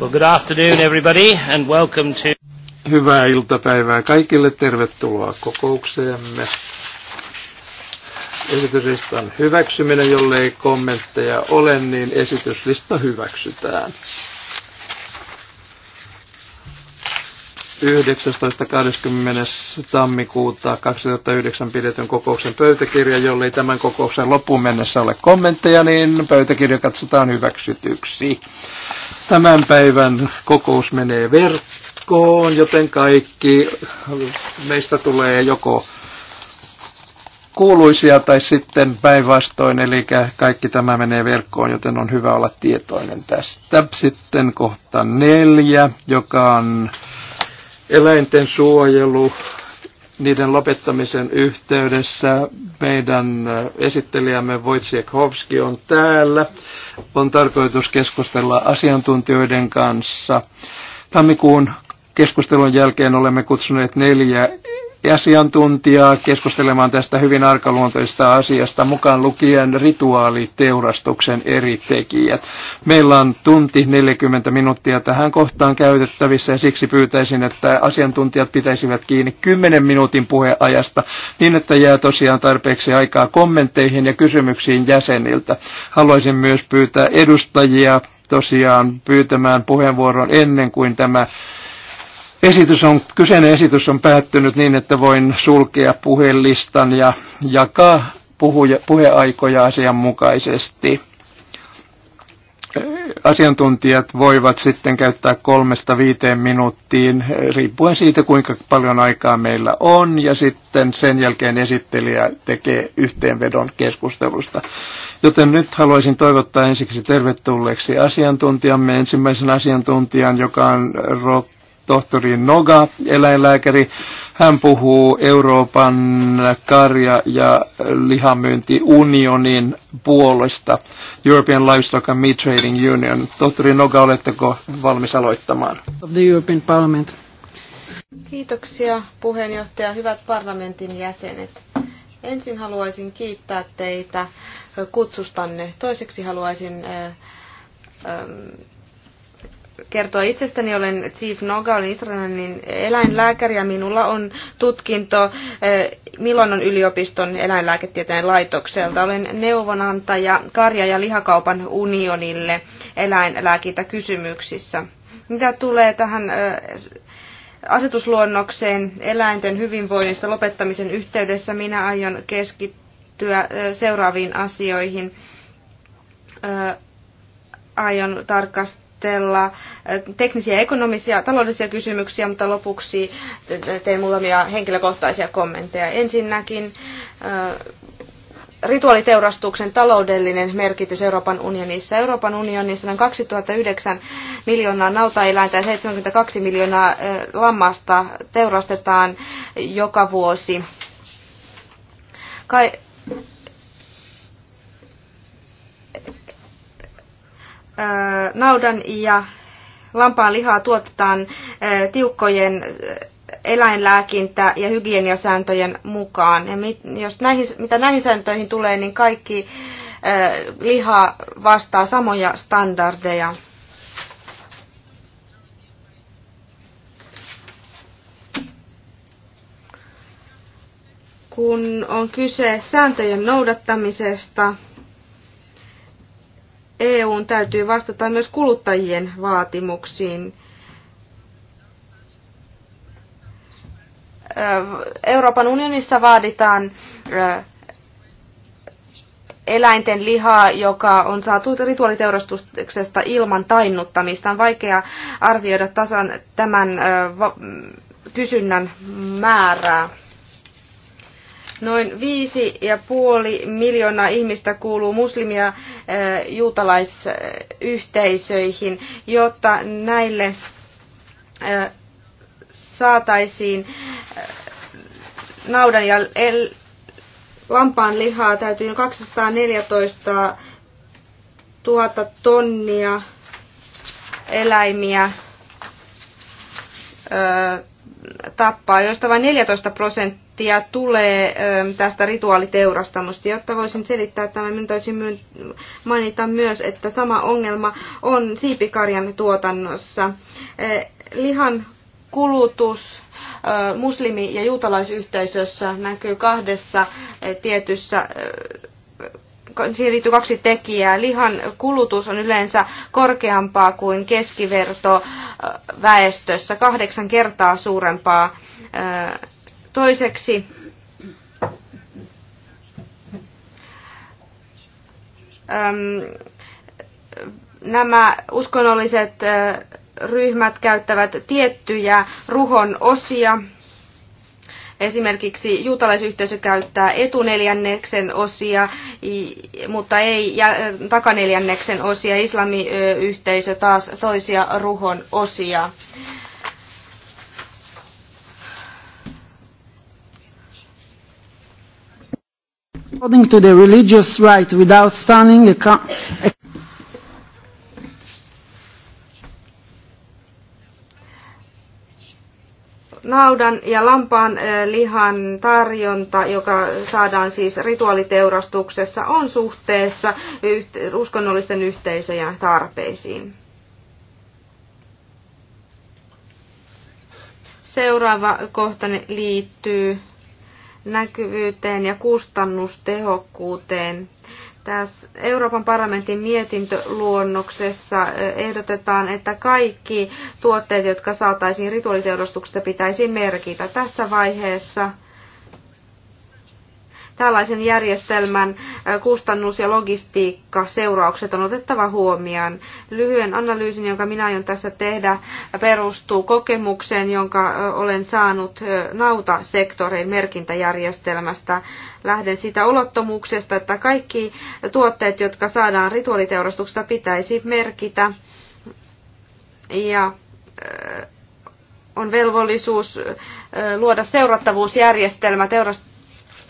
Well, good afternoon everybody and welcome to... Hyvää iltapäivää kaikille. Tervetuloa kokoukseemme. Esityslistan hyväksyminen, jolle ei kommentteja ole, niin esityslista hyväksytään. 19.20. tammikuuta 2009 pidetyn kokouksen pöytäkirja, jollei tämän kokouksen loppuun mennessä ole kommentteja, niin pöytäkirja katsotaan hyväksytyksi. Tämän päivän kokous menee verkkoon, joten kaikki meistä tulee joko kuuluisia tai sitten päinvastoin, eli kaikki tämä menee verkkoon, joten on hyvä olla tietoinen tästä. Sitten kohta neljä, joka on eläinten suojelu, niiden lopettamisen yhteydessä meidän esittelijämme Hovski on täällä. On tarkoitus keskustella asiantuntijoiden kanssa. Tammikuun keskustelun jälkeen olemme kutsuneet neljä asiantuntijaa keskustelemaan tästä hyvin arkaluontoista asiasta, mukaan lukien rituaaliteurastuksen eri tekijät. Meillä on tunti 40 minuuttia tähän kohtaan käytettävissä ja siksi pyytäisin, että asiantuntijat pitäisivät kiinni 10 minuutin puheajasta niin, että jää tosiaan tarpeeksi aikaa kommentteihin ja kysymyksiin jäseniltä. Haluaisin myös pyytää edustajia tosiaan pyytämään puheenvuoron ennen kuin tämä esitys on, kyseinen esitys on päättynyt niin, että voin sulkea puhelistan ja jakaa puhuja, puheaikoja asianmukaisesti. Asiantuntijat voivat sitten käyttää kolmesta viiteen minuuttiin riippuen siitä, kuinka paljon aikaa meillä on, ja sitten sen jälkeen esittelijä tekee yhteenvedon keskustelusta. Joten nyt haluaisin toivottaa ensiksi tervetulleeksi asiantuntijamme, ensimmäisen asiantuntijan, joka on Rock tohtori Noga, eläinlääkäri. Hän puhuu Euroopan karja- ja lihamyyntiunionin puolesta, European Livestock and Meat Trading Union. Tohtori Noga, oletteko valmis aloittamaan? Of the European Parliament. Kiitoksia puheenjohtaja, hyvät parlamentin jäsenet. Ensin haluaisin kiittää teitä kutsustanne. Toiseksi haluaisin äh, ähm, kertoa itsestäni. Olen Chief Noga, olen Israelin eläinlääkäri ja minulla on tutkinto eh, Milonon yliopiston eläinlääketieteen laitokselta. Olen neuvonantaja karja- ja lihakaupan unionille eläinlääkintäkysymyksissä. Mitä tulee tähän eh, asetusluonnokseen eläinten hyvinvoinnista lopettamisen yhteydessä, minä aion keskittyä eh, seuraaviin asioihin. Aion tarkastaa tarkastella äh, teknisiä ja ekonomisia taloudellisia kysymyksiä, mutta lopuksi teen muutamia henkilökohtaisia kommentteja. Ensinnäkin äh, rituaaliteurastuksen taloudellinen merkitys Euroopan unionissa. Euroopan unionissa on 2009 miljoonaa nautaeläintä ja 72 miljoonaa äh, lammasta teurastetaan joka vuosi. Kai, naudan ja lampaan lihaa tuotetaan tiukkojen eläinlääkintä- ja hygieniasääntöjen mukaan. Ja mit, jos näihin, mitä näihin sääntöihin tulee, niin kaikki äh, liha vastaa samoja standardeja. Kun on kyse sääntöjen noudattamisesta, EUn täytyy vastata myös kuluttajien vaatimuksiin. Euroopan unionissa vaaditaan eläinten lihaa, joka on saatu rituaaliteurastuksesta ilman tainnuttamista. On vaikea arvioida tasan tämän kysynnän määrää. Noin viisi ja puoli miljoonaa ihmistä kuuluu muslimia äh, juutalaisyhteisöihin, jotta näille äh, saataisiin äh, naudan ja lampaan lihaa täytyy 214 000 tonnia eläimiä tappaa, joista vain 14 prosenttia tulee ähm, tästä rituaaliteurastamosta. Jotta voisin selittää tämän, minun täytyy mainita myös, että sama ongelma on siipikarjan tuotannossa. Äh, lihan kulutus äh, muslimi- ja juutalaisyhteisössä näkyy kahdessa äh, tietyssä siihen liittyy kaksi tekijää. Lihan kulutus on yleensä korkeampaa kuin keskiverto väestössä, kahdeksan kertaa suurempaa. Toiseksi nämä uskonnolliset ryhmät käyttävät tiettyjä ruhon osia – Esimerkiksi juutalaisyhteisö käyttää etuneljänneksen osia, mutta ei takaneljänneksen osia. Islamiyhteisö taas toisia ruhon osia. According to the religious right without stunning a naudan ja lampaan eh, lihan tarjonta, joka saadaan siis rituaaliteurastuksessa, on suhteessa uskonnollisten yhteisöjen tarpeisiin. Seuraava kohta liittyy näkyvyyteen ja kustannustehokkuuteen tässä Euroopan parlamentin mietintöluonnoksessa ehdotetaan, että kaikki tuotteet, jotka saataisiin rituaaliteurastuksesta, pitäisi merkitä. Tässä vaiheessa Tällaisen järjestelmän kustannus- ja seuraukset on otettava huomioon. Lyhyen analyysin, jonka minä aion tässä tehdä, perustuu kokemukseen, jonka olen saanut nautasektorin merkintäjärjestelmästä. Lähden siitä olottomuksesta, että kaikki tuotteet, jotka saadaan rituaaliteurastuksesta, pitäisi merkitä. Ja on velvollisuus luoda seurattavuusjärjestelmä teurastuksesta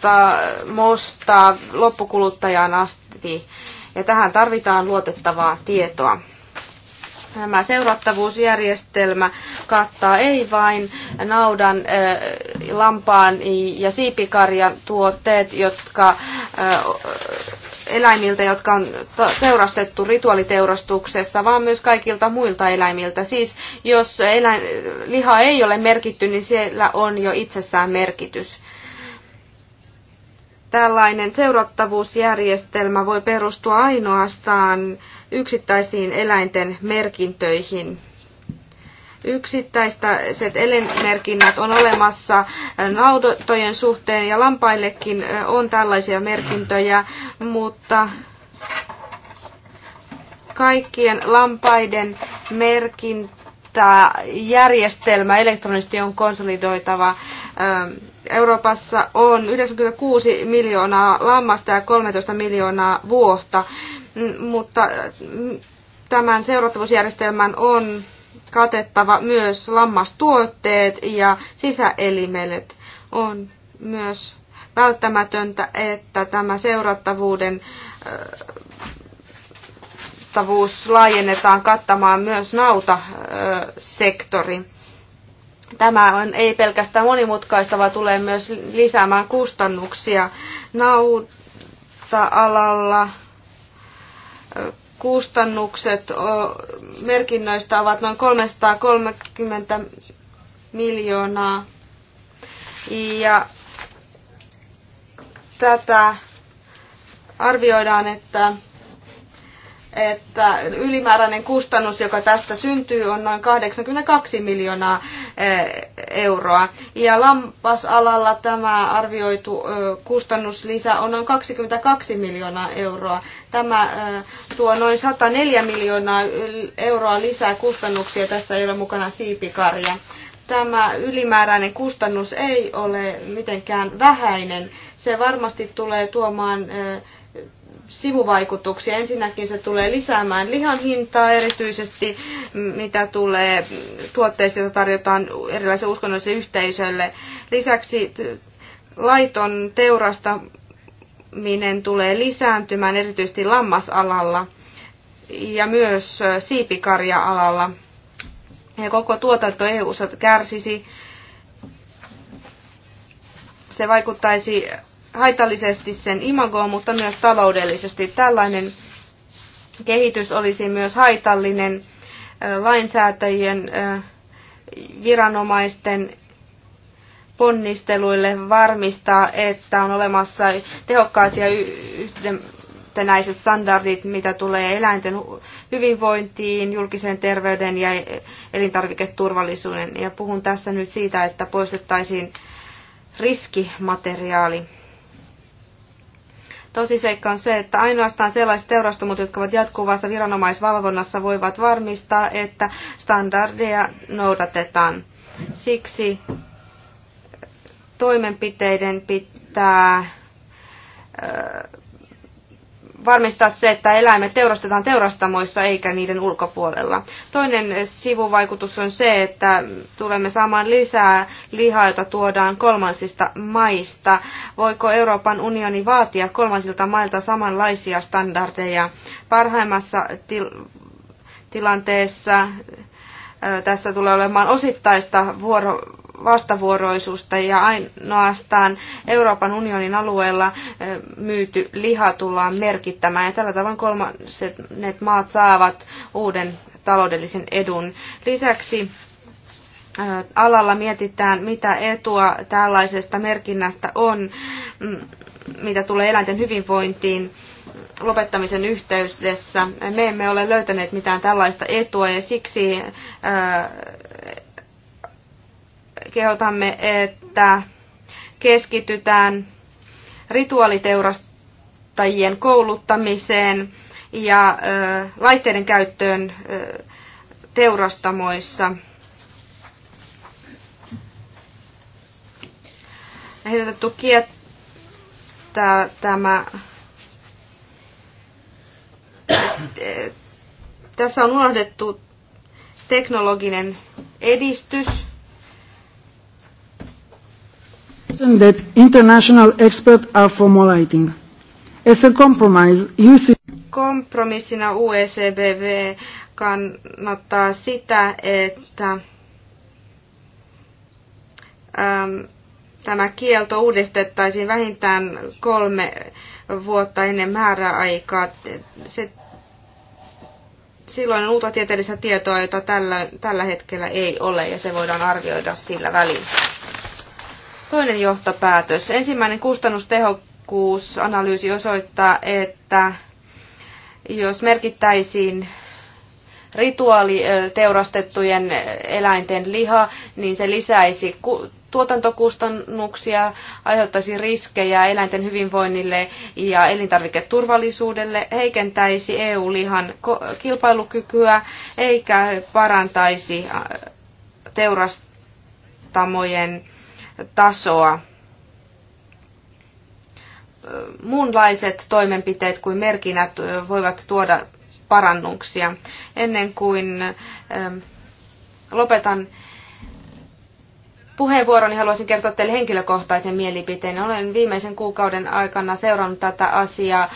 mosta, mosta loppukuluttajaan asti. Ja tähän tarvitaan luotettavaa tietoa. Tämä seurattavuusjärjestelmä kattaa ei vain naudan, lampaan ja siipikarjan tuotteet, jotka eläimiltä, jotka on teurastettu rituaaliteurastuksessa, vaan myös kaikilta muilta eläimiltä. Siis jos eläin, liha ei ole merkitty, niin siellä on jo itsessään merkitys tällainen seurattavuusjärjestelmä voi perustua ainoastaan yksittäisiin eläinten merkintöihin. Yksittäiset elinmerkinnät on olemassa naudottojen suhteen ja lampaillekin on tällaisia merkintöjä, mutta kaikkien lampaiden merkintäjärjestelmä elektronisesti on konsolidoitava Euroopassa on 96 miljoonaa lammasta ja 13 miljoonaa vuotta, mm, mutta mm, tämän seurattavuusjärjestelmän on katettava myös lammastuotteet ja sisäelimelet. On myös välttämätöntä, että tämä seurattavuuden äh, laajennetaan kattamaan myös nautasektori. Tämä on ei pelkästään monimutkaista, vaan tulee myös lisäämään kustannuksia nauta alalla Kustannukset merkinnöistä ovat noin 330 miljoonaa. Ja tätä arvioidaan, että että ylimääräinen kustannus, joka tästä syntyy, on noin 82 miljoonaa eh, euroa. Ja lampasalalla tämä arvioitu eh, kustannuslisä on noin 22 miljoonaa euroa. Tämä eh, tuo noin 104 miljoonaa euroa lisää kustannuksia. Tässä ei ole mukana siipikarja tämä ylimääräinen kustannus ei ole mitenkään vähäinen. Se varmasti tulee tuomaan sivuvaikutuksia. Ensinnäkin se tulee lisäämään lihan hintaa erityisesti, mitä tulee tuotteista, joita tarjotaan erilaisille uskonnollisille yhteisöille. Lisäksi laiton teurastaminen tulee lisääntymään erityisesti lammasalalla ja myös siipikarja-alalla. Ja koko tuotanto EU-ssa kärsisi. Se vaikuttaisi haitallisesti sen imagoon, mutta myös taloudellisesti. Tällainen kehitys olisi myös haitallinen lainsäätäjien viranomaisten ponnisteluille varmistaa, että on olemassa tehokkaat ja yhtenäiset standardit, mitä tulee eläinten hyvinvointiin, julkiseen terveyden ja elintarviketurvallisuuden. Ja puhun tässä nyt siitä, että poistettaisiin riskimateriaali. Tosiseikka on se, että ainoastaan sellaiset teurastamot, jotka ovat jatkuvassa viranomaisvalvonnassa, voivat varmistaa, että standardeja noudatetaan. Siksi toimenpiteiden pitää varmistaa se, että eläimet teurastetaan teurastamoissa eikä niiden ulkopuolella. Toinen sivuvaikutus on se, että tulemme saamaan lisää lihaa, jota tuodaan kolmansista maista. Voiko Euroopan unioni vaatia kolmansilta mailta samanlaisia standardeja? Parhaimmassa til- tilanteessa tässä tulee olemaan osittaista vuoro vastavuoroisuutta ja ainoastaan Euroopan unionin alueella myyty liha tullaan merkittämään. Ja tällä tavoin kolmannet maat saavat uuden taloudellisen edun. Lisäksi alalla mietitään, mitä etua tällaisesta merkinnästä on, mitä tulee eläinten hyvinvointiin lopettamisen yhteydessä. Me emme ole löytäneet mitään tällaista etua ja siksi kehotamme, että keskitytään rituaaliteurastajien kouluttamiseen ja laitteiden käyttöön teurastamoissa. Ehdotettu kiettää tämä tässä on unohdettu teknologinen edistys that international experts are formulating. As a compromise, UC... Kompromissina UECBV kannattaa sitä, että äm, tämä kielto uudistettaisiin vähintään kolme vuotta ennen määräaikaa. Se, silloin on uutta tieteellistä tietoa, jota tällä, tällä hetkellä ei ole, ja se voidaan arvioida sillä välin. Toinen johtopäätös. Ensimmäinen kustannustehokkuusanalyysi osoittaa, että jos merkittäisiin rituaaliteurastettujen eläinten liha, niin se lisäisi tuotantokustannuksia, aiheuttaisi riskejä eläinten hyvinvoinnille ja elintarviketurvallisuudelle, heikentäisi EU-lihan kilpailukykyä eikä parantaisi teurastamojen tasoa. Muunlaiset toimenpiteet kuin merkinnät voivat tuoda parannuksia. Ennen kuin ähm, lopetan puheenvuoroni niin haluaisin kertoa teille henkilökohtaisen mielipiteen. Olen viimeisen kuukauden aikana seurannut tätä asiaa. Äh,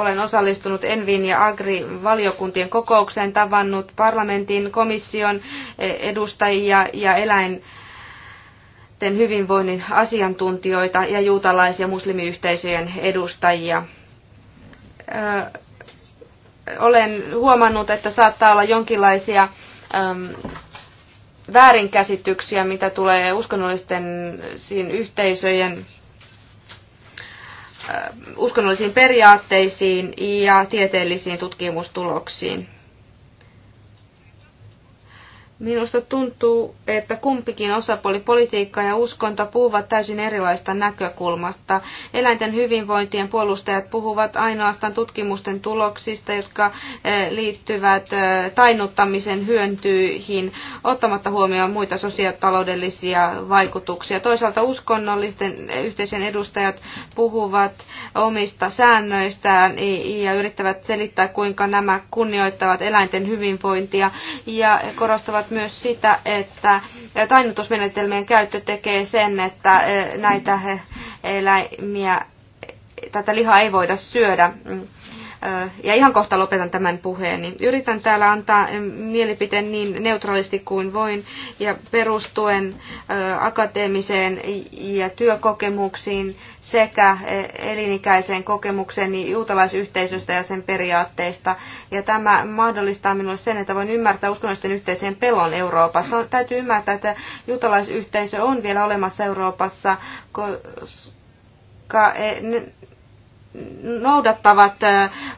olen osallistunut Envin ja Agri-valiokuntien kokoukseen, tavannut parlamentin, komission e, edustajia ja eläin sitten hyvinvoinnin asiantuntijoita ja juutalais- ja muslimiyhteisöjen edustajia. Ö, olen huomannut, että saattaa olla jonkinlaisia ö, väärinkäsityksiä, mitä tulee uskonnollisten siinä yhteisöjen uskonnollisiin periaatteisiin ja tieteellisiin tutkimustuloksiin. Minusta tuntuu, että kumpikin osapuoli politiikka ja uskonto puhuvat täysin erilaista näkökulmasta. Eläinten hyvinvointien puolustajat puhuvat ainoastaan tutkimusten tuloksista, jotka eh, liittyvät eh, tainuttamisen hyöntyihin, ottamatta huomioon muita sosiaalitaloudellisia vaikutuksia. Toisaalta uskonnollisten eh, yhteisön edustajat puhuvat omista säännöistään ja yrittävät selittää, kuinka nämä kunnioittavat eläinten hyvinvointia ja korostavat tarkoittavat myös sitä, että tainnutusmenetelmien käyttö tekee sen, että e, näitä e, eläimiä, tätä lihaa ei voida syödä ja ihan kohta lopetan tämän puheeni. Niin yritän täällä antaa mielipiteen niin neutraalisti kuin voin ja perustuen akateemiseen ja työkokemuksiin sekä elinikäiseen kokemukseen juutalaisyhteisöstä ja sen periaatteista. Ja tämä mahdollistaa minulle sen, että voin ymmärtää uskonnollisten yhteisöjen pelon Euroopassa. Täytyy ymmärtää, että juutalaisyhteisö on vielä olemassa Euroopassa, koska e, noudattavat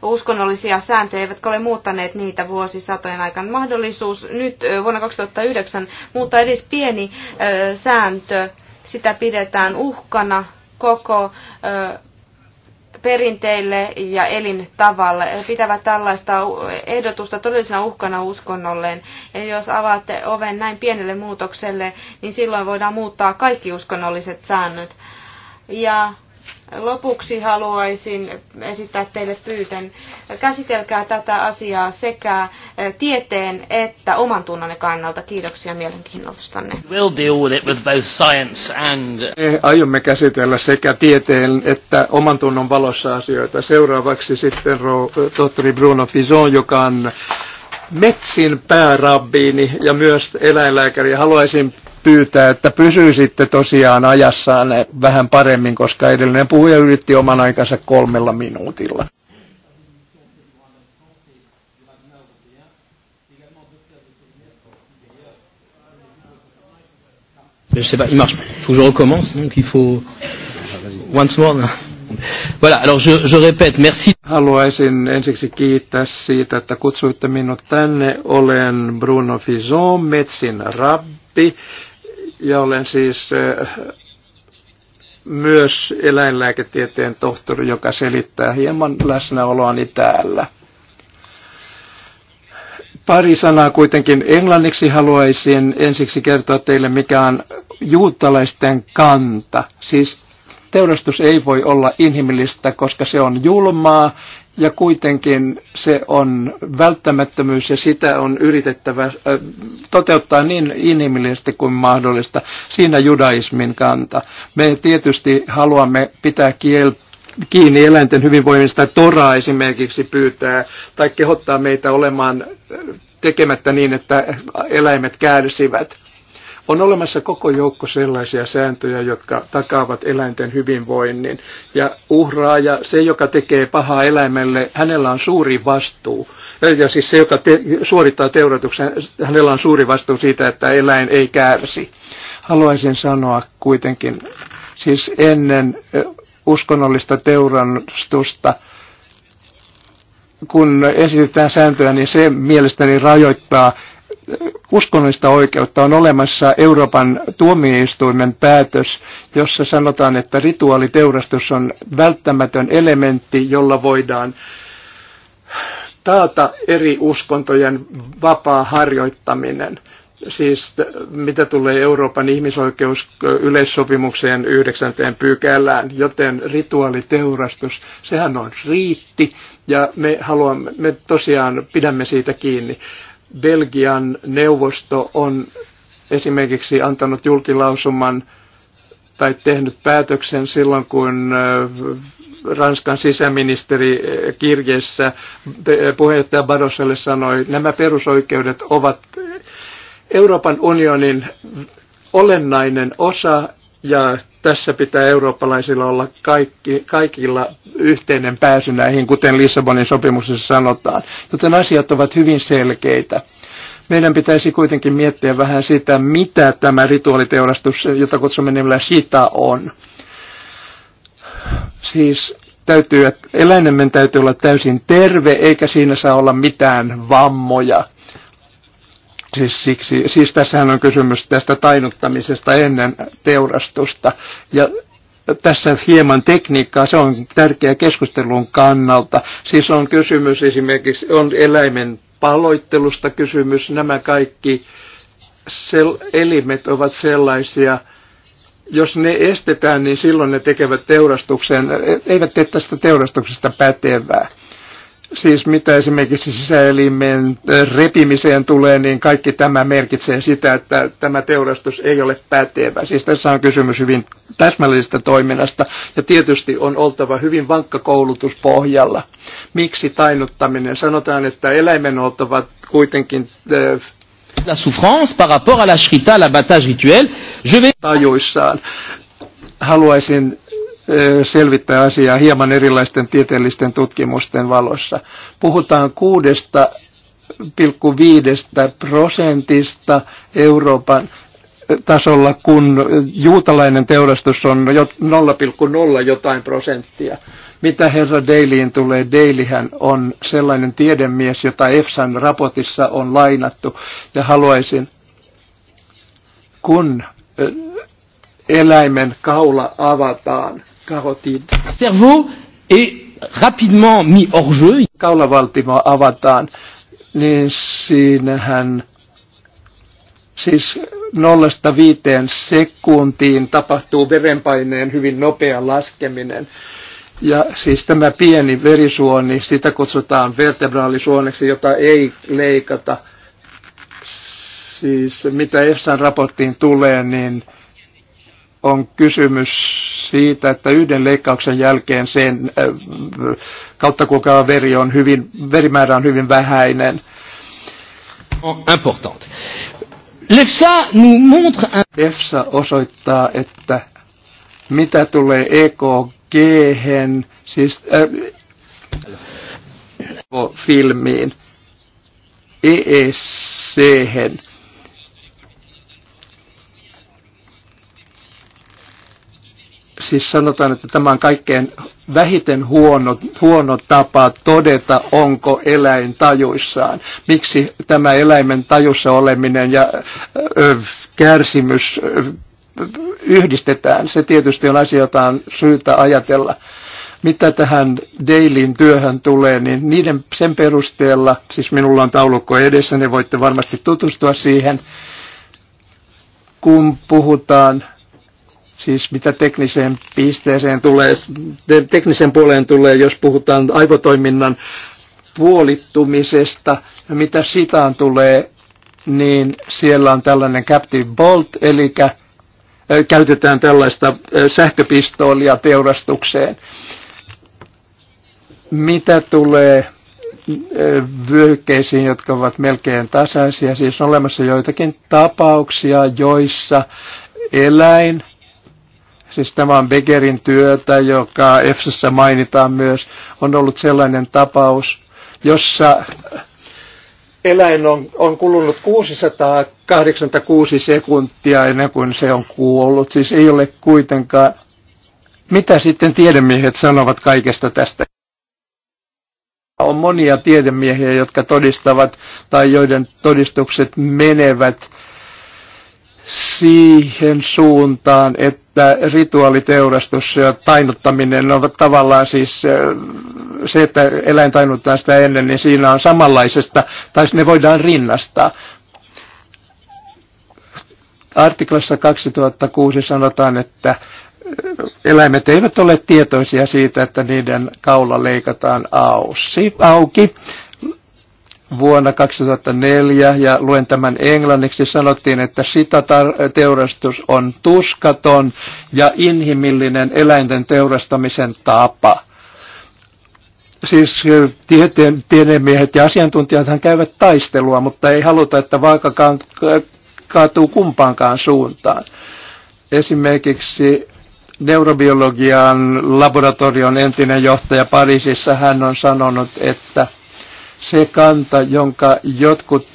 uskonnollisia sääntöjä, eivätkä ole muuttaneet niitä vuosisatojen aikana. Mahdollisuus nyt vuonna 2009 muuttaa edes pieni sääntö, sitä pidetään uhkana koko perinteille ja elintavalle. He pitävät tällaista ehdotusta todellisena uhkana uskonnolleen. Ja jos avaatte oven näin pienelle muutokselle, niin silloin voidaan muuttaa kaikki uskonnolliset säännöt. Ja Lopuksi haluaisin esittää teille pyytön. Käsitelkää tätä asiaa sekä eh, tieteen että oman kannalta. Kiitoksia mielenkiinnostanne. We'll deal with it with both science and... Me aiomme käsitellä sekä tieteen että oman tunnon valossa asioita. Seuraavaksi sitten eh, tohtori Bruno Fison, joka on Metsin päärabbiini ja myös eläinlääkäri. Haluaisin pyytää, että pysyisitte tosiaan ajassaan vähän paremmin, koska edellinen puhuja yritti oman aikansa kolmella minuutilla. Je sais pas, il marche. Il faut que je recommence, donc il faut once more. No. Voilà, alors je, je répète, merci. Haluaisin ensiksi kiittää siitä, että kutsuitte minut tänne. Olen Bruno Fison, Metsin rabbi ja olen siis myös eläinlääketieteen tohtori, joka selittää hieman läsnäoloani täällä. Pari sanaa kuitenkin englanniksi haluaisin ensiksi kertoa teille, mikä on juutalaisten kanta. Siis teurastus ei voi olla inhimillistä, koska se on julmaa, ja kuitenkin se on välttämättömyys ja sitä on yritettävä äh, toteuttaa niin inhimillisesti kuin mahdollista. Siinä judaismin kanta. Me tietysti haluamme pitää kieltä kiinni eläinten hyvinvoinnista. toraa esimerkiksi pyytää tai kehottaa meitä olemaan äh, tekemättä niin, että eläimet kärsivät. On olemassa koko joukko sellaisia sääntöjä, jotka takaavat eläinten hyvinvoinnin. Ja uhraaja, se joka tekee pahaa eläimelle, hänellä on suuri vastuu. Ja siis se, joka te- suorittaa teuratuksen, hänellä on suuri vastuu siitä, että eläin ei kärsi. Haluaisin sanoa kuitenkin, siis ennen uskonnollista teurastusta, kun esitetään sääntöjä, niin se mielestäni rajoittaa uskonnollista oikeutta on olemassa Euroopan tuomioistuimen päätös, jossa sanotaan, että rituaaliteurastus on välttämätön elementti, jolla voidaan taata eri uskontojen vapaa harjoittaminen. Siis mitä tulee Euroopan ihmisoikeus-yleissopimukseen yleissopimukseen yhdeksänteen pykälään, joten rituaaliteurastus, sehän on riitti ja me, haluamme, me tosiaan pidämme siitä kiinni. Belgian neuvosto on esimerkiksi antanut julkilausuman tai tehnyt päätöksen silloin, kun äh, Ranskan sisäministeri äh, kirjeessä äh, puheenjohtaja Baroselle sanoi, että nämä perusoikeudet ovat Euroopan unionin olennainen osa ja tässä pitää eurooppalaisilla olla kaikki, kaikilla yhteinen pääsy näihin, kuten Lissabonin sopimuksessa sanotaan. Joten asiat ovat hyvin selkeitä. Meidän pitäisi kuitenkin miettiä vähän sitä, mitä tämä rituaaliteurastus, jota kutsumme nimellä sitä on. Siis täytyy, eläinemme täytyy olla täysin terve, eikä siinä saa olla mitään vammoja Siis, siksi, siis tässähän on kysymys tästä tainuttamisesta ennen teurastusta. Ja tässä hieman tekniikkaa, se on tärkeä keskustelun kannalta. Siis on kysymys esimerkiksi, on eläimen paloittelusta kysymys, nämä kaikki sel- elimet ovat sellaisia, jos ne estetään, niin silloin ne tekevät teurastuksen, eivät tee tästä teurastuksesta pätevää. Siis mitä esimerkiksi sisäelimen repimiseen tulee, niin kaikki tämä merkitsee sitä, että tämä teurastus ei ole pätevä. Siis tässä on kysymys hyvin täsmällisestä toiminnasta ja tietysti on oltava hyvin vankka koulutus pohjalla. Miksi tainuttaminen? Sanotaan, että eläimen oltava kuitenkin eh, la souffrance par rapport à la shrita, l'abattage rituel. Je vais... Tajuissaan. Haluaisin selvittää asiaa hieman erilaisten tieteellisten tutkimusten valossa. Puhutaan kuudesta prosentista Euroopan tasolla, kun juutalainen teurastus on 0,0 jotain prosenttia. Mitä herra Dailyin tulee? Deilihän on sellainen tiedemies, jota EFSAn raportissa on lainattu. Ja haluaisin, kun eläimen kaula avataan, Carotide. Cerveau est rapidement mis hors jeu. Kaulavaltimo avataan, niin siinähän siis nollasta viiteen sekuntiin tapahtuu verenpaineen hyvin nopea laskeminen. Ja siis tämä pieni verisuoni, sitä kutsutaan vertebraalisuoneksi, jota ei leikata. Siis mitä EFSAn raporttiin tulee, niin on kysymys siitä, että yhden leikkauksen jälkeen sen äh, kautta kulkeva veri on hyvin, verimäärä on hyvin vähäinen. Important. L'EFSA nous montre un... EFSA osoittaa, että mitä tulee ekg siis äh, filmiin, EEC-hen, siis sanotaan, että tämä on kaikkein vähiten huono, huono tapa todeta, onko eläin tajuissaan. Miksi tämä eläimen tajussa oleminen ja ö, kärsimys ö, yhdistetään. Se tietysti on asia, jota on syytä ajatella. Mitä tähän Dailyin työhön tulee, niin niiden sen perusteella, siis minulla on taulukko edessä, niin voitte varmasti tutustua siihen, kun puhutaan Siis mitä tekniseen pisteeseen tulee, teknisen puoleen tulee, jos puhutaan aivotoiminnan puolittumisesta, ja mitä sitaan tulee, niin siellä on tällainen Captive Bolt, eli käytetään tällaista sähköpistoolia teurastukseen. Mitä tulee vyöhykkeisiin, jotka ovat melkein tasaisia, siis on olemassa joitakin tapauksia, joissa eläin Siis tämä on Begerin työtä, joka EFSassa mainitaan myös. On ollut sellainen tapaus, jossa eläin on, on kulunut 686 sekuntia ennen kuin se on kuollut. Siis ei ole kuitenkaan... Mitä sitten tiedemiehet sanovat kaikesta tästä? On monia tiedemiehiä, jotka todistavat tai joiden todistukset menevät siihen suuntaan, että rituaaliteurastus ja tainuttaminen ovat tavallaan siis se, että eläin tainuttaa sitä ennen, niin siinä on samanlaisesta, tai ne voidaan rinnastaa. Artiklassa 2006 sanotaan, että eläimet eivät ole tietoisia siitä, että niiden kaula leikataan auki vuonna 2004, ja luen tämän englanniksi, sanottiin, että sitateurastus on tuskaton ja inhimillinen eläinten teurastamisen tapa. Siis tiedemiehet ja asiantuntijathan käyvät taistelua, mutta ei haluta, että vaaka kaatuu kumpaankaan suuntaan. Esimerkiksi neurobiologian laboratorion entinen johtaja Pariisissa, hän on sanonut, että – se kanta, jonka jotkut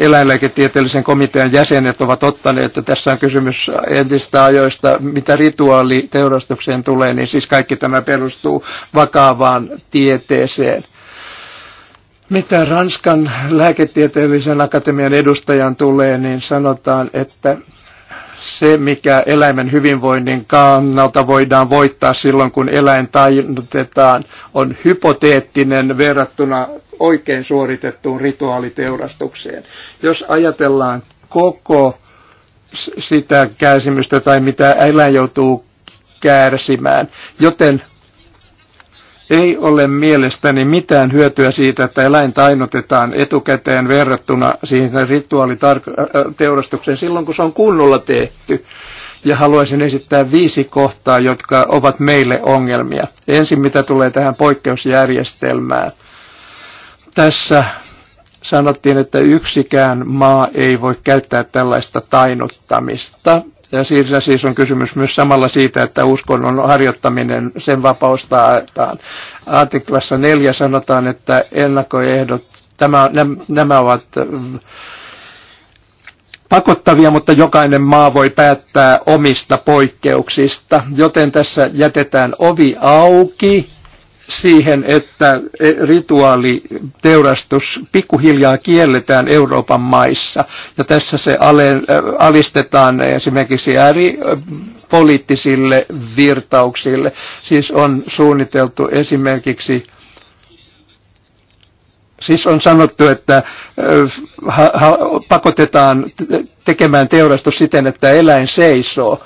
eläinlääketieteellisen komitean jäsenet ovat ottaneet, että tässä on kysymys entistä ajoista, mitä rituaaliteurastukseen tulee, niin siis kaikki tämä perustuu vakavaan tieteeseen. Mitä Ranskan lääketieteellisen akatemian edustajan tulee, niin sanotaan, että se, mikä eläimen hyvinvoinnin kannalta voidaan voittaa silloin, kun eläin tainnutetaan, on hypoteettinen verrattuna oikein suoritettuun rituaaliteurastukseen. Jos ajatellaan koko sitä kärsimystä tai mitä eläin joutuu kärsimään, joten ei ole mielestäni mitään hyötyä siitä, että eläin tainotetaan etukäteen verrattuna siihen rituaaliteurastukseen silloin, kun se on kunnolla tehty. Ja haluaisin esittää viisi kohtaa, jotka ovat meille ongelmia. Ensin mitä tulee tähän poikkeusjärjestelmään. Tässä sanottiin, että yksikään maa ei voi käyttää tällaista tainuttamista Siinä siis on kysymys myös samalla siitä, että uskonnon harjoittaminen, sen vapaus aetaan. Artiklassa neljä sanotaan, että ennakkoehdot, tämä, nämä ovat mm, pakottavia, mutta jokainen maa voi päättää omista poikkeuksista, joten tässä jätetään ovi auki siihen, että e, rituaaliteurastus pikkuhiljaa kielletään Euroopan maissa. Ja tässä se äh, alistetaan esimerkiksi ääri äh, poliittisille virtauksille. Siis on suunniteltu esimerkiksi Siis on sanottu, että äh, ha, ha, pakotetaan tekemään teurastus siten, että eläin seisoo.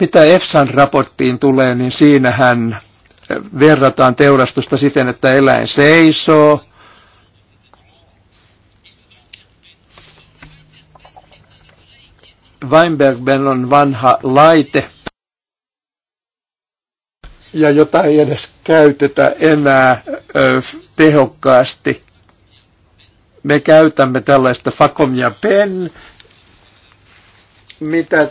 Mitä EFSAn raporttiin tulee, niin siinähän verrataan teurastusta siten, että eläin seisoo. Weinbergben on vanha laite, ja jota ei edes käytetä enää ö, tehokkaasti. Me käytämme tällaista fakomia Pen, mitä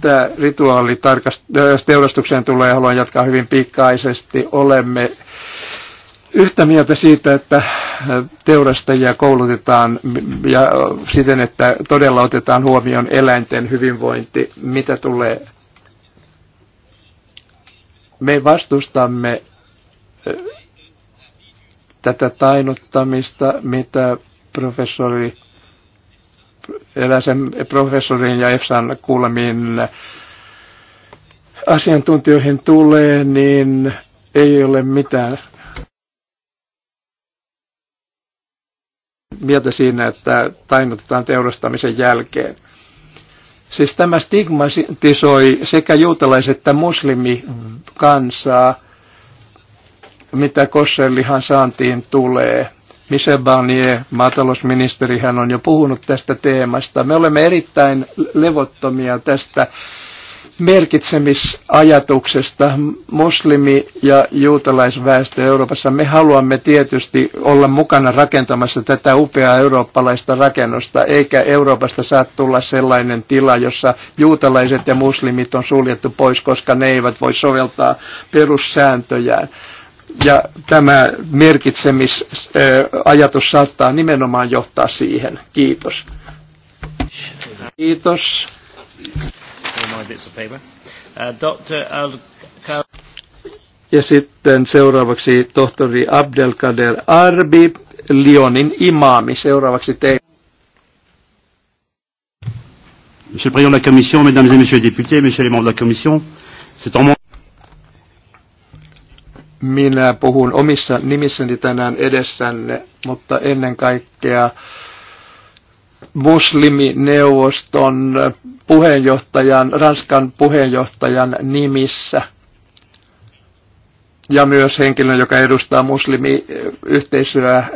Tämä rituaaliteurastukseen tulee, haluan jatkaa hyvin pikaisesti. Olemme yhtä mieltä siitä, että teurastajia koulutetaan ja siten, että todella otetaan huomioon eläinten hyvinvointi, mitä tulee. Me vastustamme tätä tainuttamista, mitä professori eläisen professorin ja EFSAn kuulemiin asiantuntijoihin tulee, niin ei ole mitään mieltä siinä, että tainnutetaan teurastamisen jälkeen. Siis tämä stigmatisoi sekä juutalaiset että muslimikansaa, mitä kossellihan saantiin tulee. Michel Barnier, maatalousministeri, hän on jo puhunut tästä teemasta. Me olemme erittäin levottomia tästä merkitsemisajatuksesta muslimi- ja juutalaisväestö Euroopassa. Me haluamme tietysti olla mukana rakentamassa tätä upeaa eurooppalaista rakennusta, eikä Euroopasta saa tulla sellainen tila, jossa juutalaiset ja muslimit on suljettu pois, koska ne eivät voi soveltaa perussääntöjään. Ja tämä merkitsemisajatus saattaa nimenomaan johtaa siihen. Kiitos. Kiitos. Ja sitten seuraavaksi tohtori Abdelkader Arbi, Lyonin imaami. Seuraavaksi teille. Monsieur le Président de la Commission, Mesdames et Messieurs les députés, Messieurs les membres de la Commission, c'est en mon... Minä puhun omissa nimissäni tänään edessänne, mutta ennen kaikkea muslimineuvoston puheenjohtajan, Ranskan puheenjohtajan nimissä ja myös henkilön, joka edustaa muslimiyhteisöä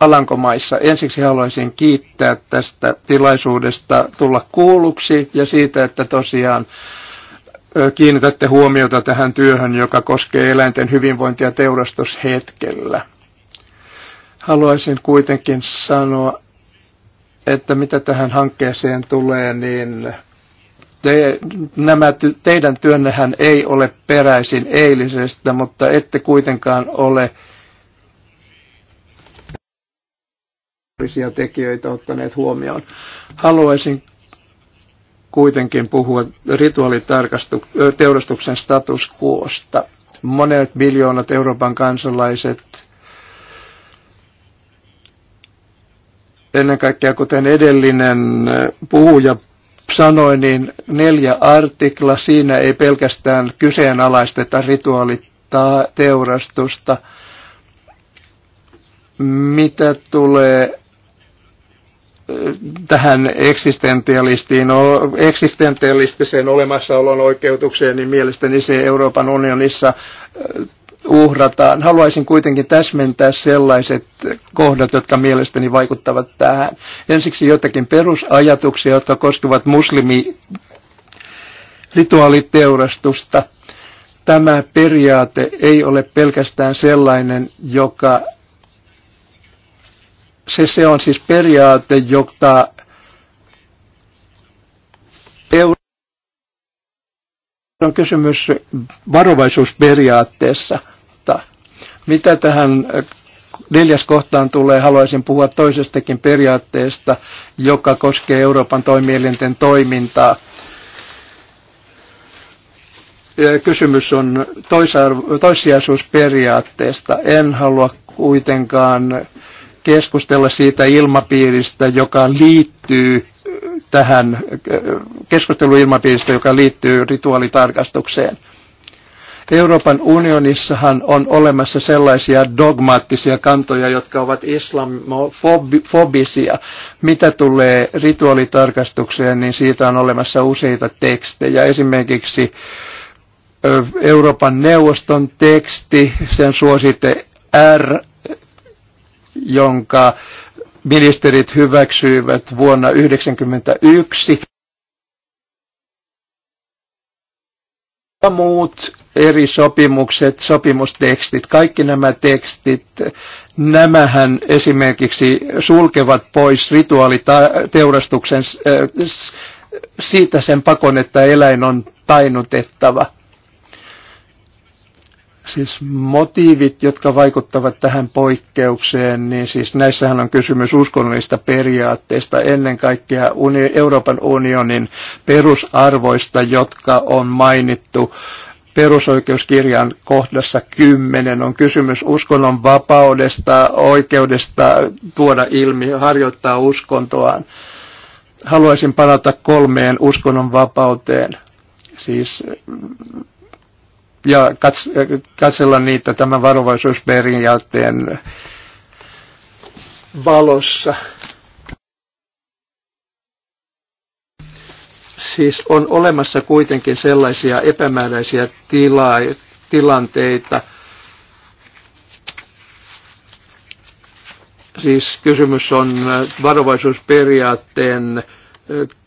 Alankomaissa. Ensiksi haluaisin kiittää tästä tilaisuudesta tulla kuulluksi ja siitä, että tosiaan kiinnitätte huomiota tähän työhön, joka koskee eläinten hyvinvointia teurastushetkellä. Haluaisin kuitenkin sanoa, että mitä tähän hankkeeseen tulee, niin te, nämä teidän työnnehän ei ole peräisin eilisestä, mutta ette kuitenkaan ole tekijöitä ottaneet huomioon. Haluaisin kuitenkin puhua rituaaliteurastuksen status quoosta. Monet miljoonat Euroopan kansalaiset, ennen kaikkea kuten edellinen puhuja sanoi, niin neljä artikla, siinä ei pelkästään kyseenalaisteta rituaaliteurastusta. Mitä tulee tähän eksistentialistiin, eksistentialistiseen olemassaolon oikeutukseen, niin mielestäni se Euroopan unionissa uhrataan. Haluaisin kuitenkin täsmentää sellaiset kohdat, jotka mielestäni vaikuttavat tähän. Ensiksi jotakin perusajatuksia, jotka koskevat muslimi rituaaliteurastusta. Tämä periaate ei ole pelkästään sellainen, joka se, se on siis periaate, jota euro on kysymys varovaisuusperiaatteessa. Mitä tähän eh, neljäs kohtaan tulee, haluaisin puhua toisestakin periaatteesta, joka koskee Euroopan toimielinten toimintaa. Eh, kysymys on toisarvo, toissijaisuusperiaatteesta. En halua kuitenkaan keskustella siitä ilmapiiristä, joka liittyy tähän keskusteluilmapiiristä, joka liittyy rituaalitarkastukseen. Euroopan unionissahan on olemassa sellaisia dogmaattisia kantoja, jotka ovat islamofobisia. Mitä tulee rituaalitarkastukseen, niin siitä on olemassa useita tekstejä. Esimerkiksi Euroopan neuvoston teksti, sen suosite R jonka ministerit hyväksyivät vuonna 1991. muut eri sopimukset, sopimustekstit, kaikki nämä tekstit, nämähän esimerkiksi sulkevat pois rituaaliteurastuksen äh, siitä sen pakon, että eläin on tainutettava siis motiivit, jotka vaikuttavat tähän poikkeukseen, niin siis näissähän on kysymys uskonnollisista periaatteista, ennen kaikkea uni- Euroopan unionin perusarvoista, jotka on mainittu perusoikeuskirjan kohdassa 10 on kysymys uskonnon vapaudesta, oikeudesta tuoda ilmi, harjoittaa uskontoaan. Haluaisin palata kolmeen uskonnon vapauteen. Siis ja katsella niitä tämän varovaisuusperiaatteen valossa. Siis on olemassa kuitenkin sellaisia epämääräisiä tila, tilanteita, siis kysymys on äh, varovaisuusperiaatteen äh,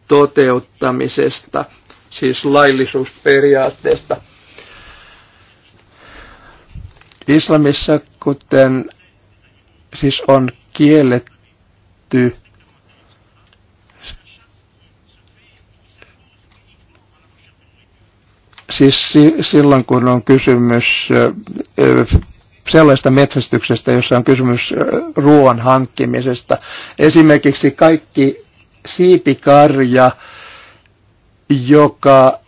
toteuttamisesta, siis laillisuusperiaatteesta. Islamissa, kuten siis on kielletty siis silloin, kun on kysymys sellaista metsästyksestä, jossa on kysymys ruoan hankkimisesta. Esimerkiksi kaikki siipikarja, joka,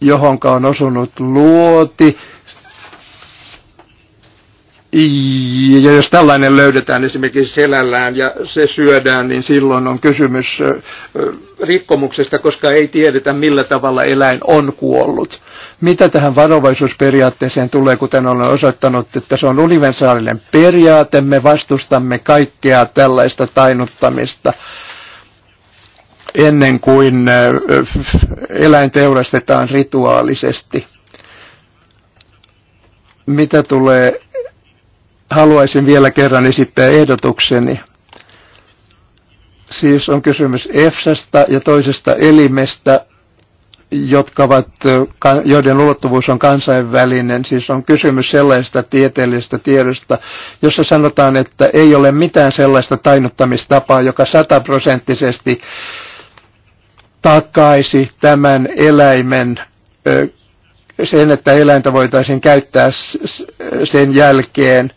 johonka on osunut luoti, ja jos tällainen löydetään esimerkiksi selällään ja se syödään, niin silloin on kysymys rikkomuksesta, koska ei tiedetä millä tavalla eläin on kuollut. Mitä tähän varovaisuusperiaatteeseen tulee, kuten olen osoittanut, että se on universaalinen periaate, me vastustamme kaikkea tällaista tainuttamista ennen kuin eläin teurastetaan rituaalisesti. Mitä tulee haluaisin vielä kerran esittää ehdotukseni. Siis on kysymys EFSAsta ja toisesta elimestä, jotka ovat, joiden ulottuvuus on kansainvälinen. Siis on kysymys sellaisesta tieteellisestä tiedosta, jossa sanotaan, että ei ole mitään sellaista tainuttamistapaa, joka sataprosenttisesti takaisi tämän eläimen sen, että eläintä voitaisiin käyttää sen jälkeen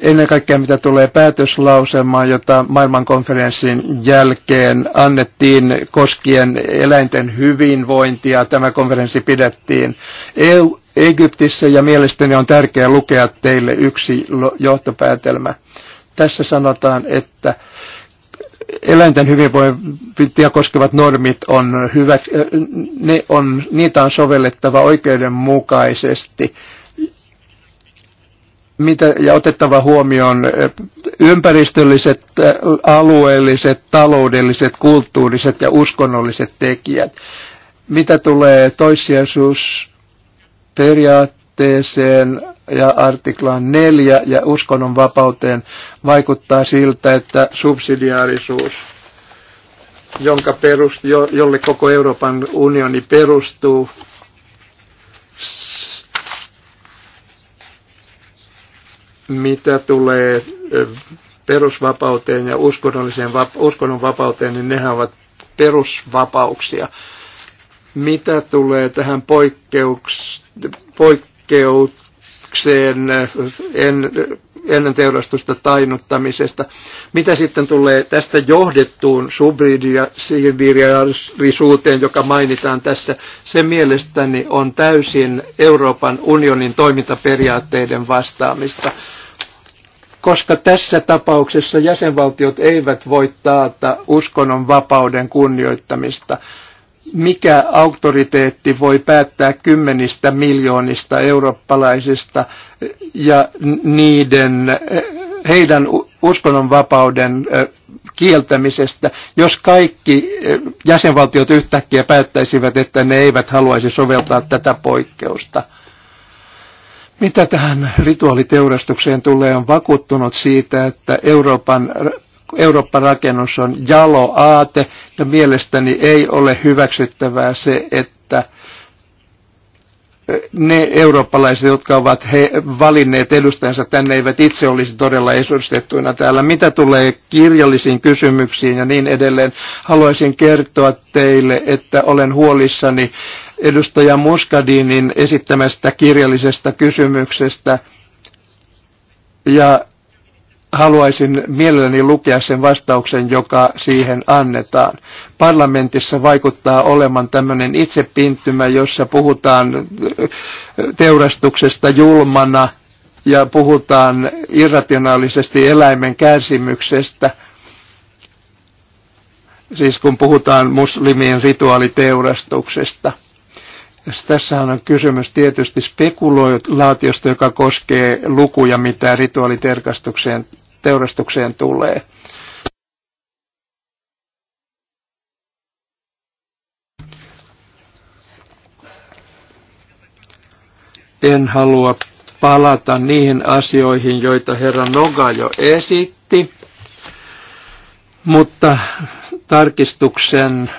ennen kaikkea mitä tulee päätöslausemaan, jota maailmankonferenssin jälkeen annettiin koskien eläinten hyvinvointia. Tämä konferenssi pidettiin EU, Egyptissä ja mielestäni on tärkeää lukea teille yksi johtopäätelmä. Tässä sanotaan, että eläinten hyvinvointia koskevat normit on hyvä, ne on, niitä on sovellettava oikeudenmukaisesti – mitä, ja otettava huomioon eh, ympäristölliset, eh, alueelliset, taloudelliset, kulttuuriset ja uskonnolliset tekijät. Mitä tulee toissijaisuusperiaatteeseen ja artiklaan 4 ja uskonnon vapauteen, vaikuttaa siltä, että subsidiaarisuus, jonka perust, jolle koko Euroopan unioni perustuu, Mitä tulee perusvapauteen ja uskonnolliseen uskonnonvapauteen, niin nehän ovat perusvapauksia. Mitä tulee tähän poikkeuks, poikkeukseen en, ennen teurastusta tainuttamisesta? mitä sitten tulee tästä johdettuun subsidiarisuuteen, joka mainitaan tässä, se mielestäni on täysin Euroopan unionin toimintaperiaatteiden vastaamista koska tässä tapauksessa jäsenvaltiot eivät voi taata uskonnon vapauden kunnioittamista. Mikä auktoriteetti voi päättää kymmenistä miljoonista eurooppalaisista ja niiden, heidän uskonnonvapauden kieltämisestä, jos kaikki jäsenvaltiot yhtäkkiä päättäisivät, että ne eivät haluaisi soveltaa tätä poikkeusta. Mitä tähän rituaaliteurastukseen tulee, on vakuuttunut siitä, että Euroopan Eurooppa-rakennus on jalo aate ja mielestäni ei ole hyväksyttävää se, että eh, ne eurooppalaiset, jotka ovat he valinneet edustajansa tänne, eivät itse olisi todella esustettuina täällä. Mitä tulee kirjallisiin kysymyksiin ja niin edelleen, haluaisin kertoa teille, että olen huolissani edustaja Muskadinin esittämästä kirjallisesta kysymyksestä ja haluaisin mielelläni lukea sen vastauksen, joka siihen annetaan. Parlamentissa vaikuttaa olemaan tämmöinen itsepintymä, jossa puhutaan äh, teurastuksesta julmana ja puhutaan irrationaalisesti eläimen kärsimyksestä. Siis kun puhutaan muslimien rituaaliteurastuksesta. Tässähän on kysymys tietysti spekulaatiosta, joka koskee lukuja, mitä rituaaliterkastukseen teurastukseen tulee. En halua palata niihin asioihin, joita herra Noga jo esitti, mutta tarkistuksen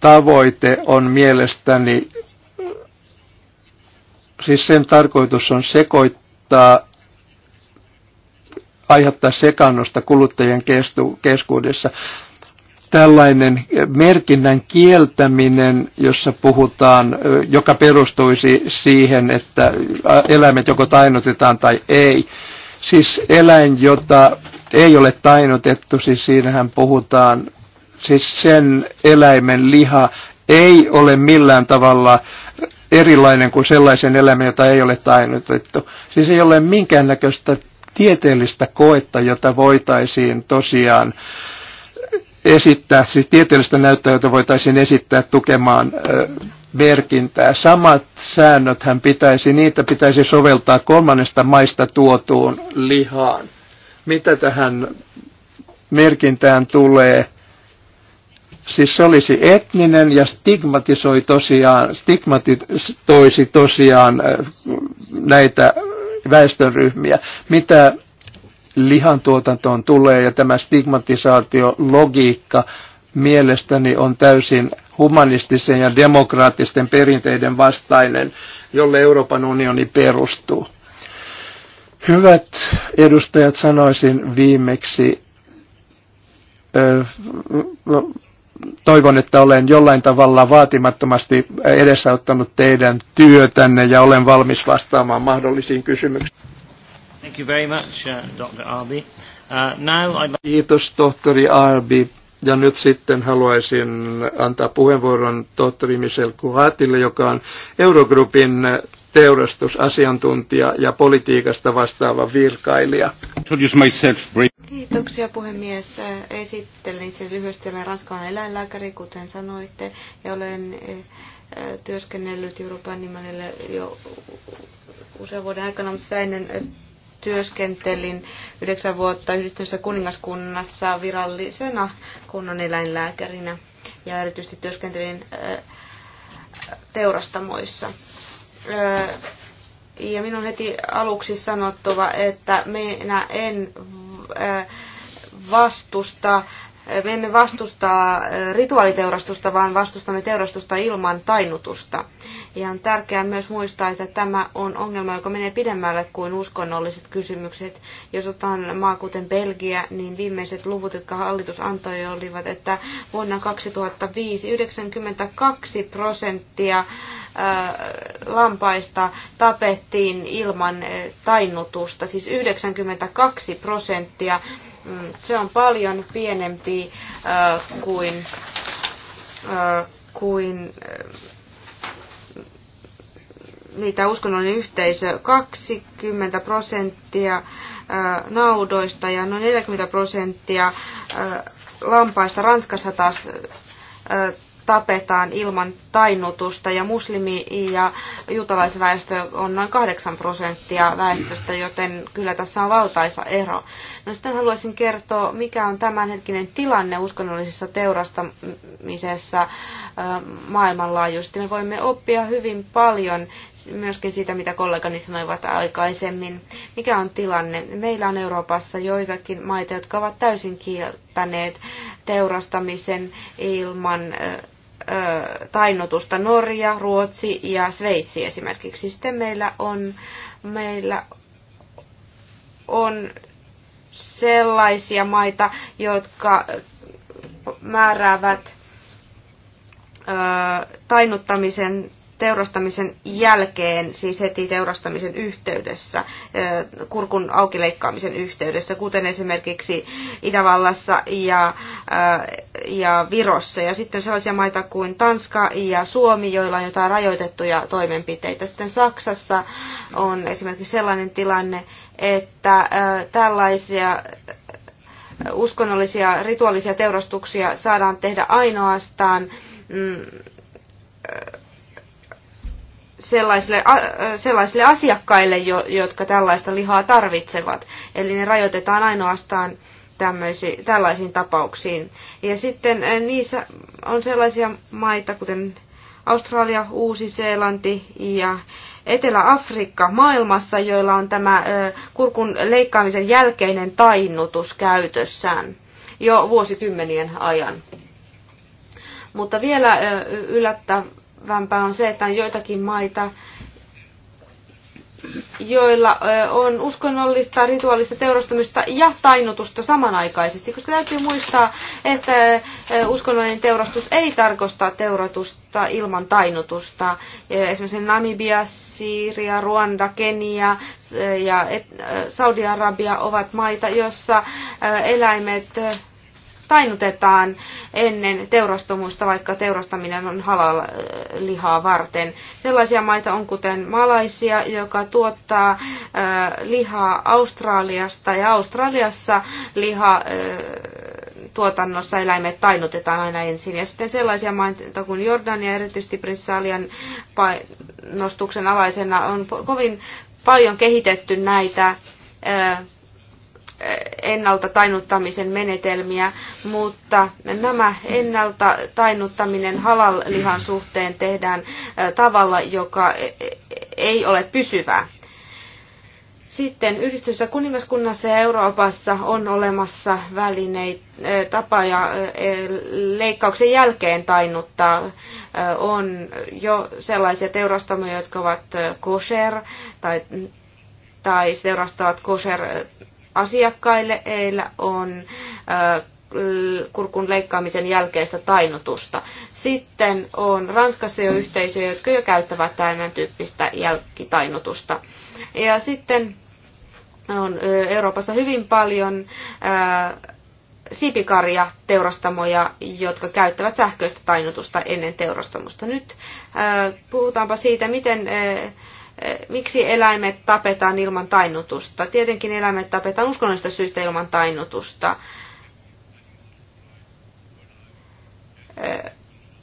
tavoite on mielestäni, siis sen tarkoitus on sekoittaa, aiheuttaa sekannosta kuluttajien keskuudessa. Tällainen merkinnän kieltäminen, jossa puhutaan, joka perustuisi siihen, että eläimet joko tainotetaan tai ei. Siis eläin, jota ei ole tainotettu, siis siinähän puhutaan siis sen eläimen liha ei ole millään tavalla erilainen kuin sellaisen eläimen, jota ei ole tainnutettu. Siis ei ole minkäännäköistä tieteellistä koetta, jota voitaisiin tosiaan esittää, siis tieteellistä näyttöä, jota voitaisiin esittää tukemaan merkintää. Samat säännöt hän pitäisi, niitä pitäisi soveltaa kolmannesta maista tuotuun lihaan. Mitä tähän merkintään tulee? Siis se olisi etninen ja stigmatisoi tosiaan, stigmatisoisi tosiaan äh, näitä väestönryhmiä. Mitä lihantuotantoon tulee ja tämä stigmatisaatiologiikka mielestäni on täysin humanistisen ja demokraattisten perinteiden vastainen, jolle Euroopan unioni perustuu. Hyvät edustajat, sanoisin viimeksi, äh, toivon, että olen jollain tavalla vaatimattomasti edesauttanut teidän työtänne ja olen valmis vastaamaan mahdollisiin kysymyksiin. Thank you very much, uh, Dr. Arby. Uh, now I'd... Kiitos, tohtori Arbi. Ja nyt sitten haluaisin antaa puheenvuoron tohtori Michel Kuhatille, joka on Eurogrupin teurastusasiantuntija ja politiikasta vastaava virkailija. Kiitoksia puhemies. Esittelen itse lyhyesti, olen ranskalainen eläinlääkäri, kuten sanoitte, ja olen eh, työskennellyt Euroopan nimelle jo usean vuoden aikana, mutta ennen eh, työskentelin yhdeksän vuotta yhdistyneessä kuningaskunnassa virallisena kunnan eläinlääkärinä ja erityisesti työskentelin eh, teurastamoissa ja minun heti aluksi sanottava, että minä en vastusta me emme vastusta rituaaliteurastusta, vaan vastustamme teurastusta ilman tainnutusta. Ja on tärkeää myös muistaa, että tämä on ongelma, joka menee pidemmälle kuin uskonnolliset kysymykset. Jos otan maa kuten Belgia, niin viimeiset luvut, jotka hallitus antoi, olivat, että vuonna 2005 92 prosenttia lampaista tapettiin ilman tainnutusta, siis 92 prosenttia Mm, se on paljon pienempi äh, kuin, äh, kuin äh, niitä uskonnollinen yhteisö. 20 prosenttia naudoista ja noin 40 prosenttia lampaista. Ranskassa taas tapetaan ilman tainnutusta ja muslimi- ja juutalaisväestö on noin 8 prosenttia väestöstä, joten kyllä tässä on valtaisa ero. No sitten haluaisin kertoa, mikä on tämänhetkinen tilanne uskonnollisessa teurastamisessa maailmanlaajuisesti. Me voimme oppia hyvin paljon myöskin siitä, mitä kollegani sanoivat aikaisemmin. Mikä on tilanne? Meillä on Euroopassa joitakin maita, jotka ovat täysin kieltäneet teurastamisen ilman tainnutusta Norja, Ruotsi ja Sveitsi esimerkiksi. Sitten meillä on, meillä on sellaisia maita, jotka määräävät tainnuttamisen teurastamisen jälkeen, siis heti teurastamisen yhteydessä, kurkun aukileikkaamisen yhteydessä, kuten esimerkiksi Itävallassa ja, ja Virossa. Ja sitten sellaisia maita kuin Tanska ja Suomi, joilla on jotain rajoitettuja toimenpiteitä. Sitten Saksassa on esimerkiksi sellainen tilanne, että tällaisia uskonnollisia rituaalisia teurastuksia saadaan tehdä ainoastaan mm, sellaisille, sellaisille asiakkaille, jotka tällaista lihaa tarvitsevat. Eli ne rajoitetaan ainoastaan tällaisiin tapauksiin. Ja sitten niissä on sellaisia maita, kuten Australia, Uusi-Seelanti ja Etelä-Afrikka maailmassa, joilla on tämä kurkun leikkaamisen jälkeinen tainnutus käytössään jo vuosikymmenien ajan. Mutta vielä yllättävää merkittävämpää on se, että on joitakin maita, joilla on uskonnollista, rituaalista teurastamista ja tainnutusta samanaikaisesti, koska täytyy muistaa, että uskonnollinen teurastus ei tarkoita teuratusta ilman tainnutusta. Esimerkiksi Namibia, Siiria, Ruanda, Kenia ja Saudi-Arabia ovat maita, joissa eläimet tainutetaan ennen teurastumusta vaikka teurastaminen on halal äh, lihaa varten. Sellaisia maita on kuten Malaisia, joka tuottaa äh, lihaa Australiasta ja Australiassa liha äh, tuotannossa eläimet tainutetaan aina ensin. Ja sitten sellaisia maita kuin Jordania, erityisesti Prinssalian nostuksen alaisena, on kovin paljon kehitetty näitä ennalta tainuttamisen menetelmiä, mutta nämä ennalta tainuttaminen halal-lihan suhteen tehdään tavalla, joka e, e, ei ole pysyvää. Sitten yhdistyssä kuningaskunnassa ja Euroopassa on olemassa välineitä, ja e, leikkauksen jälkeen tainuttaa. On jo sellaisia teurastamoja, jotka ovat kosher tai, tai teurastavat kosher asiakkaille. Heillä on kurkun leikkaamisen jälkeistä tainnutusta. Sitten on Ranskassa jo yhteisöjä, jotka jo käyttävät tämän tyyppistä jälkitainutusta. Ja sitten on Euroopassa hyvin paljon siipikarja teurastamoja, jotka käyttävät sähköistä tainnutusta ennen teurastamusta. Nyt puhutaanpa siitä, miten miksi eläimet tapetaan ilman tainnutusta? Tietenkin eläimet tapetaan uskonnollisista syistä ilman tainnutusta.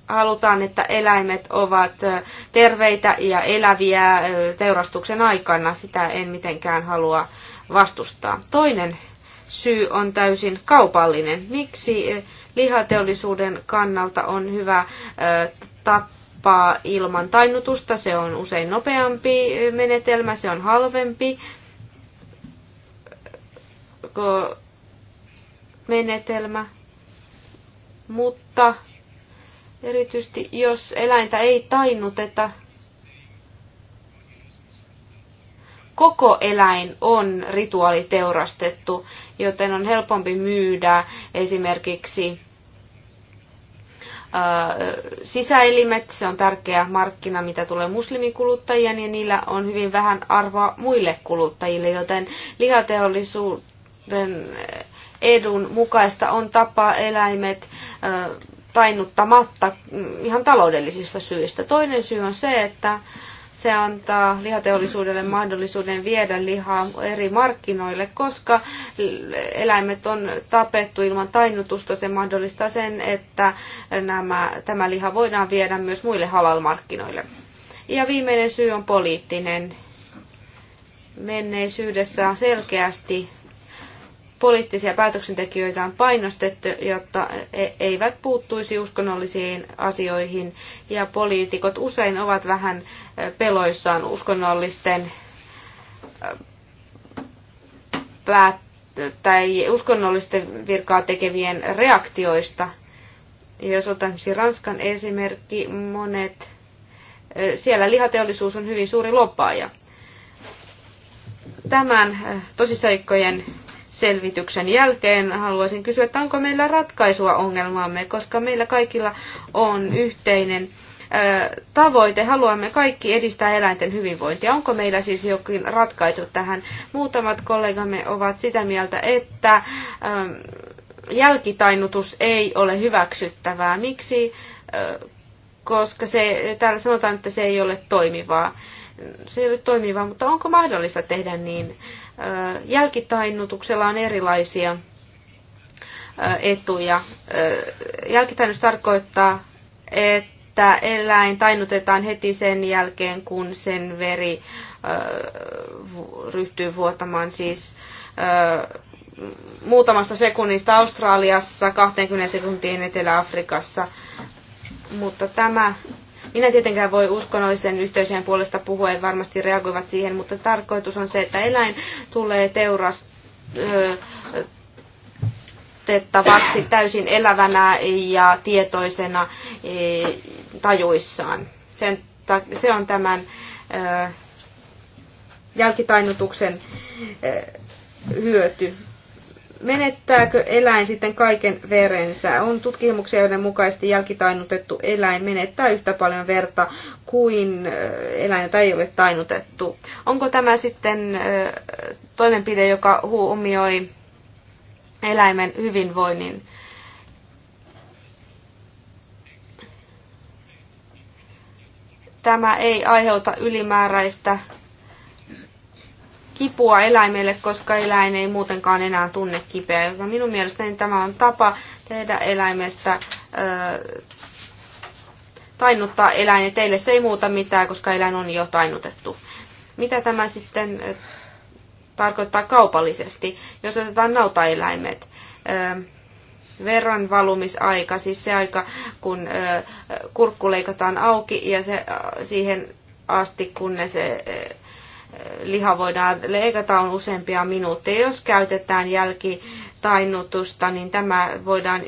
Halutaan, että eläimet ovat terveitä ja eläviä teurastuksen aikana. Sitä en mitenkään halua vastustaa. Toinen syy on täysin kaupallinen. Miksi lihateollisuuden kannalta on hyvä tappaa? tappaa ilman tainnutusta. Se on usein nopeampi menetelmä, se on halvempi menetelmä. Mutta erityisesti jos eläintä ei tainnuteta, koko eläin on rituaaliteurastettu, joten on helpompi myydä esimerkiksi sisäelimet, se on tärkeä markkina, mitä tulee muslimikuluttajien, ja niillä on hyvin vähän arvoa muille kuluttajille, joten lihateollisuuden edun mukaista on tapa eläimet tainnuttamatta mm, ihan taloudellisista syistä. Toinen syy on se, että se antaa lihateollisuudelle mahdollisuuden viedä lihaa eri markkinoille, koska eläimet on tapettu ilman tainnutusta. Se mahdollistaa sen, että nämä, tämä liha voidaan viedä myös muille halalmarkkinoille. Ja viimeinen syy on poliittinen. Menneisyydessä selkeästi poliittisia päätöksentekijöitä on painostettu, jotta he eivät puuttuisi uskonnollisiin asioihin. Ja poliitikot usein ovat vähän e, peloissaan uskonnollisten e, päät- tai uskonnollisten virkaa tekevien reaktioista. Jos otan Ranskan esimerkki, monet, e, siellä lihateollisuus on hyvin suuri lopaaja. Tämän tosiseikkojen selvityksen jälkeen haluaisin kysyä, että onko meillä ratkaisua ongelmaamme, koska meillä kaikilla on yhteinen tavoite. Haluamme kaikki edistää eläinten hyvinvointia. Onko meillä siis jokin ratkaisu tähän? Muutamat kollegamme ovat sitä mieltä, että jälkitainnutus ei ole hyväksyttävää. Miksi? Koska se, täällä sanotaan, että se ei ole toimivaa se ei ole toimiva, mutta onko mahdollista tehdä niin? Jälkitainnutuksella on erilaisia etuja. Jälkitainnus tarkoittaa, että eläin tainnutetaan heti sen jälkeen, kun sen veri ryhtyy vuotamaan siis muutamasta sekunnista Australiassa, 20 sekuntiin Etelä-Afrikassa. Mutta tämä minä tietenkään voi uskonnollisten yhteisöjen puolesta puhua, ja varmasti reagoivat siihen, mutta tarkoitus on se, että eläin tulee teurastettavaksi täysin elävänä ja tietoisena e, tajuissaan. Sen, se on tämän e, jälkitainnutuksen e, hyöty. Menettääkö eläin sitten kaiken verensä? On tutkimuksia, joiden mukaisesti jälkitainutettu eläin menettää yhtä paljon verta kuin eläin, jota ei ole tainutettu. Onko tämä sitten toimenpide, joka huomioi eläimen hyvinvoinnin? Tämä ei aiheuta ylimääräistä kipua eläimelle, koska eläin ei muutenkaan enää tunne kipeä. Joka minun mielestäni tämä on tapa tehdä eläimestä tainnuttaa eläin, ja teille se ei muuta mitään, koska eläin on jo tainnutettu. Mitä tämä sitten tarkoittaa kaupallisesti, jos otetaan nautaeläimet? verran valumisaika, siis se aika, kun kurkku leikataan auki ja se siihen asti, kunnes se liha voidaan leikata on useampia minuutteja. Jos käytetään jälkitainnutusta, niin tämä voidaan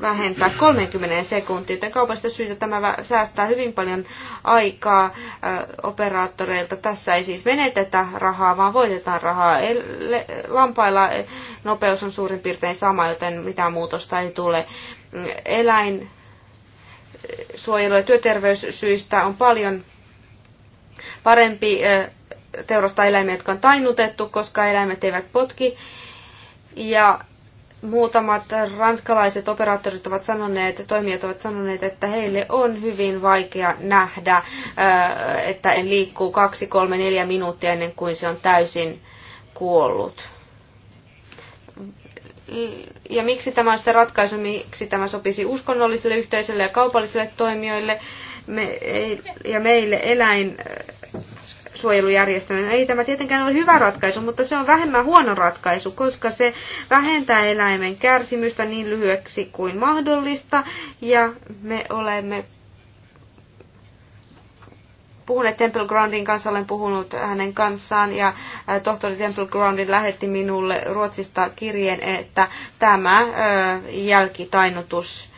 vähentää 30 sekuntia. Joten kaupasta syytä tämä säästää hyvin paljon aikaa operaattoreilta. Tässä ei siis menetetä rahaa, vaan voitetaan rahaa. Lampailla nopeus on suurin piirtein sama, joten mitään muutosta ei tule. Mm, eläin suojelu- ja työterveyssyistä on paljon parempi teurastaa eläimiä, jotka on tainnutettu, koska eläimet eivät potki. Ja muutamat ranskalaiset operaattorit ovat sanoneet, toimijat ovat sanoneet, että heille on hyvin vaikea nähdä, että en liikkuu kaksi, kolme, neljä minuuttia ennen kuin se on täysin kuollut. Ja miksi tämä on sitten ratkaisu, miksi tämä sopisi uskonnolliselle yhteisölle ja kaupallisille toimijoille? me, ei, ja meille eläin äh, suojelujärjestelmä. Ei tämä tietenkään ole hyvä ratkaisu, mutta se on vähemmän huono ratkaisu, koska se vähentää eläimen kärsimystä niin lyhyeksi kuin mahdollista ja me olemme puhuneet Temple Groundin kanssa, olen puhunut hänen kanssaan ja äh, tohtori Temple Groundin lähetti minulle Ruotsista kirjeen, että tämä äh, jälkitainotus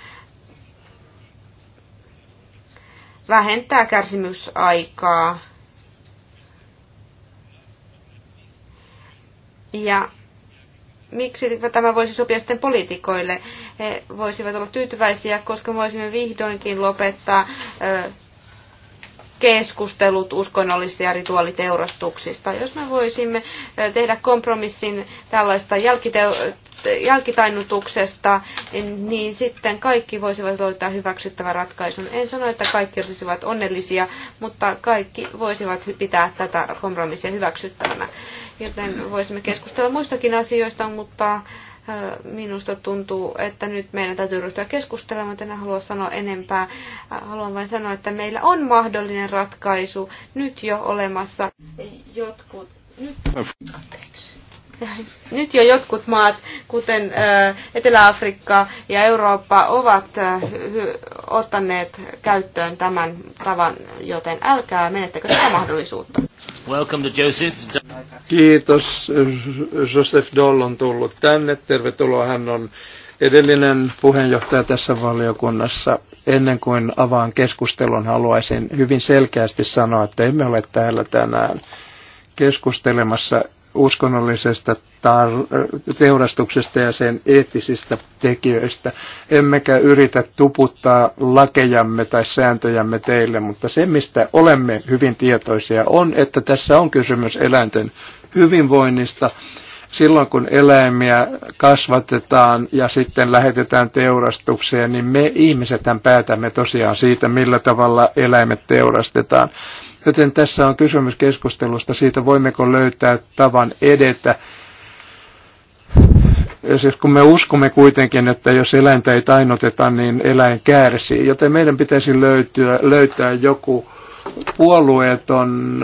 vähentää kärsimysaikaa. Ja miksi tämä voisi sopia sitten poliitikoille? He voisivat olla tyytyväisiä, koska voisimme vihdoinkin lopettaa keskustelut uskonnollisista ja rituaaliteurastuksista. Jos me voisimme tehdä kompromissin tällaista jälkiteurastuksista, jälkitainnutuksesta, niin sitten kaikki voisivat löytää hyväksyttävän ratkaisun. En sano, että kaikki olisivat onnellisia, mutta kaikki voisivat pitää tätä kompromissia hyväksyttävänä. Joten voisimme keskustella muistakin asioista, mutta äh, minusta tuntuu, että nyt meidän täytyy ryhtyä keskustelemaan, mutta en halua sanoa enempää. Äh, haluan vain sanoa, että meillä on mahdollinen ratkaisu nyt jo olemassa. Jotkut... Nyt... Anteeksi. Nyt jo jotkut maat, kuten äh, Etelä-Afrikka ja Eurooppa, ovat äh, ottaneet käyttöön tämän tavan, joten älkää menettäkö tätä mahdollisuutta. Welcome to Joseph. Kiitos. Joseph Doll on tullut tänne. Tervetuloa. Hän on edellinen puheenjohtaja tässä valiokunnassa. Ennen kuin avaan keskustelun, haluaisin hyvin selkeästi sanoa, että emme ole täällä tänään keskustelemassa uskonnollisesta teurastuksesta ja sen eettisistä tekijöistä. Emmekä yritä tuputtaa lakejamme tai sääntöjämme teille, mutta se mistä olemme hyvin tietoisia on, että tässä on kysymys eläinten hyvinvoinnista. Silloin kun eläimiä kasvatetaan ja sitten lähetetään teurastukseen, niin me ihmiset päätämme tosiaan siitä, millä tavalla eläimet teurastetaan. Joten tässä on kysymys keskustelusta siitä, voimmeko löytää tavan edetä. Ja siis kun me uskomme kuitenkin, että jos eläintä ei tainoteta, niin eläin kärsii. Joten meidän pitäisi löytyä, löytää joku puolueeton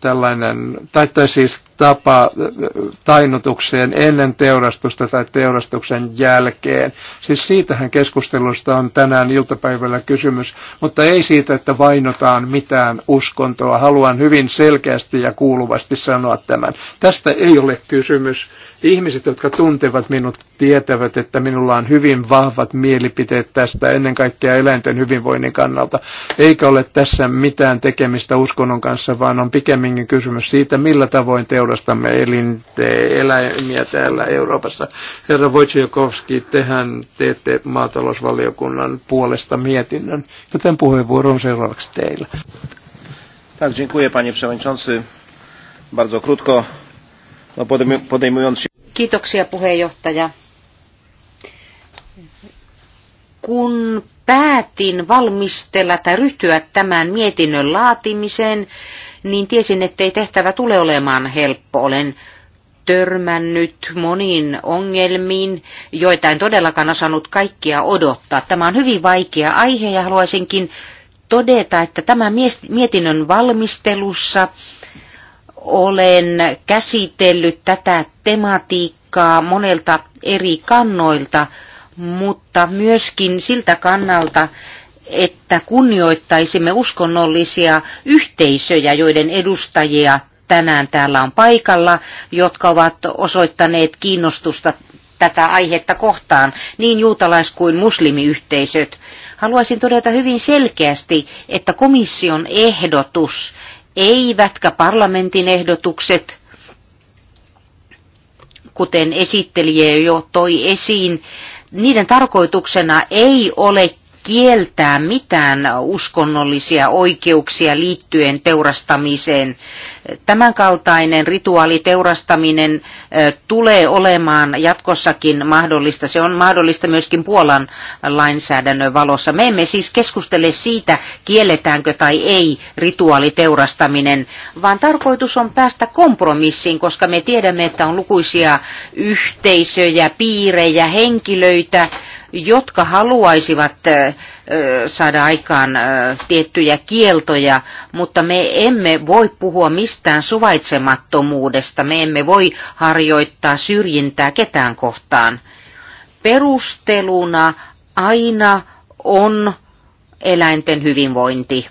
tällainen, tai, tai siis tapa äh, tainnutukseen ennen teurastusta tai teurastuksen jälkeen. Siis siitähän keskustelusta on tänään iltapäivällä kysymys, mutta ei siitä, että vainotaan mitään uskontoa. Haluan hyvin selkeästi ja kuuluvasti sanoa tämän. Tästä ei ole kysymys. Ihmiset, jotka tuntevat minut, tietävät, että minulla on hyvin vahvat mielipiteet tästä ennen kaikkea eläinten hyvinvoinnin kannalta. Eikä ole tässä mitään tekemistä uskonnon kanssa, vaan on pikemminkin kysymys siitä, millä tavoin teurastamme elinte- eläimiä täällä Euroopassa. Herra Wojciechowski, tehän teette maatalousvaliokunnan puolesta mietinnön, joten puheenvuoro on seuraavaksi teillä. Tak, dziękuję panie przewodniczący. Bardzo krótko, no podejmując się Kiitoksia puheenjohtaja. Kun päätin valmistella tai ryhtyä tämän mietinnön laatimiseen, niin tiesin, ettei tehtävä tule olemaan helppo. Olen törmännyt moniin ongelmiin, joita en todellakaan osannut kaikkia odottaa. Tämä on hyvin vaikea aihe ja haluaisinkin todeta, että tämä mietinnön valmistelussa olen käsitellyt tätä tematiikkaa monelta eri kannoilta, mutta myöskin siltä kannalta, että kunnioittaisimme uskonnollisia yhteisöjä, joiden edustajia tänään täällä on paikalla, jotka ovat osoittaneet kiinnostusta tätä aihetta kohtaan, niin juutalais- kuin muslimiyhteisöt. Haluaisin todeta hyvin selkeästi, että komission ehdotus eivätkä parlamentin ehdotukset, kuten esittelijä jo toi esiin, niiden tarkoituksena ei ole kieltää mitään uskonnollisia oikeuksia liittyen teurastamiseen. Tämänkaltainen rituaaliteurastaminen tulee olemaan jatkossakin mahdollista. Se on mahdollista myöskin Puolan lainsäädännön valossa. Me emme siis keskustele siitä, kielletäänkö tai ei rituaaliteurastaminen, vaan tarkoitus on päästä kompromissiin, koska me tiedämme, että on lukuisia yhteisöjä, piirejä, henkilöitä, jotka haluaisivat saada aikaan tiettyjä kieltoja, mutta me emme voi puhua mistään suvaitsemattomuudesta, me emme voi harjoittaa syrjintää ketään kohtaan. Perusteluna aina on eläinten hyvinvointi.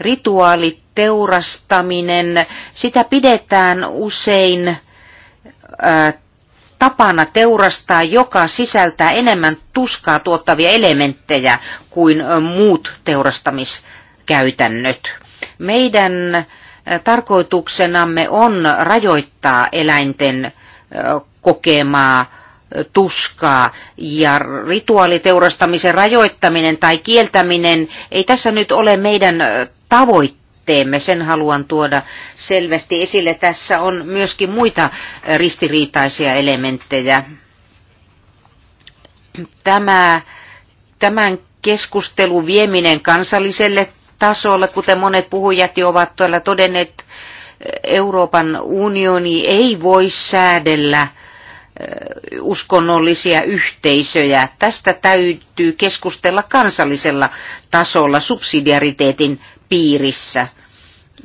Rituaalit, teurastaminen, sitä pidetään usein tapana teurastaa, joka sisältää enemmän tuskaa tuottavia elementtejä kuin muut teurastamiskäytännöt. Meidän tarkoituksenamme on rajoittaa eläinten kokemaa tuskaa ja rituaaliteurastamisen rajoittaminen tai kieltäminen ei tässä nyt ole meidän tavoitteemme teemme. Sen haluan tuoda selvästi esille. Tässä on myöskin muita ristiriitaisia elementtejä. Tämä, tämän keskustelun vieminen kansalliselle tasolle, kuten monet puhujat jo ovat tuolla todenneet, Euroopan unioni ei voi säädellä uskonnollisia yhteisöjä. Tästä täytyy keskustella kansallisella tasolla subsidiariteetin piirissä.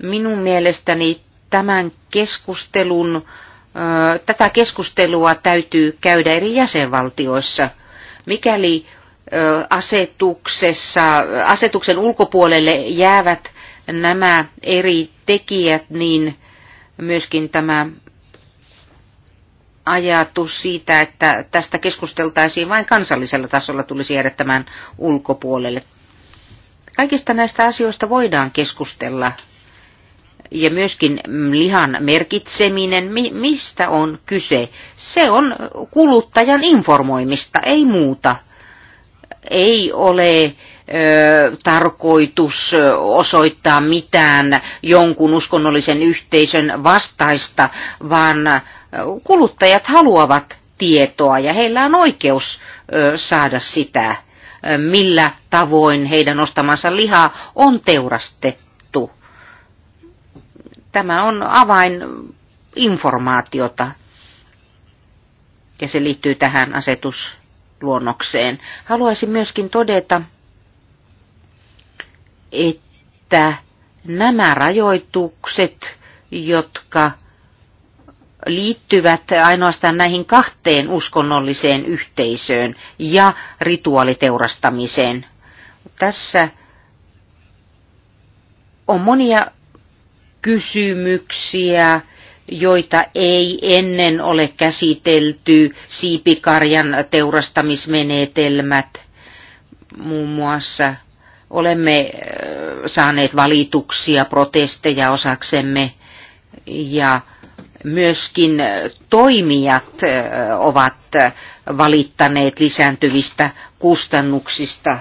Minun mielestäni tämän keskustelun, tätä keskustelua täytyy käydä eri jäsenvaltioissa. Mikäli asetuksessa, asetuksen ulkopuolelle jäävät nämä eri tekijät, niin myöskin tämä ajatus siitä, että tästä keskusteltaisiin vain kansallisella tasolla tulisi jäädä tämän ulkopuolelle. Kaikista näistä asioista voidaan keskustella ja myöskin lihan merkitseminen, mi- mistä on kyse? Se on kuluttajan informoimista, ei muuta. Ei ole ö, tarkoitus osoittaa mitään jonkun uskonnollisen yhteisön vastaista, vaan kuluttajat haluavat tietoa ja heillä on oikeus ö, saada sitä, millä tavoin heidän ostamansa liha on teurastettu Tämä on avain informaatiota ja se liittyy tähän asetusluonnokseen. Haluaisin myöskin todeta, että nämä rajoitukset, jotka liittyvät ainoastaan näihin kahteen uskonnolliseen yhteisöön ja rituaaliteurastamiseen. Tässä on monia kysymyksiä, joita ei ennen ole käsitelty, siipikarjan teurastamismenetelmät muun muassa. Olemme äh, saaneet valituksia, protesteja osaksemme ja myöskin toimijat äh, ovat valittaneet lisääntyvistä kustannuksista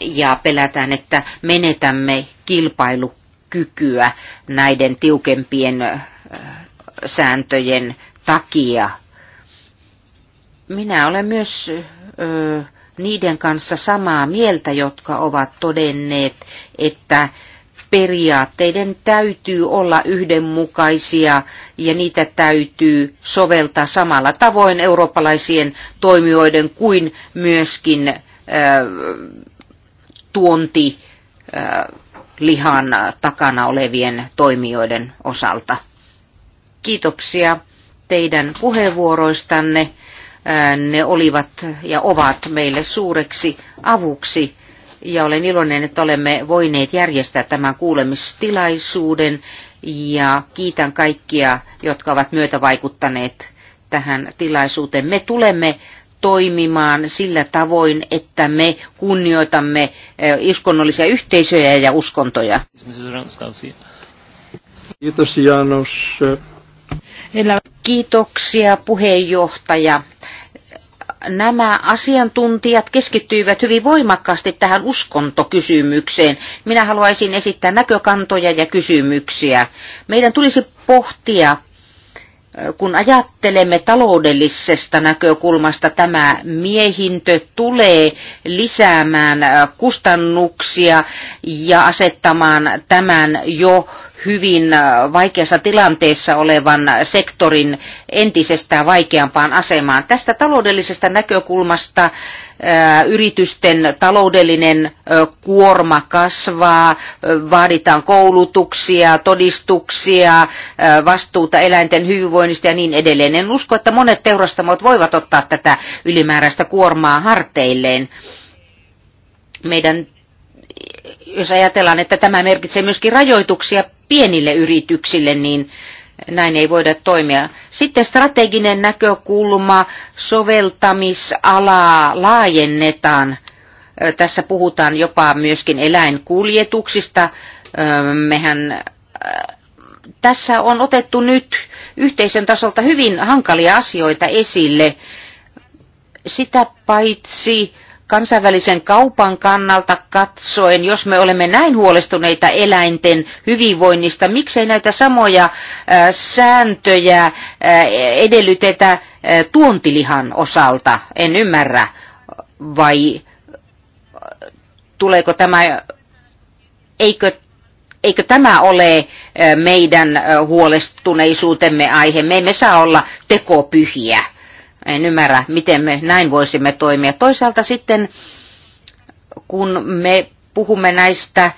ja pelätään, että menetämme kilpailu kykyä näiden tiukempien sääntöjen takia. Minä olen myös ö, niiden kanssa samaa mieltä, jotka ovat todenneet, että periaatteiden täytyy olla yhdenmukaisia ja niitä täytyy soveltaa samalla tavoin eurooppalaisien toimijoiden kuin myöskin ö, tuonti ö, lihan takana olevien toimijoiden osalta. Kiitoksia teidän puheenvuoroistanne. Ne olivat ja ovat meille suureksi avuksi ja olen iloinen, että olemme voineet järjestää tämän kuulemistilaisuuden ja kiitän kaikkia, jotka ovat myötävaikuttaneet tähän tilaisuuteen. Me tulemme toimimaan sillä tavoin, että me kunnioitamme eh, uskonnollisia yhteisöjä ja uskontoja. Kiitos Janos. Kiitoksia puheenjohtaja. Nämä asiantuntijat keskittyivät hyvin voimakkaasti tähän uskontokysymykseen. Minä haluaisin esittää näkökantoja ja kysymyksiä. Meidän tulisi pohtia, kun ajattelemme taloudellisesta näkökulmasta, tämä miehintö tulee lisäämään kustannuksia ja asettamaan tämän jo hyvin äh, vaikeassa tilanteessa olevan sektorin entisestään vaikeampaan asemaan. Tästä taloudellisesta näkökulmasta äh, yritysten taloudellinen äh, kuorma kasvaa, vaaditaan koulutuksia, todistuksia, vastuuta eläinten hyvinvoinnista ja niin edelleen. En usko, että monet teurastamot voivat ottaa tätä ylimääräistä kuormaa harteilleen. Meidän jos ajatellaan, että tämä merkitsee myöskin rajoituksia pienille yrityksille, niin näin ei voida toimia. Sitten strateginen näkökulma, soveltamisalaa laajennetaan. Tässä puhutaan jopa myöskin eläinkuljetuksista. Mehän tässä on otettu nyt yhteisön tasolta hyvin hankalia asioita esille. Sitä paitsi kansainvälisen kaupan kannalta katsoen, jos me olemme näin huolestuneita eläinten hyvinvoinnista, miksei näitä samoja äh, sääntöjä äh, edellytetä äh, tuontilihan osalta? En ymmärrä. Vai tuleeko tämä, eikö, eikö tämä ole meidän huolestuneisuutemme aihe? Me emme saa olla tekopyhiä en ymmärrä, miten me näin voisimme toimia. Toisaalta sitten, kun me puhumme näistä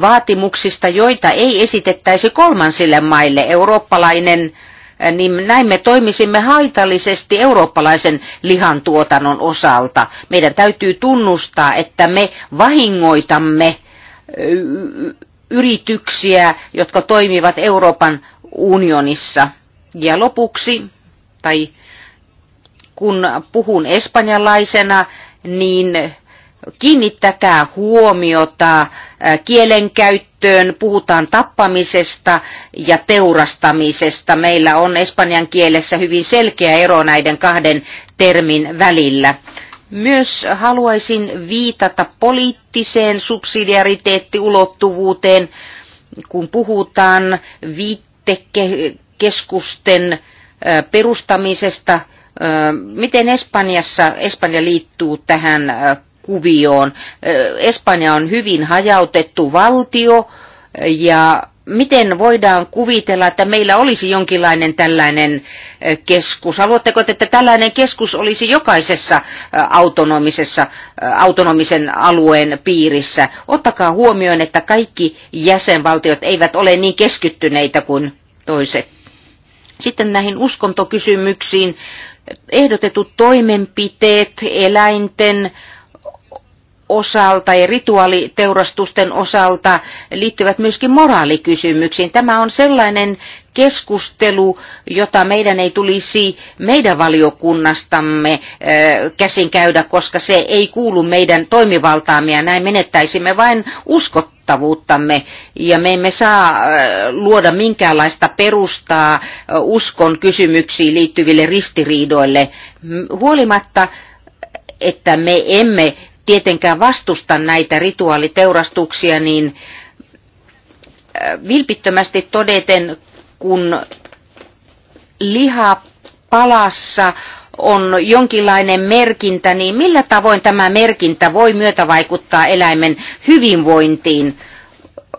vaatimuksista, joita ei esitettäisi kolmansille maille, eurooppalainen niin näin me toimisimme haitallisesti eurooppalaisen lihantuotannon osalta. Meidän täytyy tunnustaa, että me vahingoitamme yrityksiä, jotka toimivat Euroopan unionissa. Ja lopuksi, tai kun puhun espanjalaisena, niin kiinnittäkää huomiota kielenkäyttöön, puhutaan tappamisesta ja teurastamisesta. Meillä on espanjan kielessä hyvin selkeä ero näiden kahden termin välillä. Myös haluaisin viitata poliittiseen subsidiariteettiulottuvuuteen, kun puhutaan viittekeskusten perustamisesta – Miten Espanjassa, Espanja liittyy tähän kuvioon? Espanja on hyvin hajautettu valtio ja miten voidaan kuvitella, että meillä olisi jonkinlainen tällainen keskus? Haluatteko, että tällainen keskus olisi jokaisessa autonomisessa, autonomisen alueen piirissä? Ottakaa huomioon, että kaikki jäsenvaltiot eivät ole niin keskittyneitä kuin toiset. Sitten näihin uskontokysymyksiin ehdotetut toimenpiteet eläinten osalta ja rituaaliteurastusten osalta liittyvät myöskin moraalikysymyksiin. Tämä on sellainen keskustelu, jota meidän ei tulisi meidän valiokunnastamme käsin käydä, koska se ei kuulu meidän toimivaltaamme ja näin menettäisimme vain uskot, uskottavuuttamme ja me emme saa äh, luoda minkäänlaista perustaa äh, uskon kysymyksiin liittyville ristiriidoille, huolimatta, että me emme tietenkään vastusta näitä rituaaliteurastuksia, niin äh, vilpittömästi todeten, kun liha palassa on jonkinlainen merkintä, niin millä tavoin tämä merkintä voi vaikuttaa eläimen hyvinvointiin?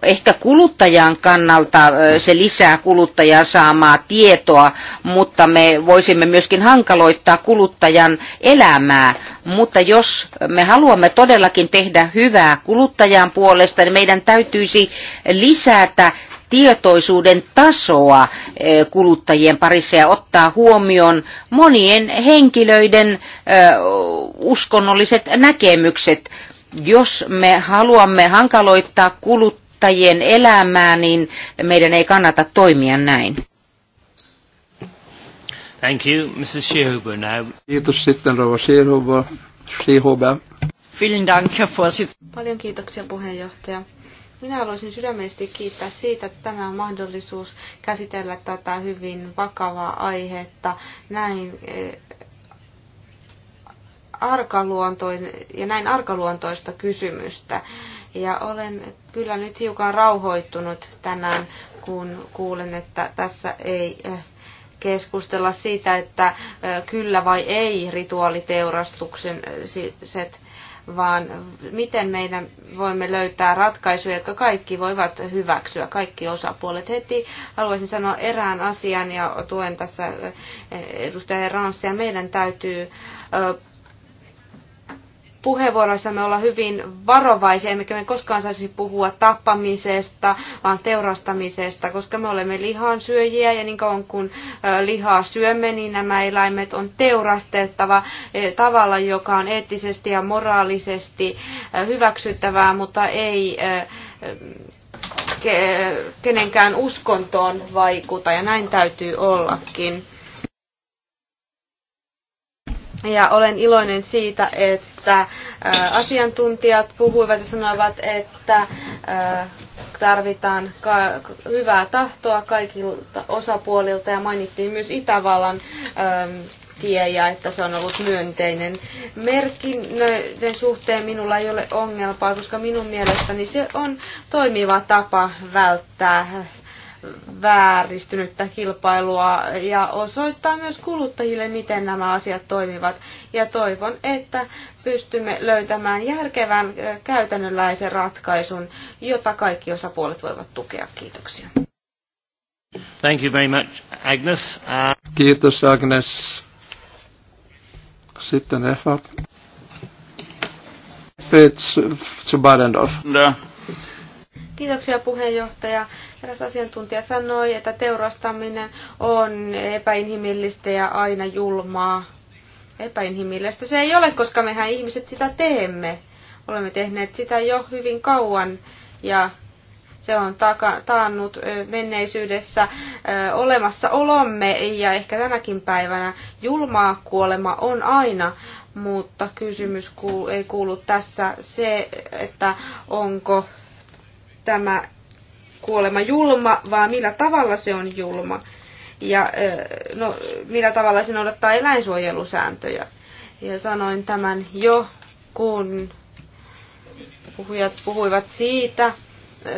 Ehkä kuluttajan kannalta se lisää kuluttajan saamaa tietoa, mutta me voisimme myöskin hankaloittaa kuluttajan elämää. Mutta jos me haluamme todellakin tehdä hyvää kuluttajan puolesta, niin meidän täytyisi lisätä tietoisuuden tasoa eh, kuluttajien parissa ja ottaa huomioon monien henkilöiden eh, uskonnolliset näkemykset. Jos me haluamme hankaloittaa kuluttajien elämää, niin meidän ei kannata toimia näin. Thank you, Mrs. Schierhuber. now. Kiitos sitten Rova Schierhuber. Schierhuber. Vielen Dank, Herr Paljon kiitoksia puheenjohtaja minä haluaisin sydämellisesti kiittää siitä, että tänään on mahdollisuus käsitellä tätä hyvin vakavaa aihetta näin eh, arkaluontoin, ja näin arkaluontoista kysymystä. Ja olen kyllä nyt hiukan rauhoittunut tänään, kun kuulen, että tässä ei eh, keskustella siitä, että eh, kyllä vai ei rituaaliteurastuksen vaan miten meidän voimme löytää ratkaisuja, jotka kaikki voivat hyväksyä, kaikki osapuolet. Heti haluaisin sanoa erään asian ja tuen tässä eh, edustaja Ranssia. Meidän täytyy puheenvuoroissamme olla hyvin varovaisia, emmekä me koskaan saisi puhua tappamisesta, vaan teurastamisesta, koska me olemme lihansyöjiä ja niin kauan kuin lihaa syömme, niin nämä eläimet on teurastettava e, tavalla, joka on eettisesti ja moraalisesti hyväksyttävää, mutta ei kenenkään uskontoon vaikuta ja näin täytyy ollakin. Ja olen iloinen siitä, että äh, asiantuntijat puhuivat ja sanoivat, että äh, tarvitaan hyvää tahtoa kaikilta osapuolilta ja mainittiin myös Itävallan ähm, tie ja että se on ollut myönteinen. Merkinnöiden suhteen minulla ei ole ongelmaa, koska minun mielestäni se on toimiva tapa välttää vääristynyttä kilpailua ja osoittaa myös kuluttajille, miten nämä asiat toimivat. Ja toivon, että pystymme löytämään järkevän käytännönläisen ratkaisun, jota kaikki osapuolet voivat tukea. Kiitoksia. Thank you very much, Agnes. Uh... Kiitos, Agnes. Sitten Efab. Fritz zu Badendorf. No. Kiitoksia puheenjohtaja. Eräs asiantuntija sanoi, että teurastaminen on epäinhimillistä ja aina julmaa. Epäinhimillistä se ei ole, koska mehän ihmiset sitä teemme. Olemme tehneet sitä jo hyvin kauan ja se on taannut menneisyydessä olemassaolomme ja ehkä tänäkin päivänä julmaa kuolema on aina, mutta kysymys ei kuulu tässä se, että onko tämä kuolema julma, vaan millä tavalla se on julma ja no, millä tavalla se noudattaa eläinsuojelusääntöjä. Ja sanoin tämän jo, kun puhujat puhuivat siitä,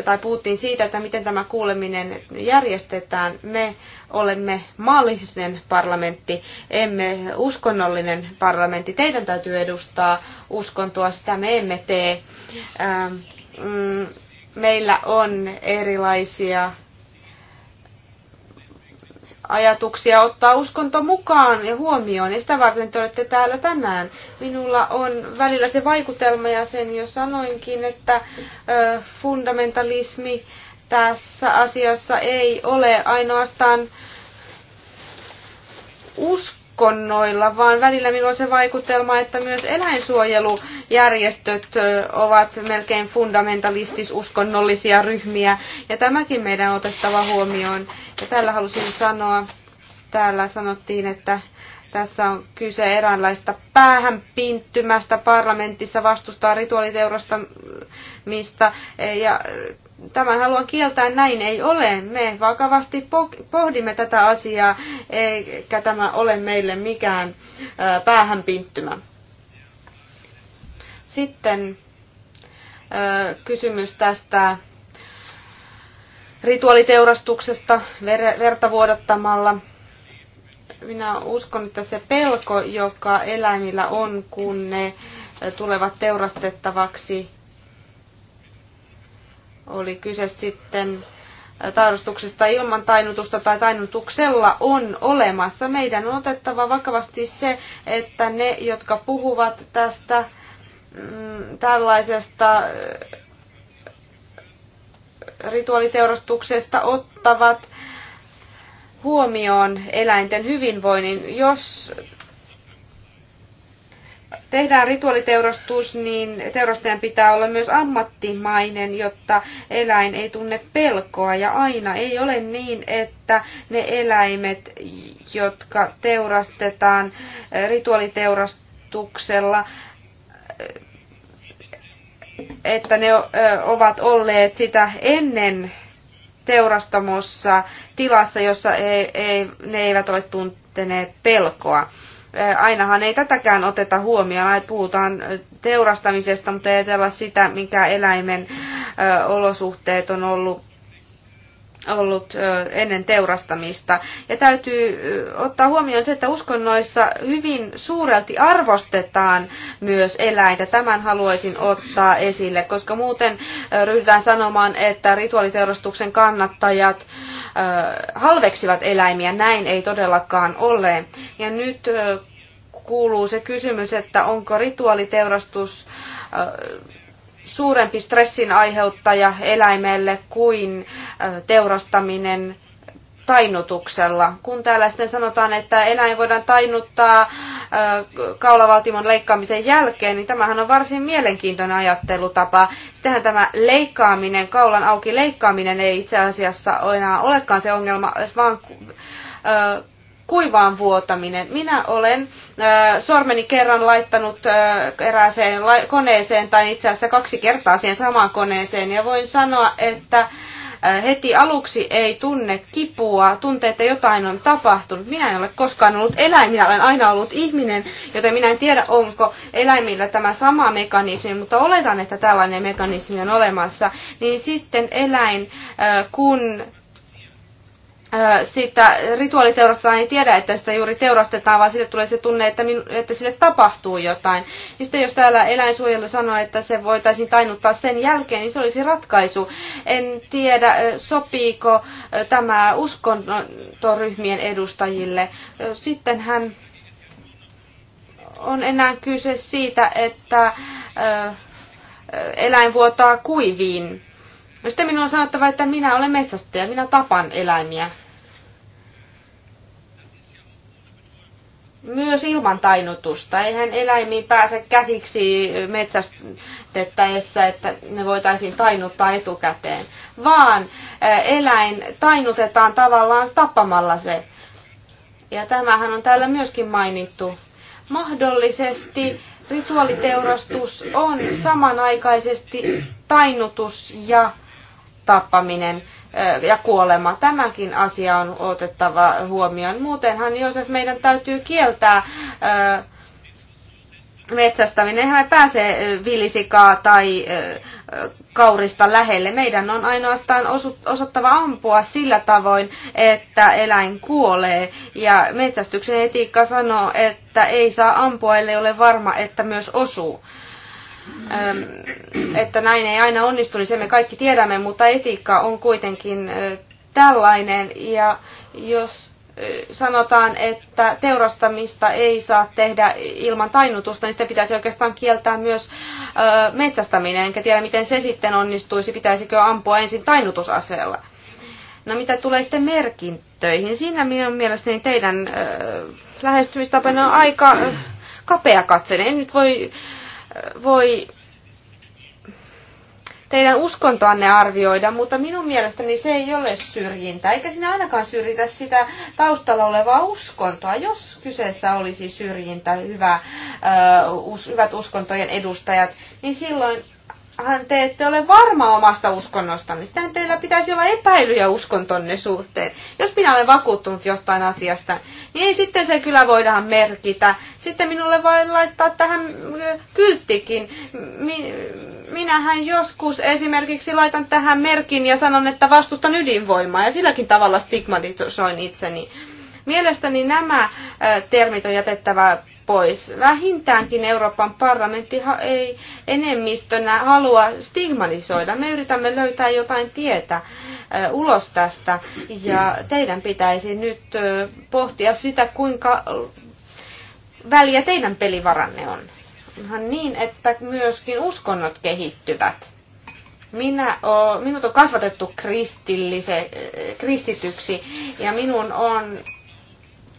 tai puhuttiin siitä, että miten tämä kuuleminen järjestetään. Me olemme maallinen parlamentti, emme uskonnollinen parlamentti. Teidän täytyy edustaa uskontoa, sitä me emme tee. Ähm, mm, meillä on erilaisia ajatuksia ottaa uskonto mukaan ja huomioon. Ja sitä varten te olette täällä tänään. Minulla on välillä se vaikutelma ja sen jo sanoinkin, että ö, fundamentalismi tässä asiassa ei ole ainoastaan usko uskonnoilla, vaan välillä minulla on se vaikutelma, että myös eläinsuojelujärjestöt ovat melkein fundamentalistis-uskonnollisia ryhmiä, ja tämäkin meidän on otettava huomioon. Ja tällä halusin sanoa, täällä sanottiin, että tässä on kyse eräänlaista päähänpinttymästä. Parlamentissa vastustaa rituaaliteurastamista ja tämän haluan kieltää, näin ei ole. Me vakavasti pohdimme tätä asiaa, eikä tämä ole meille mikään päähänpinttymä. Sitten kysymys tästä rituaaliteurastuksesta verta vuodattamalla. Minä uskon, että se pelko, joka eläimillä on, kun ne tulevat teurastettavaksi, oli kyse sitten äh, taidostuksesta ilman tainutusta tai tainutuksella on olemassa. Meidän on otettava vakavasti se, että ne, jotka puhuvat tästä mm, tällaisesta äh, rituaaliteurastuksesta, ottavat huomioon eläinten hyvinvoinnin. Jos tehdään rituaaliteurastus, niin teurastajan pitää olla myös ammattimainen, jotta eläin ei tunne pelkoa. Ja aina ei ole niin, että ne eläimet, jotka teurastetaan eh, rituaaliteurastuksella, eh, että ne eh, ovat olleet sitä ennen teurastamossa tilassa, jossa ei, ei, ne eivät ole tunteneet pelkoa ainahan ei tätäkään oteta huomioon. että Puhutaan teurastamisesta, mutta ei ajatella sitä, mikä eläimen olosuhteet on ollut ollut ennen teurastamista. Ja täytyy ottaa huomioon se, että uskonnoissa hyvin suurelti arvostetaan myös eläintä. Tämän haluaisin ottaa esille, koska muuten ryhdytään sanomaan, että rituaaliteurastuksen kannattajat halveksivat eläimiä. Näin ei todellakaan ole. Ja nyt kuuluu se kysymys, että onko rituaaliteurastus suurempi stressin aiheuttaja eläimelle kuin teurastaminen tainutuksella. Kun täällä sitten sanotaan, että eläin voidaan tainuttaa kaulavaltimon leikkaamisen jälkeen, niin tämähän on varsin mielenkiintoinen ajattelutapa. Sittenhän tämä leikkaaminen, kaulan auki leikkaaminen ei itse asiassa enää olekaan se ongelma, vaan kuivaan vuotaminen. Minä olen äh, sormeni kerran laittanut äh, erääseen la- koneeseen tai itse asiassa kaksi kertaa siihen samaan koneeseen ja voin sanoa, että heti aluksi ei tunne kipua, tuntee, että jotain on tapahtunut. Minä en ole koskaan ollut eläin, minä olen aina ollut ihminen, joten minä en tiedä, onko eläimillä tämä sama mekanismi, mutta oletan, että tällainen mekanismi on olemassa. Niin sitten eläin, kun siitä rituaaliteurasta ei tiedä, että sitä juuri teurastetaan, vaan sille tulee se tunne, että, minu, että sille tapahtuu jotain. Ja sitten jos täällä eläinsuojelu sanoo, että se voitaisiin tainuttaa sen jälkeen, niin se olisi ratkaisu. En tiedä, sopiiko tämä uskontoryhmien edustajille. Sitten hän on enää kyse siitä, että eläin vuotaa kuiviin. Sitten minun on sanottava, että minä olen metsästäjä, minä tapan eläimiä. myös ilman tainnutusta. Eihän eläimiin pääse käsiksi metsästettäessä, että ne voitaisiin tainuttaa etukäteen, vaan eh, eläin tainutetaan tavallaan tappamalla se. Ja tämähän on täällä myöskin mainittu. Mahdollisesti rituaaliteurastus on samanaikaisesti tainnutus ja tappaminen ja kuolema. Tämäkin asia on otettava huomioon. Muutenhan, Joosef, meidän täytyy kieltää metsästäminen. Eihän me pääse vilisikaa tai kaurista lähelle. Meidän on ainoastaan osattava ampua sillä tavoin, että eläin kuolee. Ja metsästyksen etiikka sanoo, että ei saa ampua, ellei ole varma, että myös osuu. Ähm, että näin ei aina onnistu, niin se me kaikki tiedämme, mutta etiikka on kuitenkin tällainen. Ja jos sanotaan, että teurastamista ei saa tehdä ilman tainnutusta, niin sitä pitäisi oikeastaan kieltää myös metsästäminen. Enkä tiedä, miten se sitten onnistuisi, pitäisikö ampua ensin tainnutusaseella. No mitä tulee sitten merkintöihin, siinä minun mielestäni teidän lähestymistapana on aika kapea katse. En nyt voi voi teidän uskontoanne arvioida, mutta minun mielestäni se ei ole syrjintä, eikä sinä ainakaan syrjitä sitä taustalla olevaa uskontoa. Jos kyseessä olisi syrjintä, hyvä, uh, us, hyvät uskontojen edustajat, niin silloin hän te ette ole varma omasta uskonnostanne. Niin sitten teillä pitäisi olla epäilyjä uskontonne suhteen. Jos minä olen vakuuttunut jostain asiasta, niin sitten se kyllä voidaan merkitä. Sitten minulle voi laittaa tähän kylttikin. Minähän joskus esimerkiksi laitan tähän merkin ja sanon, että vastustan ydinvoimaa ja silläkin tavalla stigmatisoin itseni. Mielestäni nämä termit on jätettävä pois. Vähintäänkin Euroopan parlamentti ei enemmistönä halua stigmatisoida. Me yritämme löytää jotain tietä ulos tästä ja teidän pitäisi nyt pohtia sitä, kuinka väliä teidän pelivaranne on. Onhan niin, että myöskin uskonnot kehittyvät. Minä o, minut on kasvatettu kristillise, kristityksi ja minun on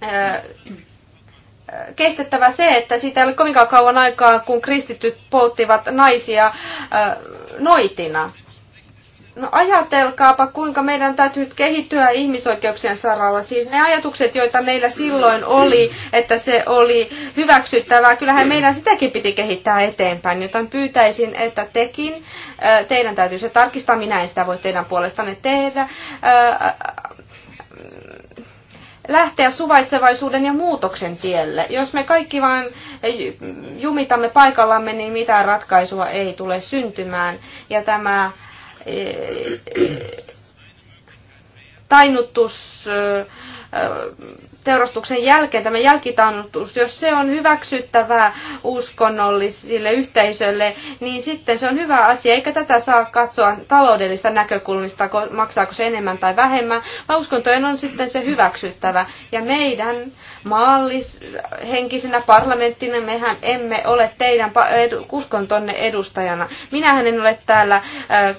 ö, kestettävä se, että siitä ei ole kovinkaan kauan aikaa, kun kristityt polttivat naisia noitina. No ajatelkaapa, kuinka meidän täytyy kehittyä ihmisoikeuksien saralla. Siis ne ajatukset, joita meillä silloin oli, että se oli hyväksyttävää, kyllähän meidän sitäkin piti kehittää eteenpäin. Joten pyytäisin, että tekin, teidän täytyy se tarkistaa, minä en sitä voi teidän puolestanne tehdä, lähteä suvaitsevaisuuden ja muutoksen tielle. Jos me kaikki vain jumitamme paikallamme, niin mitään ratkaisua ei tule syntymään. Ja tämä eh, eh, tainnutus eh, teurastuksen jälkeen, tämä jälkitannutus, jos se on hyväksyttävää uskonnollisille yhteisöille, niin sitten se on hyvä asia, eikä tätä saa katsoa taloudellista näkökulmista, maksaako se enemmän tai vähemmän, vaan uskontojen on sitten se hyväksyttävä. Ja meidän maallishenkisenä parlamenttina mehän emme ole teidän uskontonne edustajana. Minähän en ole täällä äh,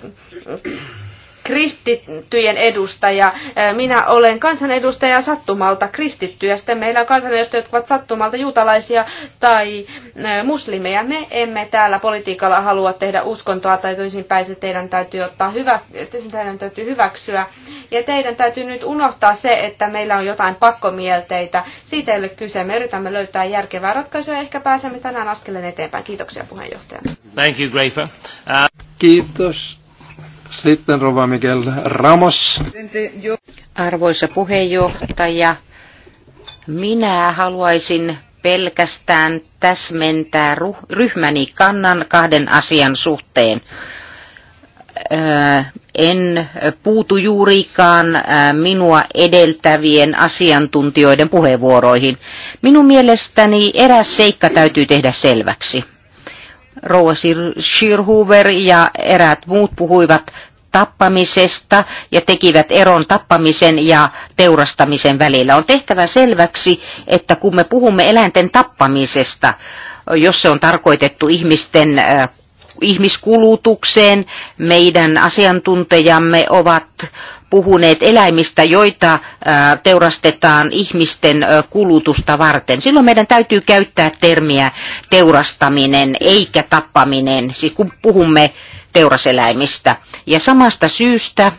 kristittyjen edustaja. Minä olen kansanedustaja sattumalta kristittyjä. Sitten meillä on kansanedustajat, jotka ovat sattumalta juutalaisia tai muslimeja. Me emme täällä politiikalla halua tehdä uskontoa tai toisinpäin se teidän täytyy ottaa hyvä, teidän täytyy hyväksyä. Ja teidän täytyy nyt unohtaa se, että meillä on jotain pakkomielteitä. Siitä ei ole kyse. Me yritämme löytää järkevää ratkaisua ja ehkä pääsemme tänään askeleen eteenpäin. Kiitoksia puheenjohtaja. Thank you, Grafer. Uh... Kiitos. Sitten Rova Miguel Ramos. Arvoisa puheenjohtaja, minä haluaisin pelkästään täsmentää ryhmäni kannan kahden asian suhteen. En puutu juurikaan minua edeltävien asiantuntijoiden puheenvuoroihin. Minun mielestäni eräs seikka täytyy tehdä selväksi. Rouva Schirhuber ja eräät muut puhuivat tappamisesta ja tekivät eron tappamisen ja teurastamisen välillä. On tehtävä selväksi, että kun me puhumme eläinten tappamisesta, jos se on tarkoitettu ihmisten ihmiskulutukseen, meidän asiantuntejamme ovat puhuneet eläimistä, joita teurastetaan ihmisten kulutusta varten. Silloin meidän täytyy käyttää termiä teurastaminen eikä tappaminen, siis kun puhumme teuraseläimistä. Ja samasta syystä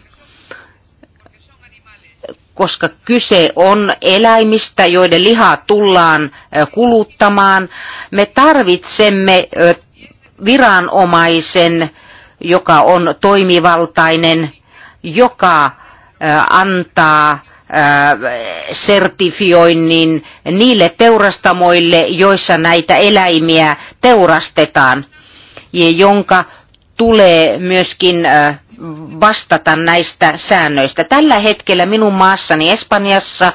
koska kyse on eläimistä, joiden lihaa tullaan kuluttamaan. Me tarvitsemme viranomaisen, joka on toimivaltainen, joka antaa sertifioinnin niille teurastamoille, joissa näitä eläimiä teurastetaan, ja jonka tulee myöskin vastata näistä säännöistä. Tällä hetkellä minun maassani Espanjassa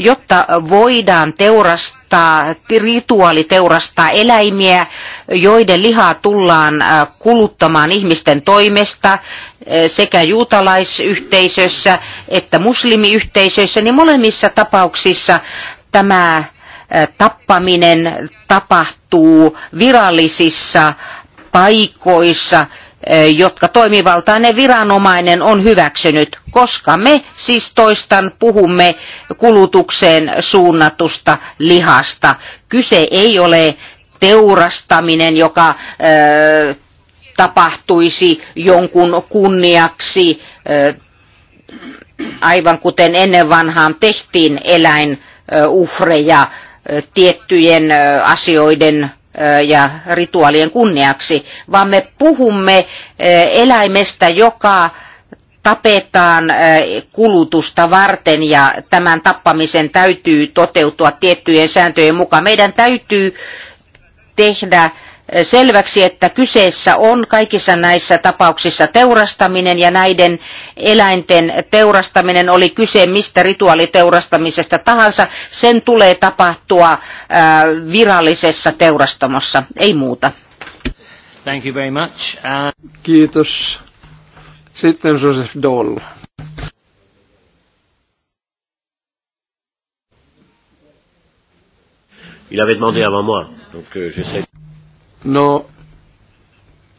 jotta voidaan teurastaa, rituaali teurastaa eläimiä, joiden lihaa tullaan äh, kuluttamaan ihmisten toimesta äh, sekä juutalaisyhteisössä että muslimiyhteisöissä, niin molemmissa tapauksissa tämä äh, tappaminen tapahtuu virallisissa paikoissa, jotka toimivaltainen viranomainen on hyväksynyt, koska me siis toistan puhumme kulutukseen suunnatusta lihasta. Kyse ei ole teurastaminen, joka ö, tapahtuisi jonkun kunniaksi, ö, aivan kuten ennen vanhaan tehtiin eläinuhreja tiettyjen asioiden ja rituaalien kunniaksi, vaan me puhumme eläimestä, joka tapetaan kulutusta varten ja tämän tappamisen täytyy toteutua tiettyjen sääntöjen mukaan. Meidän täytyy tehdä selväksi, että kyseessä on kaikissa näissä tapauksissa teurastaminen ja näiden eläinten teurastaminen, oli kyse mistä rituaaliteurastamisesta tahansa, sen tulee tapahtua äh, virallisessa teurastamossa, ei muuta. Thank you very much. Uh... Kiitos. Sitten Joseph Doll. Il avait demandé avant moi, donc euh, No,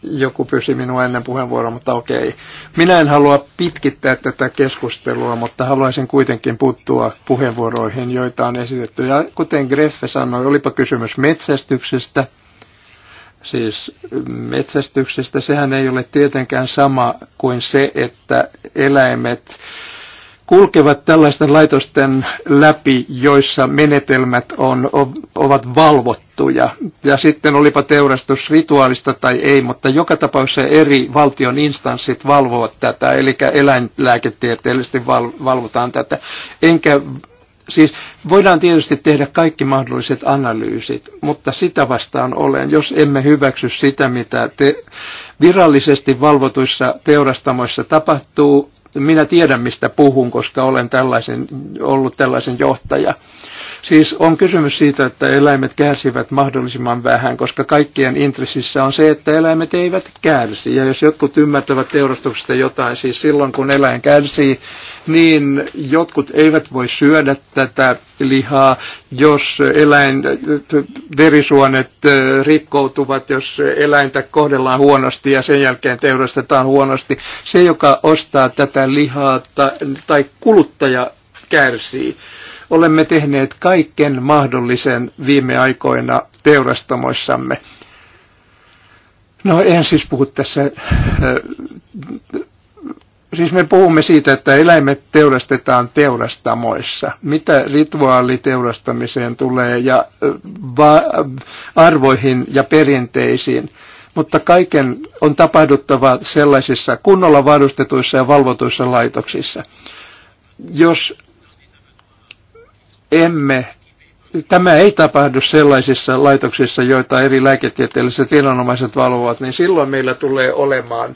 joku pyysi minua ennen puheenvuoroa, mutta okei. Minä en halua pitkittää tätä keskustelua, mutta haluaisin kuitenkin puuttua puheenvuoroihin, joita on esitetty. Ja kuten Greffe sanoi, olipa kysymys metsästyksestä, siis metsästyksestä, sehän ei ole tietenkään sama kuin se, että eläimet kulkevat tällaisten laitosten läpi, joissa menetelmät on, ovat valvottuja. Ja sitten olipa teurastus rituaalista tai ei, mutta joka tapauksessa eri valtion instanssit valvovat tätä, eli eläinlääketieteellisesti val, valvotaan tätä. Enkä, siis voidaan tietysti tehdä kaikki mahdolliset analyysit, mutta sitä vastaan olen, jos emme hyväksy sitä, mitä te, virallisesti valvotuissa teurastamoissa tapahtuu, minä tiedän mistä puhun, koska olen tällaisen, ollut tällaisen johtaja. Siis on kysymys siitä, että eläimet kärsivät mahdollisimman vähän, koska kaikkien intressissä on se, että eläimet eivät kärsi. Ja jos jotkut ymmärtävät teurastuksesta jotain, siis silloin kun eläin kärsii, niin jotkut eivät voi syödä tätä lihaa, jos eläin, verisuonet rikkoutuvat, jos eläintä kohdellaan huonosti ja sen jälkeen teurastetaan huonosti. Se, joka ostaa tätä lihaa tai kuluttaja kärsii. Olemme tehneet kaiken mahdollisen viime aikoina teurastamoissamme. No en siis puhu tässä siis me puhumme siitä, että eläimet teurastetaan teurastamoissa. Mitä rituaaliteurastamiseen tulee ja arvoihin ja perinteisiin. Mutta kaiken on tapahduttava sellaisissa kunnolla varustetuissa ja valvotuissa laitoksissa. Jos emme tämä ei tapahdu sellaisissa laitoksissa, joita eri lääketieteelliset viranomaiset valvovat, niin silloin meillä tulee olemaan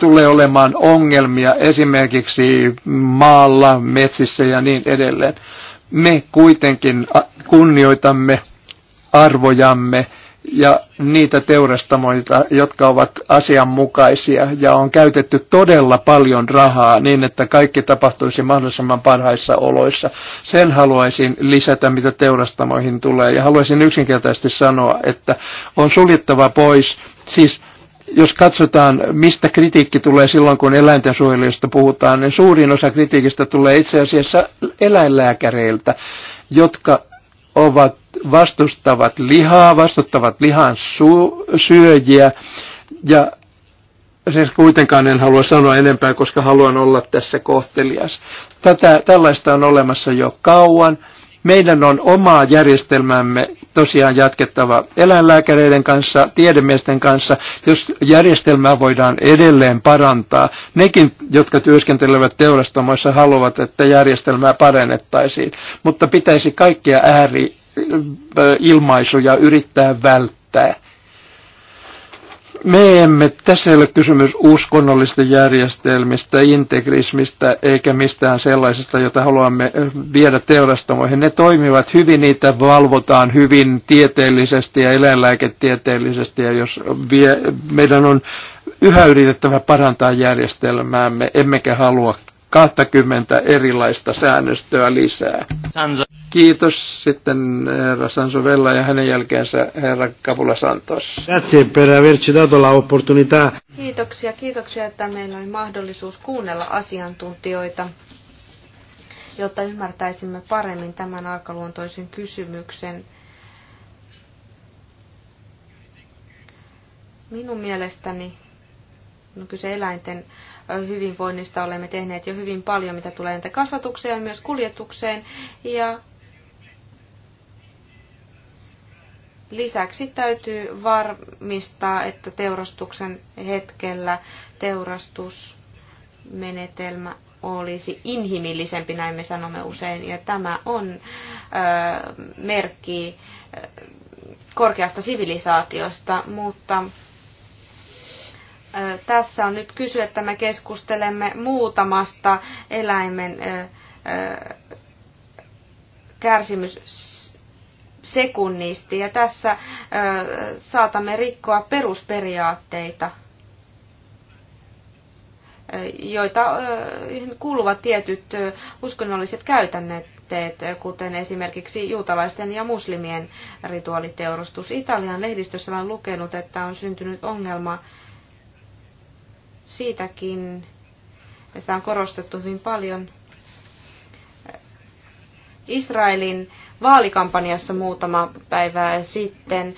tulee olemaan ongelmia esimerkiksi maalla, metsissä ja niin edelleen. Me kuitenkin kunnioitamme arvojamme ja niitä teurastamoita, jotka ovat asianmukaisia ja on käytetty todella paljon rahaa niin, että kaikki tapahtuisi mahdollisimman parhaissa oloissa. Sen haluaisin lisätä, mitä teurastamoihin tulee ja haluaisin yksinkertaisesti sanoa, että on suljettava pois, siis jos katsotaan, mistä kritiikki tulee silloin, kun eläintensuojelijoista puhutaan, niin suurin osa kritiikistä tulee itse asiassa eläinlääkäreiltä, jotka ovat vastustavat lihaa, vastustavat lihan syöjiä. Ja sen kuitenkaan en halua sanoa enempää, koska haluan olla tässä kohtelias. Tätä, tällaista on olemassa jo kauan. Meidän on omaa järjestelmämme tosiaan jatkettava eläinlääkäreiden kanssa, tiedemiesten kanssa, jos järjestelmää voidaan edelleen parantaa. Nekin, jotka työskentelevät teurastamoissa, haluavat, että järjestelmää parannettaisiin, mutta pitäisi kaikkia ääriilmaisuja yrittää välttää. Me emme, tässä ei ole kysymys uskonnollisista järjestelmistä, integrismistä eikä mistään sellaisesta, jota haluamme eh, viedä teurastamoihin. Ne toimivat hyvin, niitä valvotaan hyvin tieteellisesti ja eläinlääketieteellisesti ja jos vie, meidän on yhä yritettävä parantaa järjestelmäämme, emmekä halua 20 erilaista säännöstöä lisää. Sanso. Kiitos sitten herra Sanso Vella ja hänen jälkeensä herra Kapula Santos. Grazie per averci dato la opportunità. Kiitoksia, kiitoksia, että meillä oli mahdollisuus kuunnella asiantuntijoita, jotta ymmärtäisimme paremmin tämän aikaluontoisen kysymyksen. Minun mielestäni no, kyse eläinten hyvinvoinnista olemme tehneet jo hyvin paljon, mitä tulee näitä kasvatukseen ja myös kuljetukseen. Ja lisäksi täytyy varmistaa, että teurastuksen hetkellä teurastusmenetelmä olisi inhimillisempi, näin me sanomme usein, ja tämä on ö, merkki korkeasta sivilisaatiosta, mutta tässä on nyt kysy, että me keskustelemme muutamasta eläimen kärsimyssekunnista ja tässä saatamme rikkoa perusperiaatteita joita kuuluvat tietyt uskonnolliset käytännöt, kuten esimerkiksi juutalaisten ja muslimien rituaaliteurustus. Italian lehdistössä on lukenut, että on syntynyt ongelma siitäkin, sitä on korostettu hyvin paljon, Israelin vaalikampanjassa muutama päivää sitten,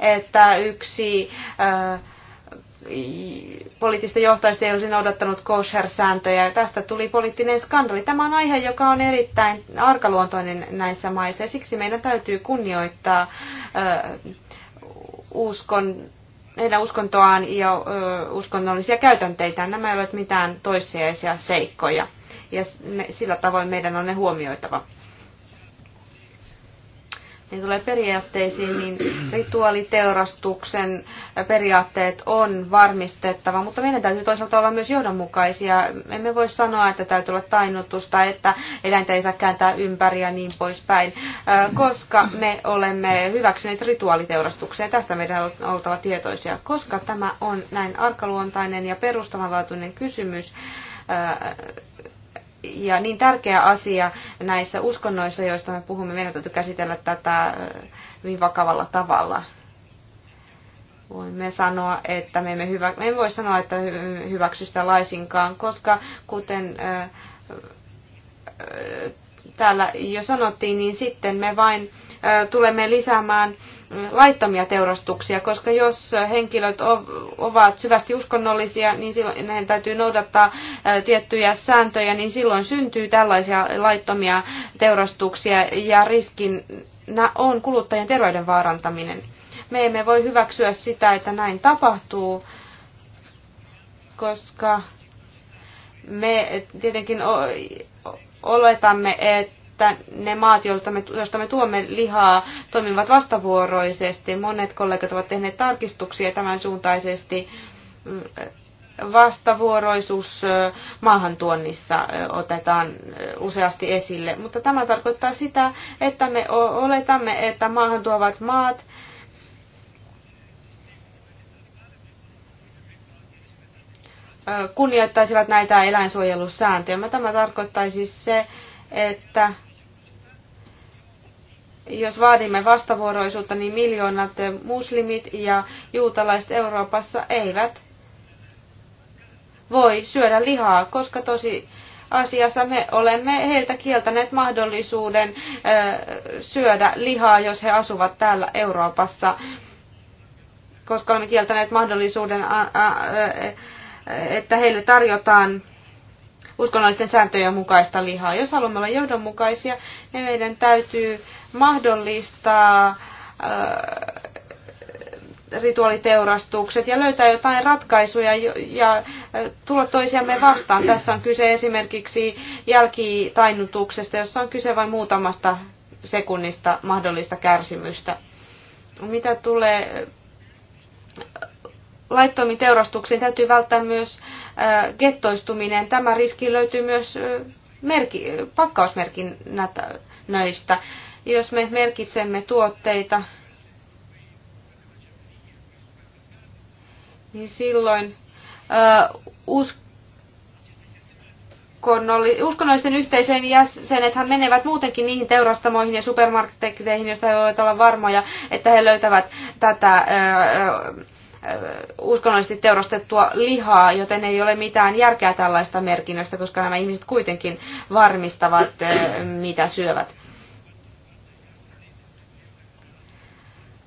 että yksi äh, poliittista johtajista ei olisi noudattanut kosher-sääntöjä. Tästä tuli poliittinen skandaali. Tämä on aihe, joka on erittäin arkaluontoinen näissä maissa ja siksi meidän täytyy kunnioittaa äh, uskon heidän uskontoaan ja uskonnollisia käytänteitä. Nämä eivät ole mitään toissijaisia seikkoja ja me, sillä tavoin meidän on ne huomioitava niin tulee periaatteisiin, niin rituaaliteurastuksen periaatteet on varmistettava, mutta meidän täytyy toisaalta olla myös johdonmukaisia. Emme voi sanoa, että täytyy olla tainnutusta, että eläintä ei saa kääntää ympäri ja niin poispäin, koska me olemme hyväksyneet rituaaliteurastuksia ja tästä meidän on oltava tietoisia, koska tämä on näin arkaluontainen ja perustavanlaatuinen kysymys ja niin tärkeä asia näissä uskonnoissa, joista me puhumme, meidän täytyy käsitellä tätä hyvin vakavalla tavalla. Voimme sanoa, että me emme, hyvä, me emme voi sanoa, että hyväksy sitä laisinkaan, koska kuten täällä jo sanottiin, niin sitten me vain tulemme lisäämään laittomia teurastuksia, koska jos henkilöt ovat syvästi uskonnollisia, niin silloin heidän täytyy noudattaa tiettyjä sääntöjä, niin silloin syntyy tällaisia laittomia teurastuksia ja riskinä on kuluttajien terveyden vaarantaminen. Me emme voi hyväksyä sitä, että näin tapahtuu, koska me tietenkin oletamme, että että ne maat, joilta me, joista me tuomme lihaa, toimivat vastavuoroisesti. Monet kollegat ovat tehneet tarkistuksia tämän suuntaisesti mm, vastavuoroisuus maahantuonnissa otetaan useasti esille, mutta tämä tarkoittaa sitä, että me oletamme, että maahantuovat maat kunnioittaisivat näitä eläinsuojelussääntöjä. Tämä tarkoittaisi se, että jos vaadimme vastavuoroisuutta, niin miljoonat muslimit ja juutalaiset Euroopassa eivät voi syödä lihaa, koska tosi asiassa me olemme heiltä kieltäneet mahdollisuuden syödä lihaa, jos he asuvat täällä Euroopassa, koska olemme kieltäneet mahdollisuuden, että heille tarjotaan uskonnollisten sääntöjen mukaista lihaa. Jos haluamme olla johdonmukaisia, niin meidän täytyy mahdollistaa äh, rituaaliteurastukset ja löytää jotain ratkaisuja ja äh, tulla toisiamme vastaan. Tässä on kyse esimerkiksi jälkitainnutuksesta, jossa on kyse vain muutamasta sekunnista mahdollista kärsimystä. Mitä tulee äh, laittomiin teurastuksiin, täytyy välttää myös gettoistuminen. Tämä riski löytyy myös merki, pakkausmerkinnät näistä. Jos me merkitsemme tuotteita, niin silloin uh, äh, usko uskonnollisten yhteisöjen jäsenethän menevät muutenkin niihin teurastamoihin ja supermarketteihin, joista he voivat olla varmoja, että he löytävät tätä äh, äh, uskonnollisesti teurastettua lihaa, joten ei ole mitään järkeä tällaista merkinnöstä, koska nämä ihmiset kuitenkin varmistavat, mitä syövät.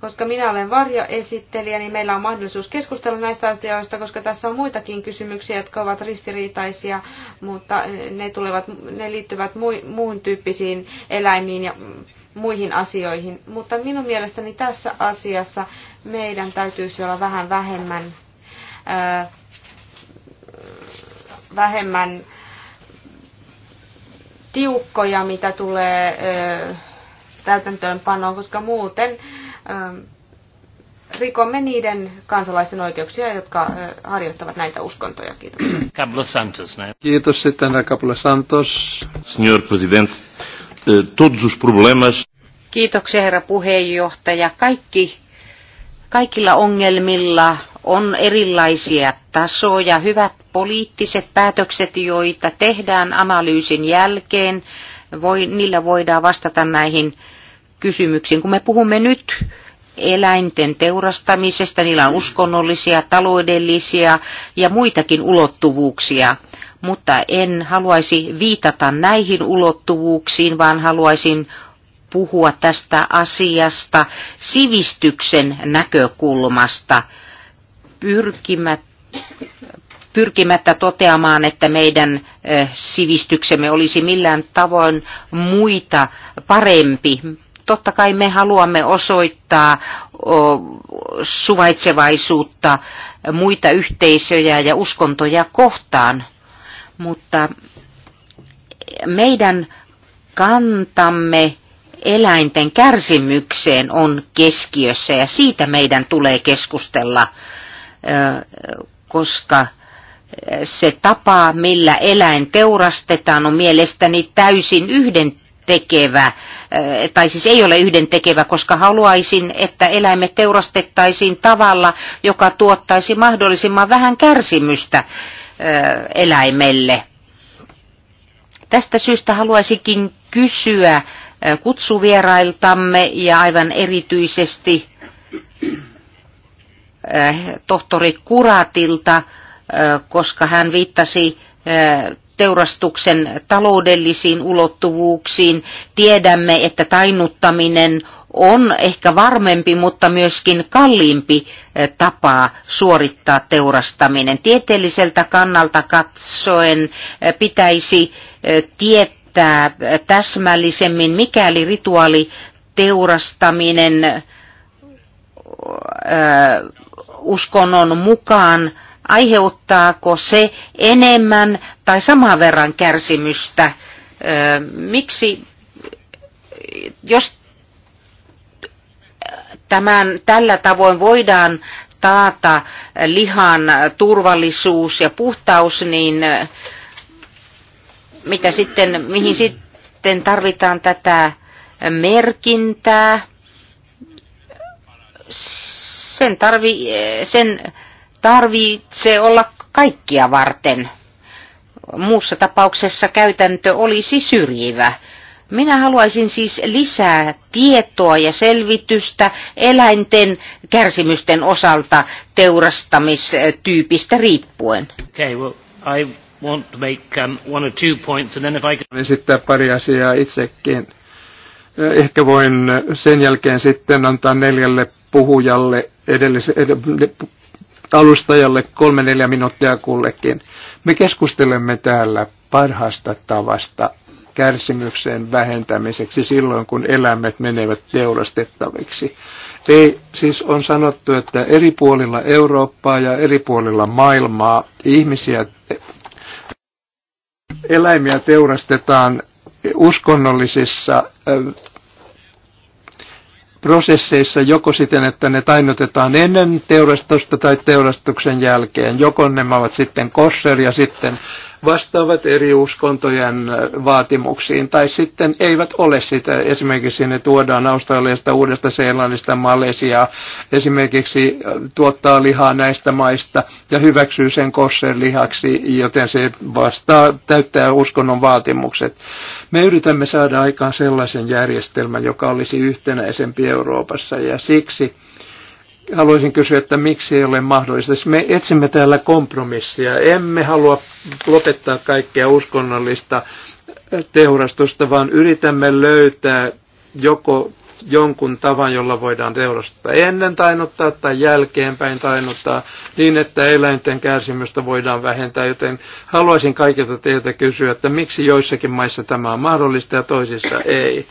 Koska minä olen varjoesittelijä, niin meillä on mahdollisuus keskustella näistä asioista, koska tässä on muitakin kysymyksiä, jotka ovat ristiriitaisia, mutta ne, tulevat, ne liittyvät muun tyyppisiin eläimiin ja muihin asioihin. Mutta minun mielestäni tässä asiassa meidän täytyisi olla vähän vähemmän, vähemmän tiukkoja, mitä tulee ää, täytäntöönpanoon, koska muuten Ähm, rikomme niiden kansalaisten oikeuksia, jotka äh, harjoittavat näitä uskontoja. Kiitos. Cablo Santos. ne. Kiitos sitten, Cablo Santos. Señor Presidente, eh, todos os problemas... Kiitoksia, herra puheenjohtaja. Kaikki, kaikilla ongelmilla on erilaisia tasoja. Hyvät poliittiset päätökset, joita tehdään analyysin jälkeen, voi, niillä voidaan vastata näihin kysymyksiin. Kun me puhumme nyt eläinten teurastamisesta, niillä on uskonnollisia, taloudellisia ja muitakin ulottuvuuksia mutta en haluaisi viitata näihin ulottuvuuksiin, vaan haluaisin puhua tästä asiasta sivistyksen näkökulmasta pyrkimättä, pyrkimättä toteamaan, että meidän sivistyksemme olisi millään tavoin muita parempi totta kai me haluamme osoittaa suvaitsevaisuutta muita yhteisöjä ja uskontoja kohtaan, mutta meidän kantamme eläinten kärsimykseen on keskiössä ja siitä meidän tulee keskustella, koska se tapa, millä eläin teurastetaan, on mielestäni täysin yhden tekevä, eh, tai siis ei ole yhden tekevä, koska haluaisin, että eläimet teurastettaisiin tavalla, joka tuottaisi mahdollisimman vähän kärsimystä eh, eläimelle. Tästä syystä haluaisinkin kysyä eh, kutsuvierailtamme ja aivan erityisesti tohtori Kuratilta, koska hän viittasi teurastuksen taloudellisiin ulottuvuuksiin. Tiedämme, että tainuttaminen on ehkä varmempi, mutta myöskin kalliimpi eh, tapa suorittaa teurastaminen. Tieteelliseltä kannalta katsoen eh, pitäisi eh, tietää täsmällisemmin, mikäli rituaali teurastaminen uskonnon mukaan aiheuttaako se enemmän tai saman verran kärsimystä? Miksi, jos tämän, tällä tavoin voidaan taata lihan turvallisuus ja puhtaus, niin mitä sitten, mihin sitten tarvitaan tätä merkintää? Sen, tarvi, sen tarvitse olla kaikkia varten. Muussa tapauksessa käytäntö olisi syrjivä. Minä haluaisin siis lisää tietoa ja selvitystä eläinten kärsimysten osalta teurastamistyypistä riippuen. Okay, well, I want to make um, one or two points and then if I can... Esittää pari asiaa itsekin. Eh, ehkä voin sen jälkeen sitten antaa neljälle puhujalle edellis, ed, alustajalle kolme neljä minuuttia kullekin. Me keskustelemme täällä parhaasta tavasta kärsimyksen vähentämiseksi silloin, kun eläimet menevät teurastettaviksi. Ei, siis on sanottu, että eri puolilla Eurooppaa ja eri puolilla maailmaa ihmisiä, eläimiä teurastetaan uskonnollisissa prosesseissa joko siten, että ne tainnutetaan ennen teurastusta tai teurastuksen jälkeen. Joko ne ovat sitten kosser ja sitten vastaavat eri uskontojen vaatimuksiin, tai sitten eivät ole sitä. Esimerkiksi ne tuodaan Australiasta, Uudesta Seelannista, Malesiaa, esimerkiksi tuottaa lihaa näistä maista ja hyväksyy sen kosseen lihaksi, joten se vastaa, täyttää uskonnon vaatimukset. Me yritämme saada aikaan sellaisen järjestelmän, joka olisi yhtenäisempi Euroopassa, ja siksi haluaisin kysyä, että miksi ei ole mahdollista. Me etsimme täällä kompromissia. Emme halua lopettaa kaikkea uskonnollista teurastusta, vaan yritämme löytää joko jonkun tavan, jolla voidaan teurastaa ennen tainuttaa tai jälkeenpäin tainuttaa niin, että eläinten kärsimystä voidaan vähentää. Joten haluaisin kaikilta teiltä kysyä, että miksi joissakin maissa tämä on mahdollista ja toisissa ei.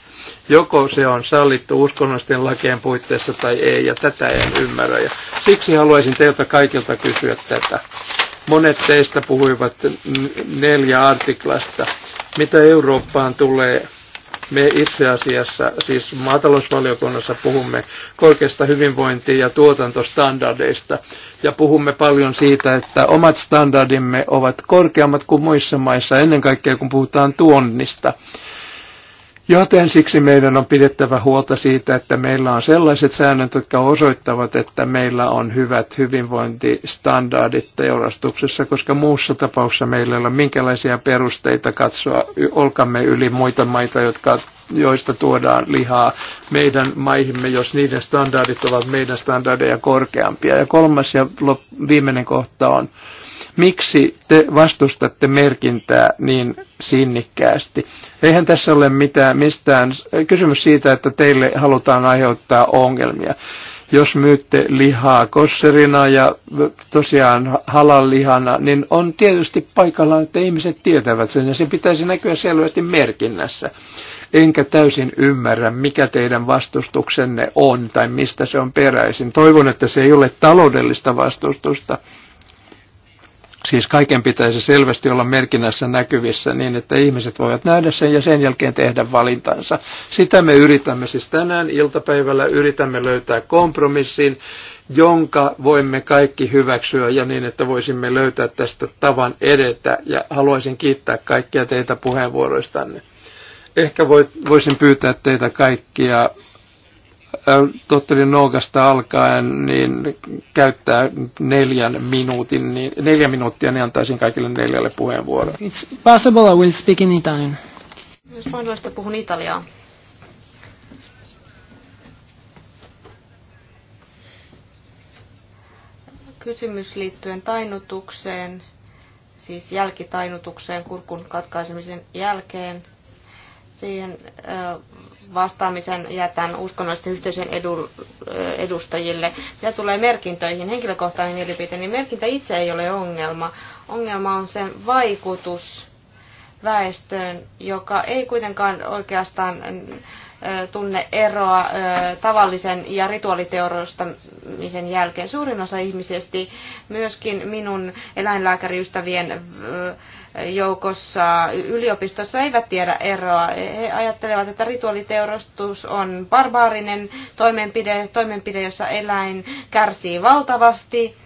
Joko se on sallittu uskonnollisten lakien puitteissa tai ei, ja tätä en ymmärrä. Ja siksi haluaisin teiltä kaikilta kysyä tätä. Monet teistä puhuivat neljä artiklasta. Mitä Eurooppaan tulee, me itse asiassa, siis maatalousvaliokunnassa puhumme korkeasta hyvinvointia ja tuotantostandardeista. Ja puhumme paljon siitä, että omat standardimme ovat korkeammat kuin muissa maissa, ennen kaikkea kun puhutaan tuonnista. Joten siksi meidän on pidettävä huolta siitä, että meillä on sellaiset säännöt, jotka osoittavat, että meillä on hyvät hyvinvointistandardit teurastuksessa, koska muussa tapauksessa meillä ei ole minkälaisia perusteita katsoa olkamme yli muita maita, jotka, joista tuodaan lihaa meidän maihimme, jos niiden standardit ovat meidän standardeja korkeampia. Ja kolmas ja viimeinen kohta on Miksi te vastustatte merkintää niin sinnikkäästi? Eihän tässä ole mitään, mistään kysymys siitä, että teille halutaan aiheuttaa ongelmia. Jos myytte lihaa kosserina ja tosiaan lihana, niin on tietysti paikallaan, että ihmiset tietävät sen ja se pitäisi näkyä selvästi merkinnässä enkä täysin ymmärrä, mikä teidän vastustuksenne on tai mistä se on peräisin. Toivon, että se ei ole taloudellista vastustusta. Siis kaiken pitäisi selvästi olla merkinnässä näkyvissä niin, että ihmiset voivat nähdä sen ja sen jälkeen tehdä valintansa. Sitä me yritämme siis tänään iltapäivällä, yritämme löytää kompromissin, jonka voimme kaikki hyväksyä ja niin, että voisimme löytää tästä tavan edetä. Ja haluaisin kiittää kaikkia teitä puheenvuoroistanne. Ehkä voisin pyytää teitä kaikkia tohtori Noogasta alkaen niin käyttää neljän minuutin, niin neljä minuuttia, niin antaisin kaikille neljälle puheenvuoron. It's possible I will speak in Italian. Jos mahdollista puhun italiaa. Kysymys liittyen tainnutukseen, siis jälkitainutukseen kurkun katkaisemisen jälkeen. Siihen vastaamisen jätän uskonnollisten yhteisöjen edu, edustajille. Ja tulee merkintöihin, henkilökohtainen mielipiteeni, niin merkintä itse ei ole ongelma. Ongelma on sen vaikutus väestöön, joka ei kuitenkaan oikeastaan tunne eroa tavallisen ja rituaaliteoroistamisen jälkeen. Suurin osa ihmisesti, myöskin minun eläinlääkäriystävien joukossa yliopistossa eivät tiedä eroa. He ajattelevat, että rituaaliteurostus on barbaarinen toimenpide, toimenpide, jossa eläin kärsii valtavasti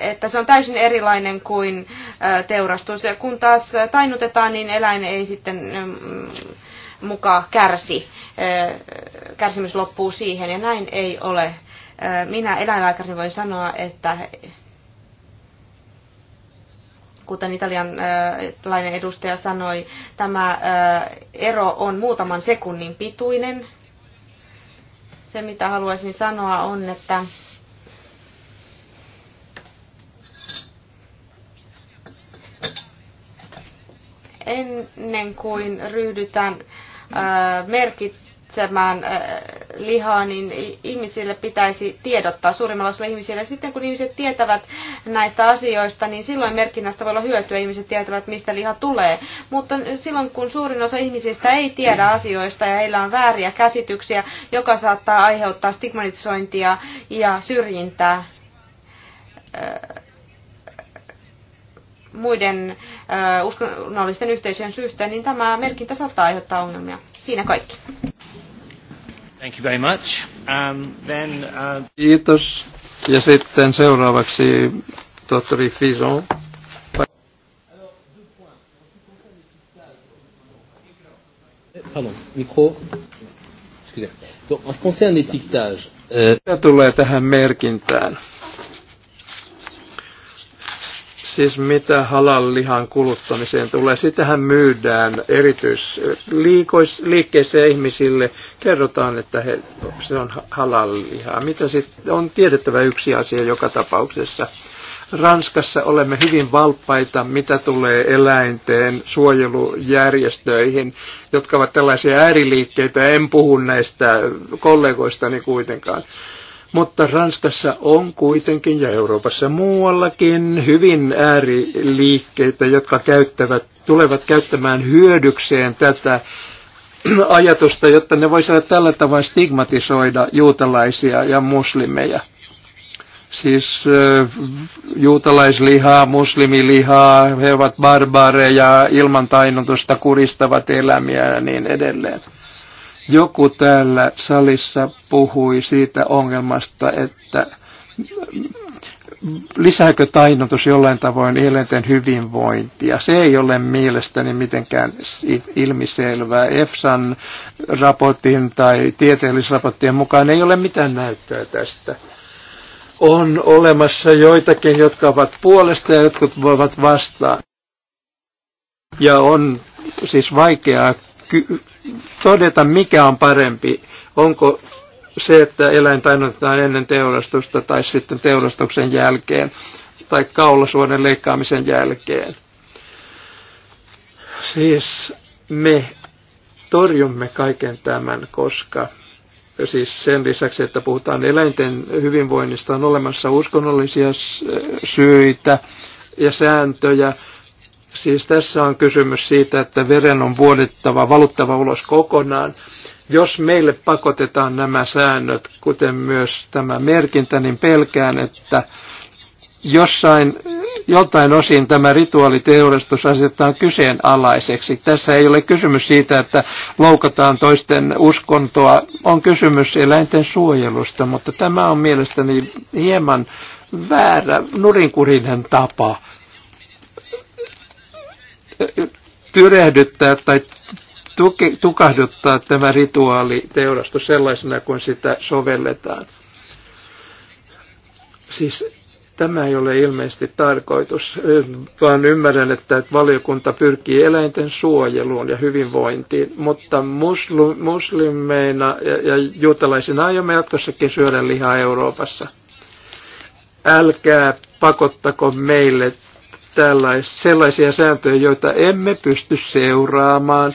että se on täysin erilainen kuin teurastus. ja Kun taas tainnutetaan, niin eläin ei sitten mm, muka kärsi. Kärsimys loppuu siihen ja näin ei ole. Minä eläinlääkäri voin sanoa, että kuten italianlainen edustaja sanoi, tämä ero on muutaman sekunnin pituinen. Se, mitä haluaisin sanoa, on, että ennen kuin ryhdytään merkitsemään lihaa, niin ihmisille pitäisi tiedottaa suurimmalla osalla ihmisille. Sitten kun ihmiset tietävät näistä asioista, niin silloin merkinnästä voi olla hyötyä, ihmiset tietävät mistä liha tulee. Mutta silloin kun suurin osa ihmisistä ei tiedä asioista ja heillä on vääriä käsityksiä, joka saattaa aiheuttaa stigmatisointia ja syrjintää muiden uskonnollisten yhteisöjen suhteen, niin tämä merkintä saattaa aiheuttaa ongelmia. Siinä kaikki. Thank you very much. Um, then, uh... Kiitos. Ja sitten seuraavaksi tohtori Fison. Pardon, Mikro? Excusez. Donc, je pensais à un Euh... tulee tähän merkintään. Siis mitä halallihan kuluttamiseen tulee, sitähän myydään erityisliikkeissä ihmisille. Kerrotaan, että he, se on halallihaa. Mitä sitten on tiedettävä yksi asia joka tapauksessa. Ranskassa olemme hyvin valppaita, mitä tulee eläinteen suojelujärjestöihin, jotka ovat tällaisia ääriliikkeitä. En puhu näistä kollegoistani kuitenkaan mutta Ranskassa on kuitenkin ja Euroopassa muuallakin hyvin ääriliikkeitä, jotka käyttävät, tulevat käyttämään hyödykseen tätä ajatusta, jotta ne voisivat tällä tavoin stigmatisoida juutalaisia ja muslimeja. Siis juutalaislihaa, muslimilihaa, he ovat barbareja, ilman tainnutusta kuristavat elämiä ja niin edelleen. Joku täällä salissa puhui siitä ongelmasta, että lisääkö tainnotus jollain tavoin eläinten hyvinvointia. Se ei ole mielestäni mitenkään ilmiselvää. EFSAn raportin tai tieteellisraporttien mukaan ei ole mitään näyttöä tästä. On olemassa joitakin, jotka ovat puolesta ja jotkut voivat vastaan. Ja on siis vaikeaa todeta, mikä on parempi. Onko se, että eläin tainnutetaan ennen teurastusta tai sitten teurastuksen jälkeen tai kaulasuonen leikkaamisen jälkeen. Siis me torjumme kaiken tämän, koska siis sen lisäksi, että puhutaan eläinten hyvinvoinnista, on olemassa uskonnollisia syitä ja sääntöjä, Siis tässä on kysymys siitä, että veren on vuodettava, valuttava ulos kokonaan. Jos meille pakotetaan nämä säännöt, kuten myös tämä merkintä, niin pelkään, että jossain, joltain osin tämä rituaaliteurastus asetetaan kyseenalaiseksi. Tässä ei ole kysymys siitä, että loukataan toisten uskontoa, on kysymys eläinten suojelusta, mutta tämä on mielestäni hieman väärä, nurinkurinen tapa tyrehdyttää tai tuki, tukahduttaa tämä rituaali teurasto sellaisena kuin sitä sovelletaan. Siis tämä ei ole ilmeisesti tarkoitus, vaan ymmärrän, että valiokunta pyrkii eläinten suojeluun ja hyvinvointiin, mutta muslimeina ja, ja juutalaisina aiomme jatkossakin syödä lihaa Euroopassa. Älkää pakottako meille tällais, sellaisia sääntöjä, joita emme pysty seuraamaan.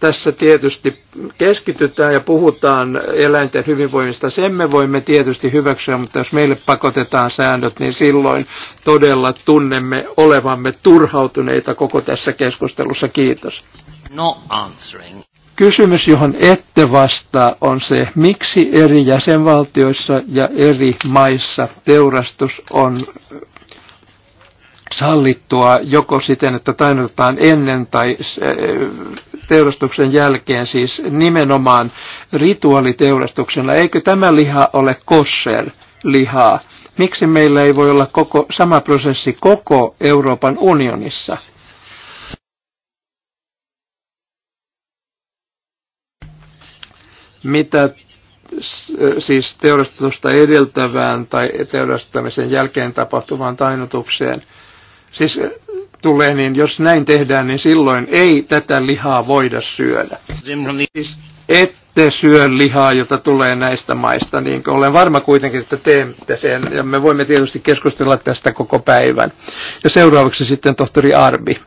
Tässä tietysti keskitytään ja puhutaan eläinten hyvinvoinnista. Sen me voimme tietysti hyväksyä, mutta jos meille pakotetaan säännöt, niin silloin todella tunnemme olevamme turhautuneita koko tässä keskustelussa. Kiitos. No answering. Kysymys, johon ette vastaa, on se, miksi eri jäsenvaltioissa ja eri maissa teurastus on sallittua joko siten, että tainnutetaan ennen tai äh, teurastuksen jälkeen, siis nimenomaan rituaaliteurastuksella. Eikö tämä liha ole kosher lihaa? Miksi meillä ei voi olla koko, sama prosessi koko Euroopan unionissa? Mitä äh, siis teurastusta edeltävään tai teurastamisen jälkeen tapahtuvaan tainnutukseen – siis äh, tulee, niin jos näin tehdään, niin silloin ei tätä lihaa voida syödä. Siis ette syö lihaa, jota tulee näistä maista, niin olen varma kuitenkin, että teemme sen, ja me voimme tietysti keskustella tästä koko päivän. Ja seuraavaksi sitten tohtori Arbi.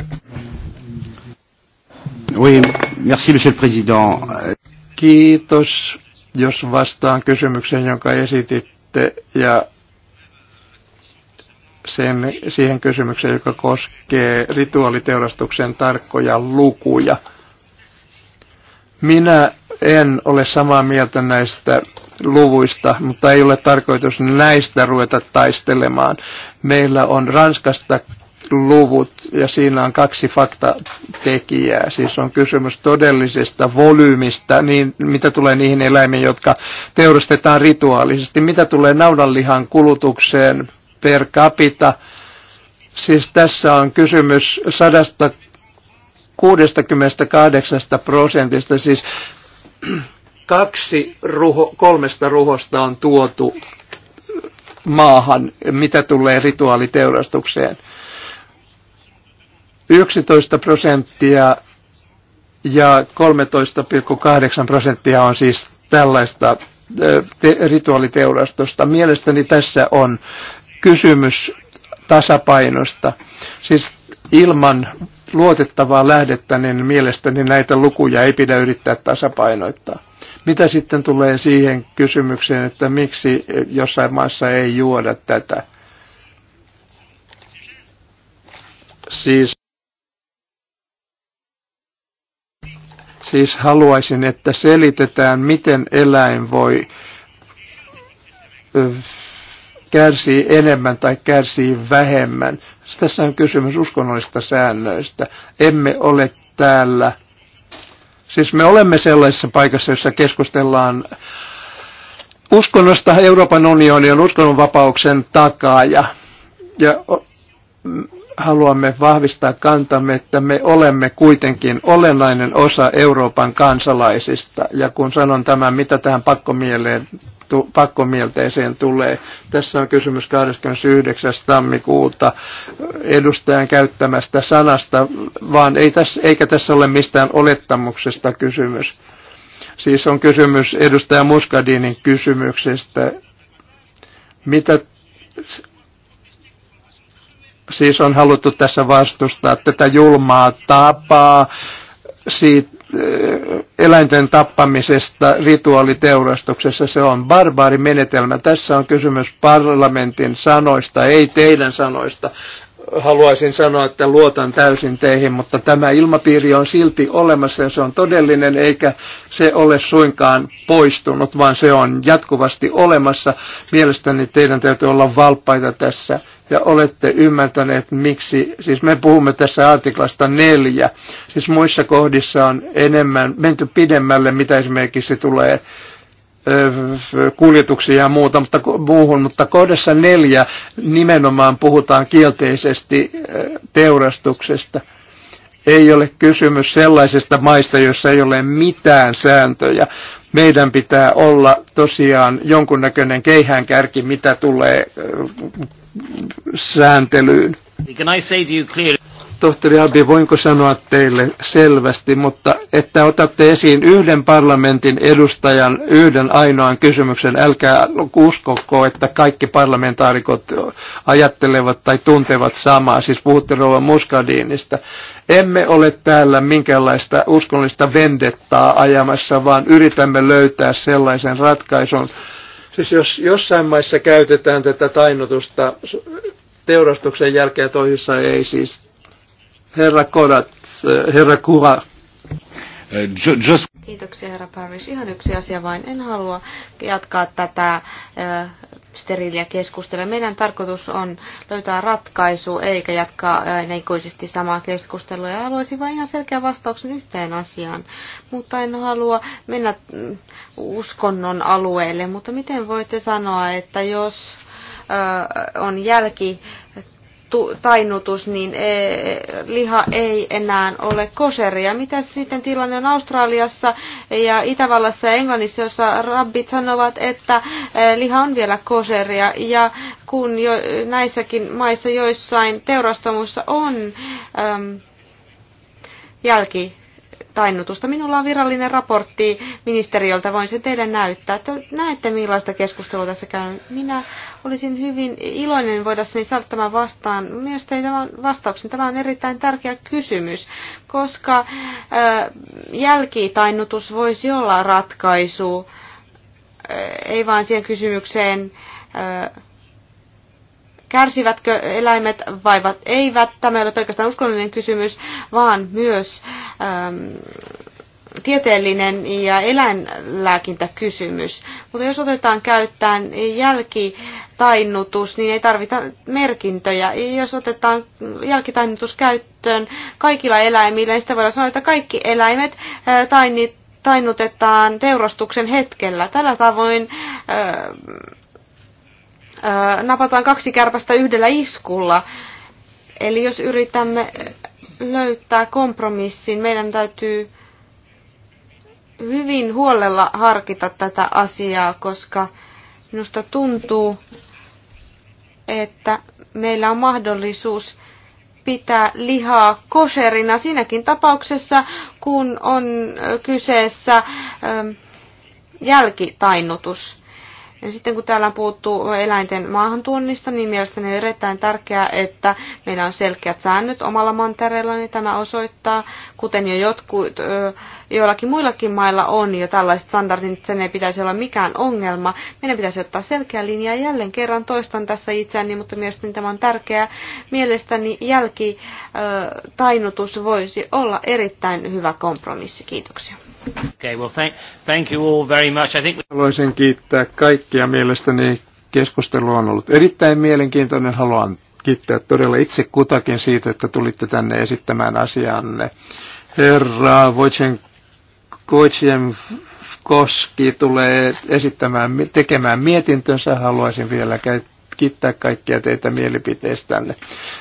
Oui, merci, monsieur le président. Kiitos, jos vastaan kysymykseen, jonka esititte, ja sen, siihen kysymykseen, joka koskee rituaaliteurastuksen tarkkoja lukuja. Minä en ole samaa mieltä näistä luvuista, mutta ei ole tarkoitus näistä ruveta taistelemaan. Meillä on Ranskasta luvut ja siinä on kaksi faktatekijää. Siis on kysymys todellisesta volyymista, niin mitä tulee niihin eläimiin, jotka teurastetaan rituaalisesti, mitä tulee naudanlihan kulutukseen per capita. Siis tässä on kysymys 168 prosentista, siis kaksi ruho, kolmesta ruhosta on tuotu maahan, mitä tulee rituaaliteurastukseen. 11 prosenttia ja 13,8 prosenttia on siis tällaista te- rituaaliteurastusta. Mielestäni tässä on kysymys tasapainosta. Siis ilman luotettavaa lähdettä, niin mielestäni näitä lukuja ei pidä yrittää tasapainoittaa. Mitä sitten tulee siihen kysymykseen, että miksi jossain maassa ei juoda tätä? Siis, siis haluaisin, että selitetään, miten eläin voi kärsii enemmän tai kärsii vähemmän. Tässä on kysymys uskonnollisista säännöistä. Emme ole täällä. Siis me olemme sellaisessa paikassa, jossa keskustellaan uskonnosta. Euroopan unioni on uskonnonvapauksen takaaja. Ja haluamme vahvistaa kantamme, että me olemme kuitenkin olennainen osa Euroopan kansalaisista. Ja kun sanon tämän, mitä tähän pakkomieleen tu, pakkomielteeseen tulee. Tässä on kysymys 29. tammikuuta edustajan käyttämästä sanasta, vaan ei tässä, eikä tässä ole mistään olettamuksesta kysymys. Siis on kysymys edustaja Muskadinin kysymyksestä. Mitä siis on haluttu tässä vastustaa tätä julmaa tapaa, siitä, Eh, eläinten tappamisesta rituaaliteurastuksessa. Se on menetelmä. Tässä on kysymys parlamentin sanoista, ei teidän sanoista. Haluaisin sanoa, että luotan täysin teihin, mutta tämä ilmapiiri on silti olemassa ja se on todellinen, eikä se ole suinkaan poistunut, vaan se on jatkuvasti olemassa. Mielestäni teidän täytyy olla valppaita tässä ja olette ymmärtäneet, miksi, siis me puhumme tässä artiklasta neljä, siis muissa kohdissa on enemmän menty pidemmälle, mitä esimerkiksi tulee kuljetuksia ja muuta, mutta, muuhun, mutta kohdassa neljä nimenomaan puhutaan kielteisesti teurastuksesta. Ei ole kysymys sellaisesta maista, jossa ei ole mitään sääntöjä. Meidän pitää olla tosiaan jonkunnäköinen keihäänkärki, mitä tulee sääntelyyn. Can I say to you clearly? Tohtori Abi, voinko sanoa teille selvästi, mutta että otatte esiin yhden parlamentin edustajan yhden ainoan kysymyksen, älkää uskoko, että kaikki parlamentaarikot ajattelevat tai tuntevat samaa, siis puhutte Rova Muskadiinista. Emme ole täällä minkäänlaista uskonnollista vendettaa ajamassa, vaan yritämme löytää sellaisen ratkaisun, Siis jos jossain maissa käytetään tätä tainnutusta teurastuksen jälkeen toisissa ei siis. Herra Kodat, herra Kura. Eh, just. Kiitoksia herra Parvis. Ihan yksi asia vain. En halua jatkaa tätä eh, steriliä keskustelua. Meidän tarkoitus on löytää ratkaisu eikä jatkaa ikuisesti samaa keskustelua. Ja haluaisin vain ihan selkeän vastauksen yhteen asiaan, mutta en halua mennä mm, uskonnon alueelle. Mutta miten voitte sanoa, että jos on jälki tainnutus, niin e, liha ei enää ole koseria. Mitä sitten tilanne on Australiassa ja Itävallassa ja Englannissa, jossa rabbit sanovat, että e, liha on vielä koseria. Ja kun jo, näissäkin maissa joissain teurastamossa on äm, jälki tainnutusta. Minulla on virallinen raportti ministeriöltä, voin se teille näyttää. Te näette, millaista keskustelua tässä käy. Minä olisin hyvin iloinen voida sen saada tämän vastaan. Mielestäni tämän vastauksen tämä on erittäin tärkeä kysymys, koska jälkitainnutus voisi olla ratkaisu, ei vain siihen kysymykseen, Kärsivätkö eläimet vaivat? Eivät. Tämä ei ole pelkästään uskonnollinen kysymys, vaan myös äm, tieteellinen ja eläinlääkintäkysymys. Mutta jos otetaan käyttään jälkitainnutus, niin ei tarvita merkintöjä. Jos otetaan jälkitainnutus käyttöön kaikilla eläimillä, niin sitä voidaan sanoa, että kaikki eläimet äh, tainnutetaan teurastuksen hetkellä. Tällä tavoin ö, äh, Äh, napataan kaksi kärpästä yhdellä iskulla. Eli jos yritämme äh, löytää kompromissin, meidän täytyy hyvin huolella harkita tätä asiaa, koska minusta tuntuu, että meillä on mahdollisuus pitää lihaa koserina siinäkin tapauksessa, kun on kyseessä ähm, jälkitainnutus. Ja sitten kun täällä on puhuttu eläinten maahantuonnista, niin mielestäni on erittäin tärkeää, että meillä on selkeät säännöt omalla mantereella, Niin tämä osoittaa, kuten jo jotkut, joillakin muillakin mailla on jo tällaiset standardit, että sen ei pitäisi olla mikään ongelma. Meidän pitäisi ottaa selkeä linja. Jälleen kerran toistan tässä itseäni, mutta mielestäni tämä on tärkeää. Mielestäni jälkitainutus voisi olla erittäin hyvä kompromissi. Kiitoksia. Okay, well thank, thank you all very much. I think... Haluaisin kiittää kaikkia. Mielestäni keskustelu on ollut erittäin mielenkiintoinen. Haluan kiittää todella itse kutakin siitä, että tulitte tänne esittämään asianne. Herra Wojciech Koski tulee esittämään, tekemään mietintönsä. Haluaisin vielä käyttää kiittää kaikkia teitä mielipiteistänne.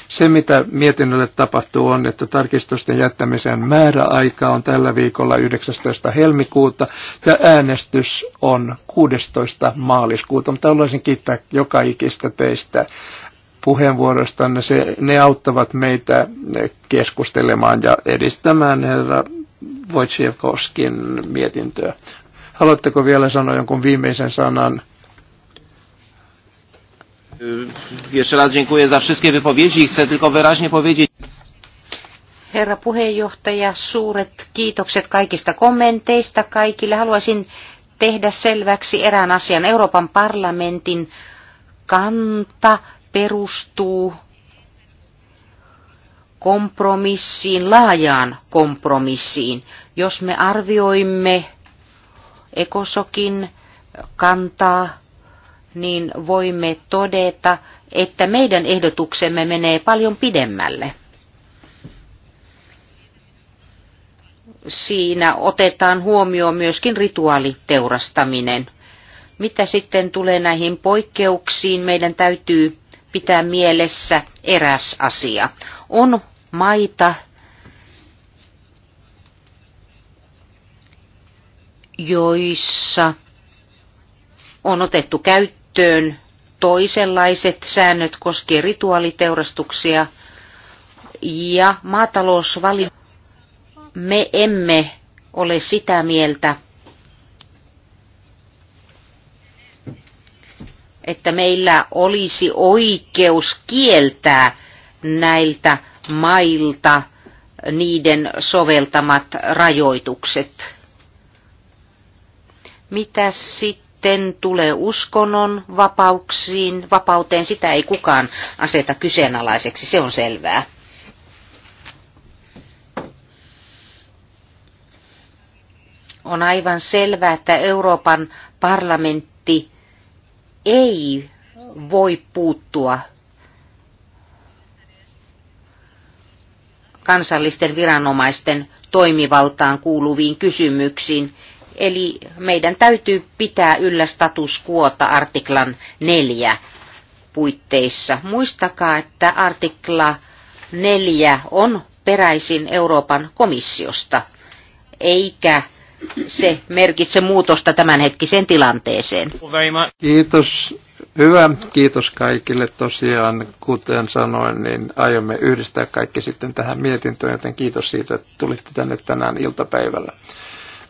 Se, mitä mietinnölle tapahtuu, on, että tarkistusten jättämisen määräaika on tällä viikolla 19. helmikuuta ja äänestys on 16. maaliskuuta. Mutta haluaisin kiittää joka ikistä teistä puheenvuoroistanne. Se, ne auttavat meitä keskustelemaan ja edistämään herra Wojciechowskin mietintöä. Haluatteko vielä sanoa jonkun viimeisen sanan? Jeszcze raz dziękuję za wszystkie wypowiedzi i chcę tylko wyraźnie powiedzieć. Herra puheenjohtaja, suuret kiitokset kaikista kommenteista kaikille. Haluaisin tehdä selväksi erään asian. Euroopan parlamentin kanta perustuu kompromissiin, laajaan kompromissiin. Jos me arvioimme ekosokin kantaa niin voimme todeta, että meidän ehdotuksemme menee paljon pidemmälle. Siinä otetaan huomioon myöskin rituaaliteurastaminen. Mitä sitten tulee näihin poikkeuksiin, meidän täytyy pitää mielessä eräs asia. On maita, joissa on otettu käyttöön käyttöön toisenlaiset säännöt koskien rituaaliteurastuksia ja maatalousvali. Me emme ole sitä mieltä, että meillä olisi oikeus kieltää näiltä mailta niiden soveltamat rajoitukset. Mitä sitten? sitten tulee uskonnon vapauksiin, vapauteen, sitä ei kukaan aseta kyseenalaiseksi, se on selvää. On aivan selvää, että Euroopan parlamentti ei voi puuttua kansallisten viranomaisten toimivaltaan kuuluviin kysymyksiin, Eli meidän täytyy pitää yllä status quota artiklan 4 puitteissa. Muistakaa, että artikla 4 on peräisin Euroopan komissiosta, eikä se merkitse muutosta tämänhetkiseen tilanteeseen. Kiitos. Hyvä. Kiitos kaikille tosiaan. Kuten sanoin, niin aiomme yhdistää kaikki sitten tähän mietintöön, joten kiitos siitä, että tulitte tänne tänään iltapäivällä.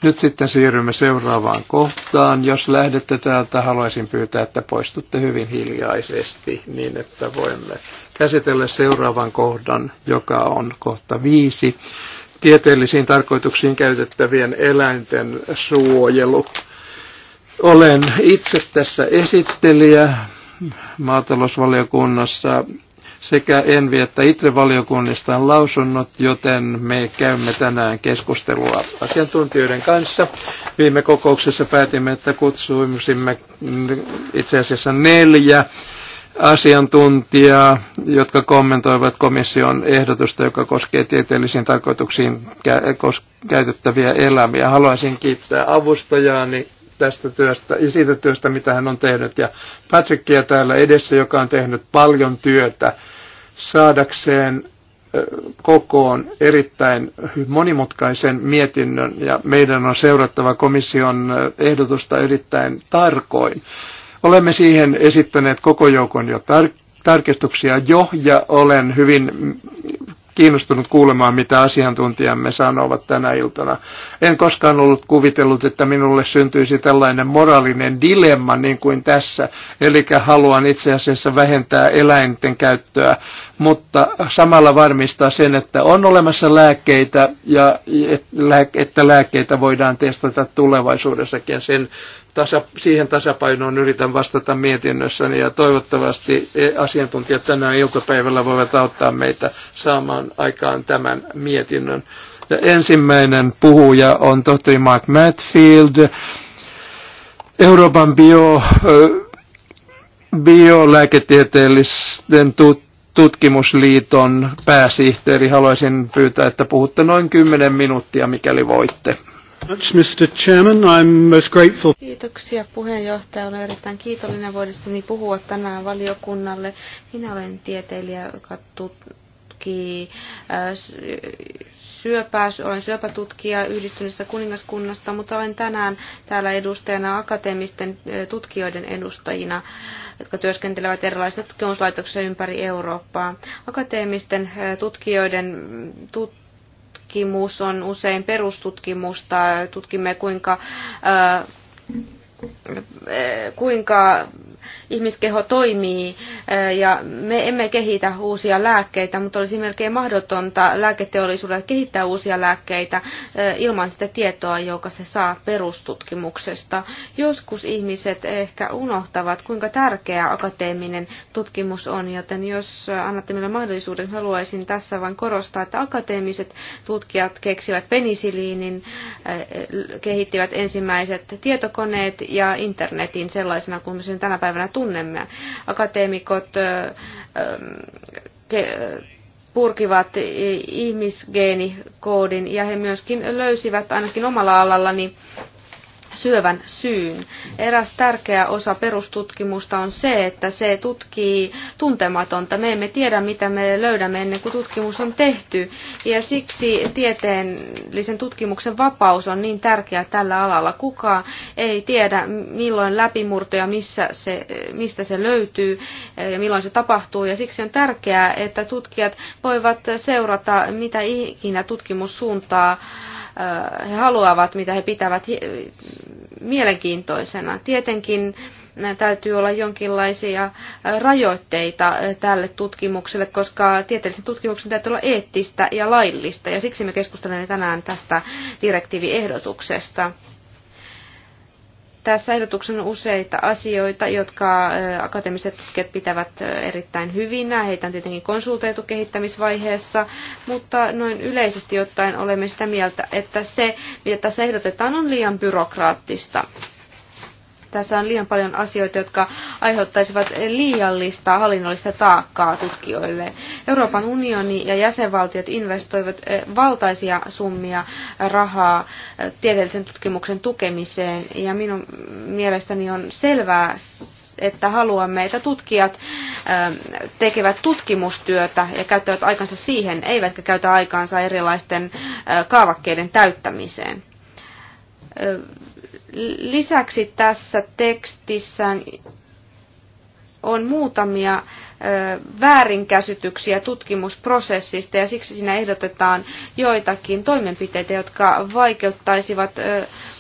Nyt sitten siirrymme seuraavaan kohtaan. Jos lähdette täältä, haluaisin pyytää, että poistutte hyvin hiljaisesti niin, että voimme käsitellä seuraavan kohdan, joka on kohta viisi. Tieteellisiin tarkoituksiin käytettävien eläinten suojelu. Olen itse tässä esittelijä maatalousvaliokunnassa sekä Envi että ITRE-valiokunnista on lausunnot, joten me käymme tänään keskustelua asiantuntijoiden kanssa. Viime kokouksessa päätimme, että kutsuisimme itse asiassa neljä asiantuntijaa, jotka kommentoivat komission ehdotusta, joka koskee tieteellisiin tarkoituksiin käytettäviä elämiä. Haluaisin kiittää avustajaani tästä työstä ja siitä työstä, mitä hän on tehnyt. Ja Patrickia täällä edessä, joka on tehnyt paljon työtä saadakseen kokoon erittäin monimutkaisen mietinnön ja meidän on seurattava komission ehdotusta erittäin tarkoin. Olemme siihen esittäneet koko joukon jo tar- tarkistuksia jo ja olen hyvin kiinnostunut kuulemaan, mitä asiantuntijamme sanovat tänä iltana. En koskaan ollut kuvitellut, että minulle syntyisi tällainen moraalinen dilemma niin kuin tässä. Eli haluan itse asiassa vähentää eläinten käyttöä, mutta samalla varmistaa sen, että on olemassa lääkkeitä ja että lääkkeitä voidaan testata tulevaisuudessakin. Sen tasa, siihen tasapainoon yritän vastata mietinnössäni ja toivottavasti asiantuntijat tänään iltapäivällä voivat auttaa meitä saamaan aikaan tämän mietinnön. Ja ensimmäinen puhuja on tohtori Mark Matfield, Euroopan bio, biolääketieteellisten tut, tutkimusliiton pääsihteeri. Haluaisin pyytää, että puhutte noin 10 minuuttia, mikäli voitte. Mr. Chairman, I'm most grateful. Kiitoksia puheenjohtaja. Olen erittäin kiitollinen voidessani puhua tänään valiokunnalle. Minä olen tieteilijä, joka tutkii äh, syöpää. Olen syöpätutkija yhdistyneessä kuningaskunnasta, mutta olen tänään täällä edustajana akateemisten äh, tutkijoiden edustajina jotka työskentelevät erilaisissa tutkimuslaitoksissa ympäri Eurooppaa. Akateemisten äh, tutkijoiden mm, tut- tutkimus on usein perustutkimusta. Tutkimme kuinka kuinka ihmiskeho toimii ja me emme kehitä uusia lääkkeitä, mutta olisi melkein mahdotonta lääketeollisuudelle kehittää uusia lääkkeitä ilman sitä tietoa, joka se saa perustutkimuksesta. Joskus ihmiset ehkä unohtavat, kuinka tärkeä akateeminen tutkimus on, joten jos annatte minulle mahdollisuuden, haluaisin tässä vain korostaa, että akateemiset tutkijat keksivät penisiliinin, kehittivät ensimmäiset tietokoneet ja internetin sellaisena kuin me sen tänä päivänä päivänä tunnemme. Akateemikot purkivat ihmisgeenikoodin ja he myöskin löysivät ainakin omalla alallani syövän syyn. Eräs tärkeä osa perustutkimusta on se, että se tutkii tuntematonta. Me emme tiedä, mitä me löydämme ennen kuin tutkimus on tehty. Ja siksi tieteellisen tutkimuksen vapaus on niin tärkeä tällä alalla. Kukaan ei tiedä, milloin läpimurtoja, missä se, mistä se löytyy ja milloin se tapahtuu. Ja siksi on tärkeää, että tutkijat voivat seurata mitä ikinä tutkimussuuntaa he haluavat, mitä he pitävät mielenkiintoisena. Tietenkin täytyy olla jonkinlaisia rajoitteita tälle tutkimukselle, koska tieteellisen tutkimuksen täytyy olla eettistä ja laillista, ja siksi me keskustelemme tänään tästä direktiiviehdotuksesta. Tässä ehdotuksessa on useita asioita, jotka akateemiset tutkijat pitävät erittäin hyvinä. Heitä on tietenkin konsulteitu kehittämisvaiheessa, mutta noin yleisesti ottaen olemme sitä mieltä, että se, mitä tässä ehdotetaan, on liian byrokraattista. Tässä on liian paljon asioita, jotka aiheuttaisivat liiallista hallinnollista taakkaa tutkijoille. Euroopan unioni ja jäsenvaltiot investoivat eh, valtaisia summia rahaa eh, tieteellisen tutkimuksen tukemiseen, ja minun mielestäni on selvää, että haluamme, että tutkijat eh, tekevät tutkimustyötä ja käyttävät aikansa siihen, eivätkä käytä aikaansa erilaisten kaavakkeiden täyttämiseen Lisäksi tässä tekstissä on muutamia väärinkäsityksiä tutkimusprosessista ja siksi siinä ehdotetaan joitakin toimenpiteitä, jotka vaikeuttaisivat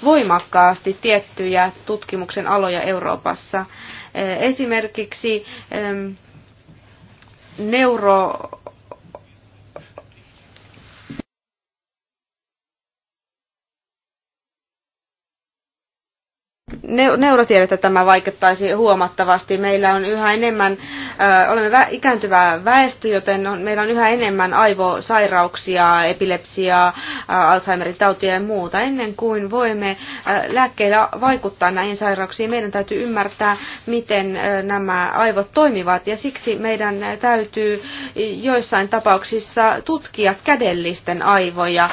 voimakkaasti tiettyjä tutkimuksen aloja Euroopassa. Esimerkiksi neuro neurotiedettä tämä vaikuttaisi huomattavasti. Meillä on yhä enemmän, olemme vä- ikääntyvää väestö, joten on, meillä on yhä enemmän aivosairauksia, epilepsiaa, Alzheimerin tautia ja muuta. Ennen kuin voimme lääkkeillä vaikuttaa näihin sairauksiin, meidän täytyy ymmärtää, miten nämä aivot toimivat. Ja siksi meidän täytyy joissain tapauksissa tutkia kädellisten aivoja,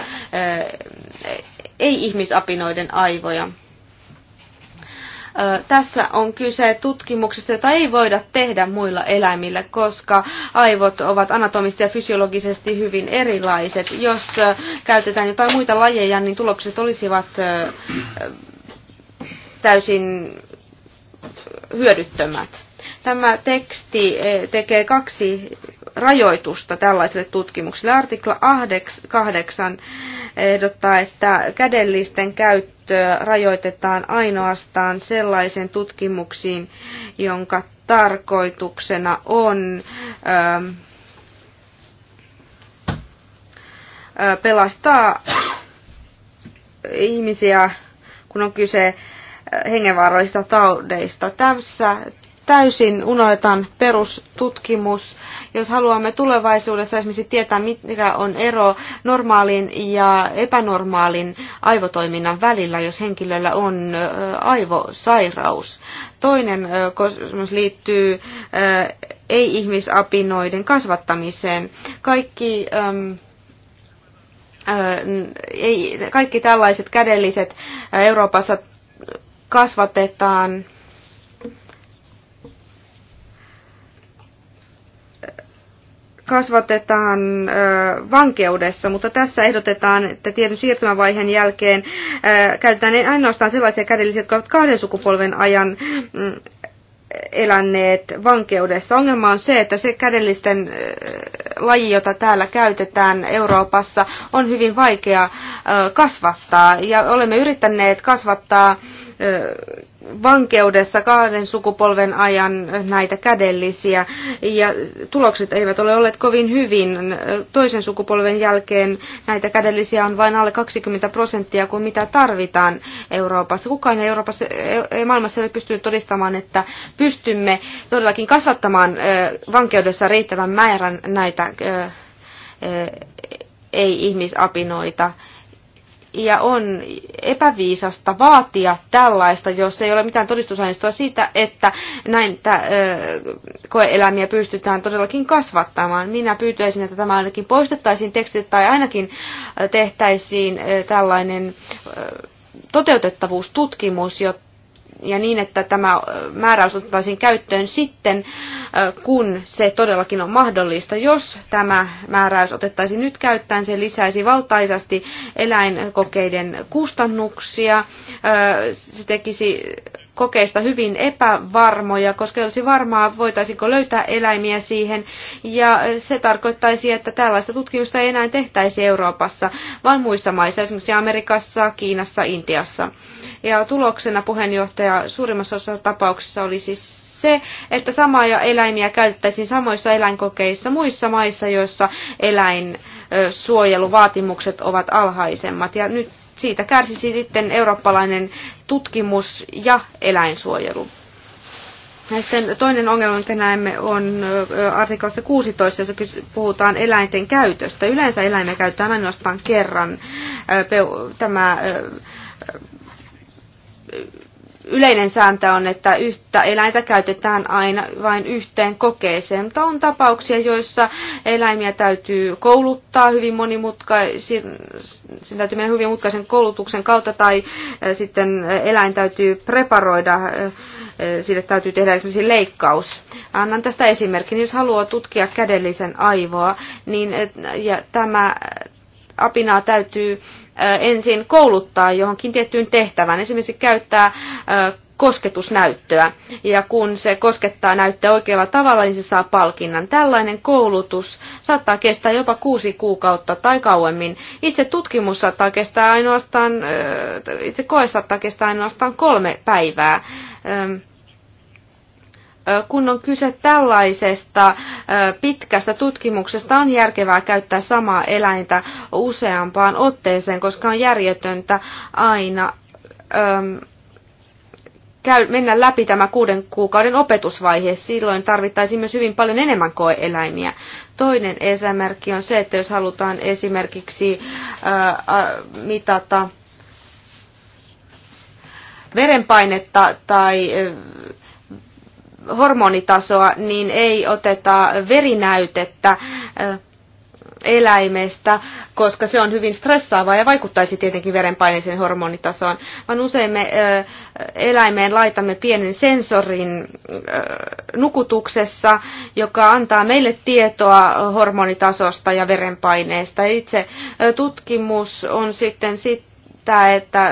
ei ihmisapinoiden aivoja. Tässä on kyse tutkimuksesta, jota ei voida tehdä muilla eläimillä, koska aivot ovat anatomisesti ja fysiologisesti hyvin erilaiset. Jos käytetään jotain muita lajeja, niin tulokset olisivat täysin hyödyttömät. Tämä teksti eh, tekee kaksi rajoitusta tällaiselle tutkimukselle. Artikla 8 ehdottaa, että kädellisten käyttöä rajoitetaan ainoastaan sellaisen tutkimuksiin, jonka tarkoituksena on ähm, äh, pelastaa ihmisiä, kun on kyse äh, hengenvaarallisista taudeista. Tässä täysin unohdetaan perustutkimus. Jos haluamme tulevaisuudessa esimerkiksi tietää, mikä on ero normaalin ja epänormaalin aivotoiminnan välillä, jos henkilöllä on aivosairaus. Toinen kosmos liittyy ei-ihmisapinoiden kasvattamiseen. Kaikki ei, kaikki tällaiset kädelliset Euroopassa kasvatetaan kasvatetaan vankeudessa, mutta tässä ehdotetaan, että tietyn siirtymävaiheen jälkeen käytetään ainoastaan sellaisia kädellisiä, jotka ovat kahden sukupolven ajan mm, eläneet vankeudessa. Ongelma on se, että se kädellisten laji, jota täällä käytetään Euroopassa, on hyvin vaikea kasvattaa. Ja olemme yrittäneet kasvattaa vankeudessa kahden sukupolven ajan näitä kädellisiä ja tulokset eivät ole olleet kovin hyvin. Toisen sukupolven jälkeen näitä kädellisiä on vain alle 20 prosenttia kuin mitä tarvitaan Euroopassa. Kukaan ei, Euroopassa, ei maailmassa ole pystynyt todistamaan, että pystymme todellakin kasvattamaan vankeudessa riittävän määrän näitä ei-ihmisapinoita ja on epäviisasta vaatia tällaista, jos ei ole mitään todistusaineistoa siitä, että näin tä, koeeläimiä pystytään todellakin kasvattamaan. Minä pyytäisin, että tämä ainakin poistettaisiin tekstit tai ainakin tehtäisiin tällainen toteutettavuustutkimus, jotta ja niin, että tämä määräys otettaisiin käyttöön sitten, kun se todellakin on mahdollista. Jos tämä määräys otettaisiin nyt käyttöön, se lisäisi valtaisasti eläinkokeiden kustannuksia, se tekisi kokeista hyvin epävarmoja, koska ei olisi varmaa, voitaisiinko löytää eläimiä siihen. Ja se tarkoittaisi, että tällaista tutkimusta ei enää tehtäisi Euroopassa, vaan muissa maissa, esimerkiksi Amerikassa, Kiinassa, Intiassa. Ja tuloksena puheenjohtaja suurimmassa osassa tapauksissa oli siis se, että samoja eläimiä käytettäisiin samoissa eläinkokeissa muissa maissa, joissa eläinsuojeluvaatimukset ovat alhaisemmat. Ja nyt siitä kärsisi sitten eurooppalainen tutkimus ja eläinsuojelu. Ja sitten toinen ongelma, jonka näemme, on artiklassa 16, jossa puhutaan eläinten käytöstä. Yleensä eläimiä käytetään ainoastaan kerran. Tämä yleinen sääntö on, että yhtä eläintä käytetään aina vain yhteen kokeeseen, mutta on tapauksia, joissa eläimiä täytyy kouluttaa hyvin monimutkaisen, sen täytyy mennä hyvin mutkaisen koulutuksen kautta, tai sitten eläin täytyy preparoida, sille täytyy tehdä esimerkiksi leikkaus. Annan tästä esimerkin, jos haluaa tutkia kädellisen aivoa, niin ja tämä apinaa täytyy ensin kouluttaa johonkin tiettyyn tehtävään, esimerkiksi käyttää kosketusnäyttöä. Ja kun se koskettaa näyttöä oikealla tavalla, niin se saa palkinnan. Tällainen koulutus saattaa kestää jopa kuusi kuukautta tai kauemmin. Itse tutkimus saattaa kestää ainoastaan, itse koe saattaa kestää ainoastaan kolme päivää kun on kyse tällaisesta pitkästä tutkimuksesta, on järkevää käyttää samaa eläintä useampaan otteeseen, koska on järjetöntä aina mennä läpi tämä kuuden kuukauden opetusvaihe. Silloin tarvittaisiin myös hyvin paljon enemmän koeeläimiä. Toinen esimerkki on se, että jos halutaan esimerkiksi mitata verenpainetta tai hormonitasoa, niin ei oteta verinäytettä eläimestä, koska se on hyvin stressaavaa ja vaikuttaisi tietenkin verenpaineeseen hormonitasoon, vaan usein me eläimeen laitamme pienen sensorin nukutuksessa, joka antaa meille tietoa hormonitasosta ja verenpaineesta. Itse tutkimus on sitten sitä, että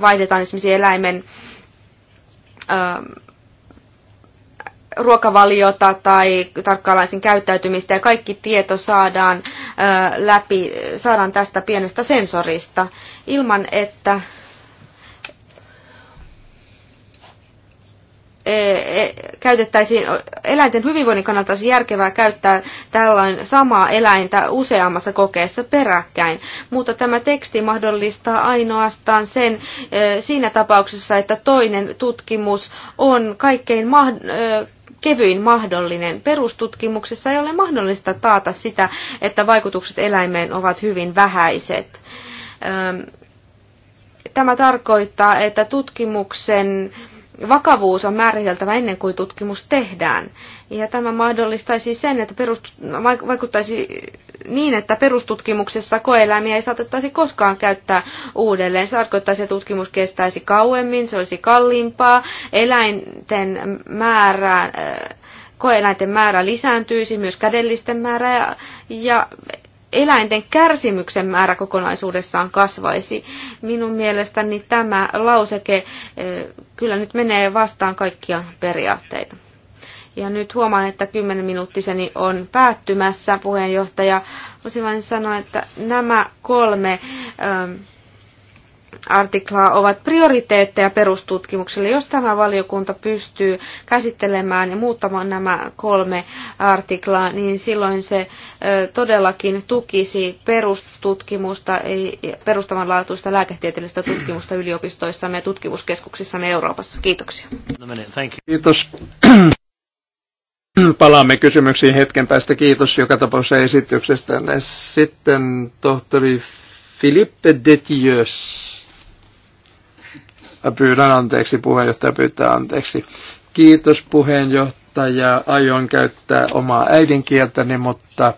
vaihdetaan esimerkiksi eläimen ruokavaliota tai tarkkaalaisen käyttäytymistä ja kaikki tieto saadaan läpi, saadaan tästä pienestä sensorista ilman, että e, e, käytettäisiin, eläinten hyvinvoinnin kannalta olisi järkevää käyttää tällainen samaa eläintä useammassa kokeessa peräkkäin, mutta tämä teksti mahdollistaa ainoastaan sen e, siinä tapauksessa, että toinen tutkimus on kaikkein mahdollinen kevyin mahdollinen. Perustutkimuksessa ei ole mahdollista taata sitä, että vaikutukset eläimeen ovat hyvin vähäiset. Tämä tarkoittaa, että tutkimuksen vakavuus on määriteltävä ennen kuin tutkimus tehdään. Ja tämä mahdollistaisi sen, että perust- vaikuttaisi niin, että perustutkimuksessa koeläimiä ei saatettaisi koskaan käyttää uudelleen. Se tarkoittaisi, että tutkimus kestäisi kauemmin, se olisi kalliimpaa, eläinten määrää äh, koeläinten määrä lisääntyisi, myös kädellisten määrä ja, ja eläinten kärsimyksen määrä kokonaisuudessaan kasvaisi. Minun mielestäni tämä lauseke eh, kyllä nyt menee vastaan kaikkia periaatteita. Ja nyt huomaan, että kymmenen minuuttiseni on päättymässä, puheenjohtaja. Voisin vain sanoa, että nämä kolme eh, artiklaa ovat prioriteetteja perustutkimukselle. Jos tämä valiokunta pystyy käsittelemään ja muuttamaan nämä kolme artiklaa, niin silloin se todellakin tukisi perustutkimusta, perustavanlaatuista lääketieteellistä tutkimusta yliopistoissa ja tutkimuskeskuksissa Euroopassa. Kiitoksia. No, Kiitos. Palaamme kysymyksiin hetken päästä. Kiitos joka tapauksessa esityksestä. Sitten tohtori Philippe Detieux. Pyydän anteeksi, puheenjohtaja pyytää anteeksi. Kiitos puheenjohtaja. Aion käyttää omaa äidinkieltäni, mutta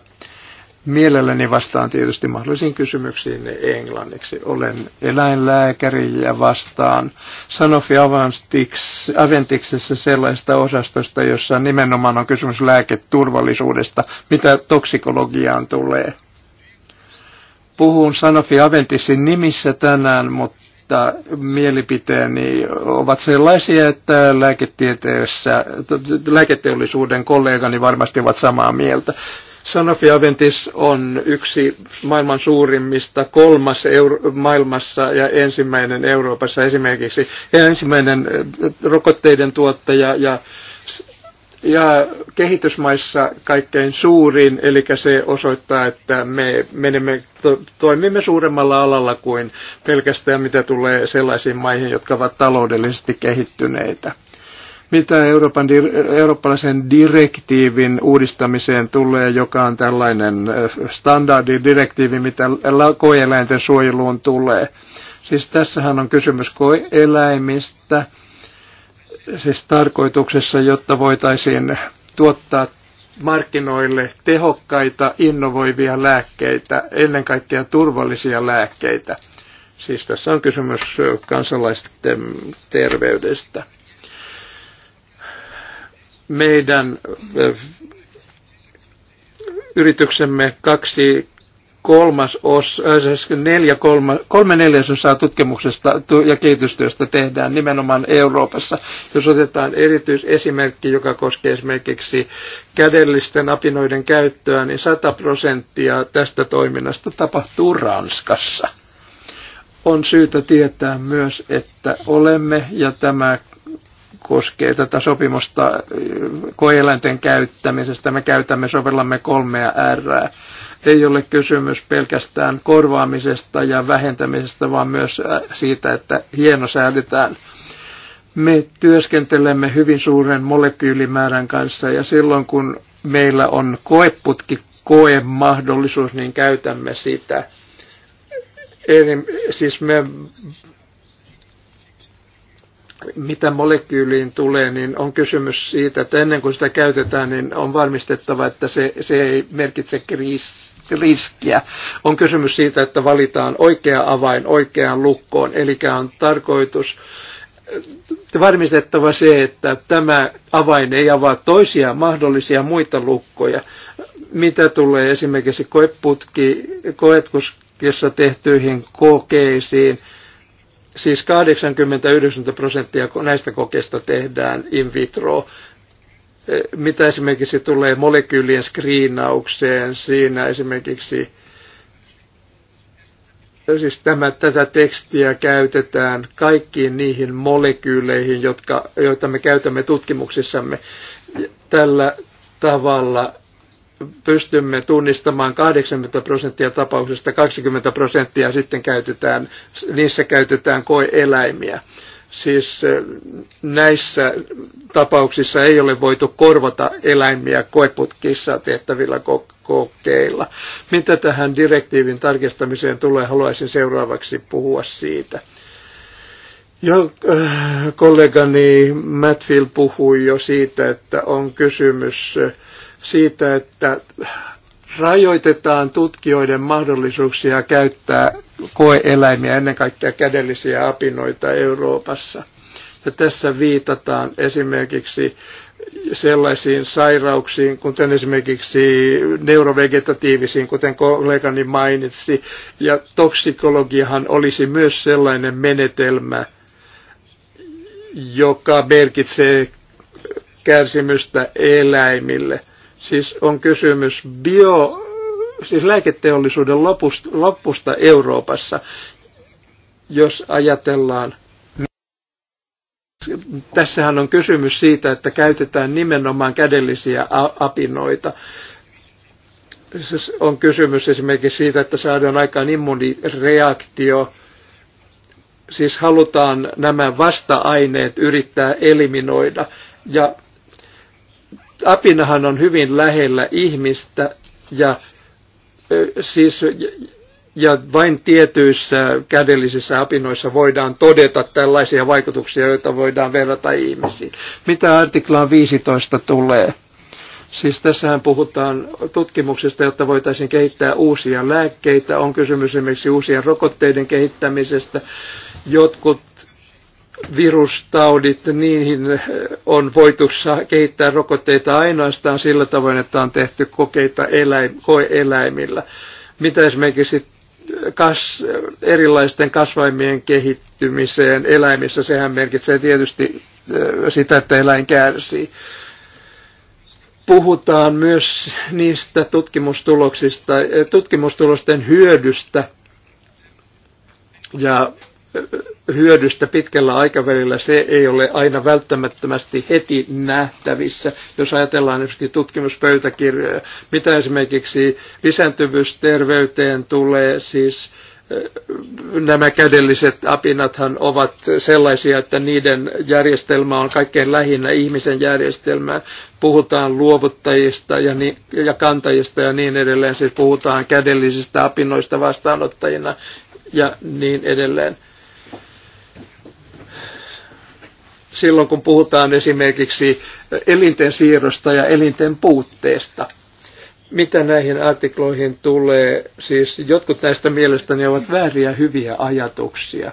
mielelläni vastaan tietysti mahdollisiin kysymyksiin englanniksi. Olen eläinlääkäri ja vastaan Sanofi Aventiksessä sellaista osastosta, jossa nimenomaan on kysymys lääketurvallisuudesta, mitä toksikologiaan tulee. Puhun Sanofi Aventisin nimissä tänään, mutta mutta mielipiteeni ovat sellaisia, että lääketieteessä, lääketeollisuuden kollegani varmasti ovat samaa mieltä. Sanofi-Aventis on yksi maailman suurimmista, kolmas Euro- maailmassa ja ensimmäinen Euroopassa esimerkiksi, ja ensimmäinen eh, rokotteiden tuottaja ja ja kehitysmaissa kaikkein suurin, eli se osoittaa, että me menemme, to, toimimme suuremmalla alalla kuin pelkästään mitä tulee sellaisiin maihin, jotka ovat taloudellisesti kehittyneitä. Mitä Euroopan, eurooppalaisen direktiivin uudistamiseen tulee, joka on tällainen standardidirektiivi, mitä koeläinten suojeluun tulee? Siis tässähän on kysymys eläimistä siis tarkoituksessa, jotta voitaisiin tuottaa markkinoille tehokkaita, innovoivia lääkkeitä, ennen kaikkea turvallisia lääkkeitä. Siis tässä on kysymys kansalaisten terveydestä. Meidän yrityksemme kaksi kolmas os, äh, siis neljä, kolma, kolme neljäsosaa tutkimuksesta ja kehitystyöstä tehdään nimenomaan Euroopassa. Jos otetaan erityisesimerkki, joka koskee esimerkiksi kädellisten apinoiden käyttöä, niin 100 prosenttia tästä toiminnasta tapahtuu Ranskassa. On syytä tietää myös, että olemme, ja tämä koskee tätä sopimusta äh, koeläinten käyttämisestä. Me käytämme, sovellamme kolmea R. Ei ole kysymys pelkästään korvaamisesta ja vähentämisestä, vaan myös äh, siitä, että hienosäädetään me työskentelemme hyvin suuren molekyylimäärän kanssa ja silloin kun meillä on koeputki koemahdollisuus, niin käytämme sitä. Eli, siis me mitä molekyyliin tulee, niin on kysymys siitä, että ennen kuin sitä käytetään, niin on varmistettava, että se, se ei merkitse kriis, riskiä. On kysymys siitä, että valitaan oikea avain oikeaan lukkoon, eli on tarkoitus äh, varmistettava se, että tämä avain ei avaa toisia mahdollisia muita lukkoja. Mitä tulee esimerkiksi koeputki, koetkuskissa tehtyihin kokeisiin, Siis 80-90 prosenttia näistä kokeista tehdään in vitro. Eh, mitä esimerkiksi tulee molekyylien skriinaukseen, siinä esimerkiksi eh, siis tämä, tätä tekstiä käytetään kaikkiin niihin molekyyleihin, jotka, joita me käytämme tutkimuksissamme. Tällä tavalla pystymme tunnistamaan 80 prosenttia tapauksesta, 20 prosenttia sitten käytetään, niissä käytetään koeeläimiä. Siis näissä tapauksissa ei ole voitu korvata eläimiä koeputkissa tehtävillä kokeilla. Mitä tähän direktiivin tarkistamiseen tulee, haluaisin seuraavaksi puhua siitä. Jo, kollegani Matfield puhui jo siitä, että on kysymys äh, siitä, että rajoitetaan tutkijoiden mahdollisuuksia käyttää koeeläimiä, ennen kaikkea kädellisiä apinoita Euroopassa. Ja tässä viitataan esimerkiksi sellaisiin sairauksiin, kuten esimerkiksi neurovegetatiivisiin, kuten kollegani mainitsi. Ja toksikologiahan olisi myös sellainen menetelmä, joka merkitsee kärsimystä eläimille – Siis on kysymys bio, siis lääketeollisuuden lopusta, lopusta Euroopassa, jos ajatellaan tässähän on kysymys siitä, että käytetään nimenomaan kädellisiä apinoita. Siis on kysymys esimerkiksi siitä, että saadaan aikaan immunireaktio. Siis halutaan nämä vasta-aineet yrittää eliminoida. Ja apinahan on hyvin lähellä ihmistä ja siis ja vain tietyissä kädellisissä apinoissa voidaan todeta tällaisia vaikutuksia, joita voidaan verrata ihmisiin. Mitä artiklaan 15 tulee? Siis tässähän puhutaan tutkimuksista, jotta voitaisiin kehittää uusia lääkkeitä. On kysymys esimerkiksi uusien rokotteiden kehittämisestä. Jotkut virustaudit, niihin on voitu kehittää rokotteita ainoastaan sillä tavoin, että on tehty kokeita eläim, koeeläimillä. Mitä esimerkiksi kas, erilaisten kasvaimien kehittymiseen eläimissä, sehän merkitsee tietysti sitä, että eläin kärsii. Puhutaan myös niistä tutkimustuloksista, tutkimustulosten hyödystä ja hyödystä pitkällä aikavälillä, se ei ole aina välttämättömästi heti nähtävissä. Jos ajatellaan esimerkiksi tutkimuspöytäkirjoja, mitä esimerkiksi lisääntyvyysterveyteen tulee, siis eh, nämä kädelliset apinathan ovat sellaisia, että niiden järjestelmä on kaikkein lähinnä ihmisen järjestelmää. Puhutaan luovuttajista ja, ni- ja kantajista ja niin edelleen, siis puhutaan kädellisistä apinoista vastaanottajina ja niin edelleen. silloin, kun puhutaan esimerkiksi elinten siirrosta ja elinten puutteesta. Mitä näihin artikloihin tulee, siis jotkut näistä mielestäni ovat vääriä hyviä ajatuksia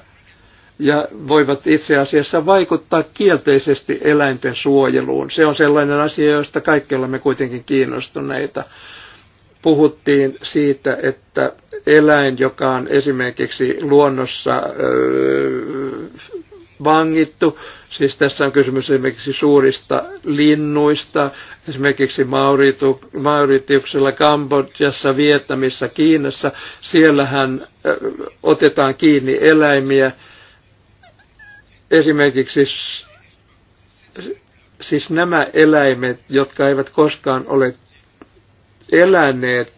ja voivat itse asiassa vaikuttaa kielteisesti eläinten suojeluun. Se on sellainen asia, josta kaikki olemme kuitenkin kiinnostuneita. Puhuttiin siitä, että eläin, joka on esimerkiksi luonnossa vangittu. Siis tässä on kysymys esimerkiksi suurista linnuista, esimerkiksi Mauritu, Mauritiuksella, Kambodjassa, Vietnamissa, Kiinassa. Siellähän otetaan kiinni eläimiä. Esimerkiksi siis nämä eläimet, jotka eivät koskaan ole eläneet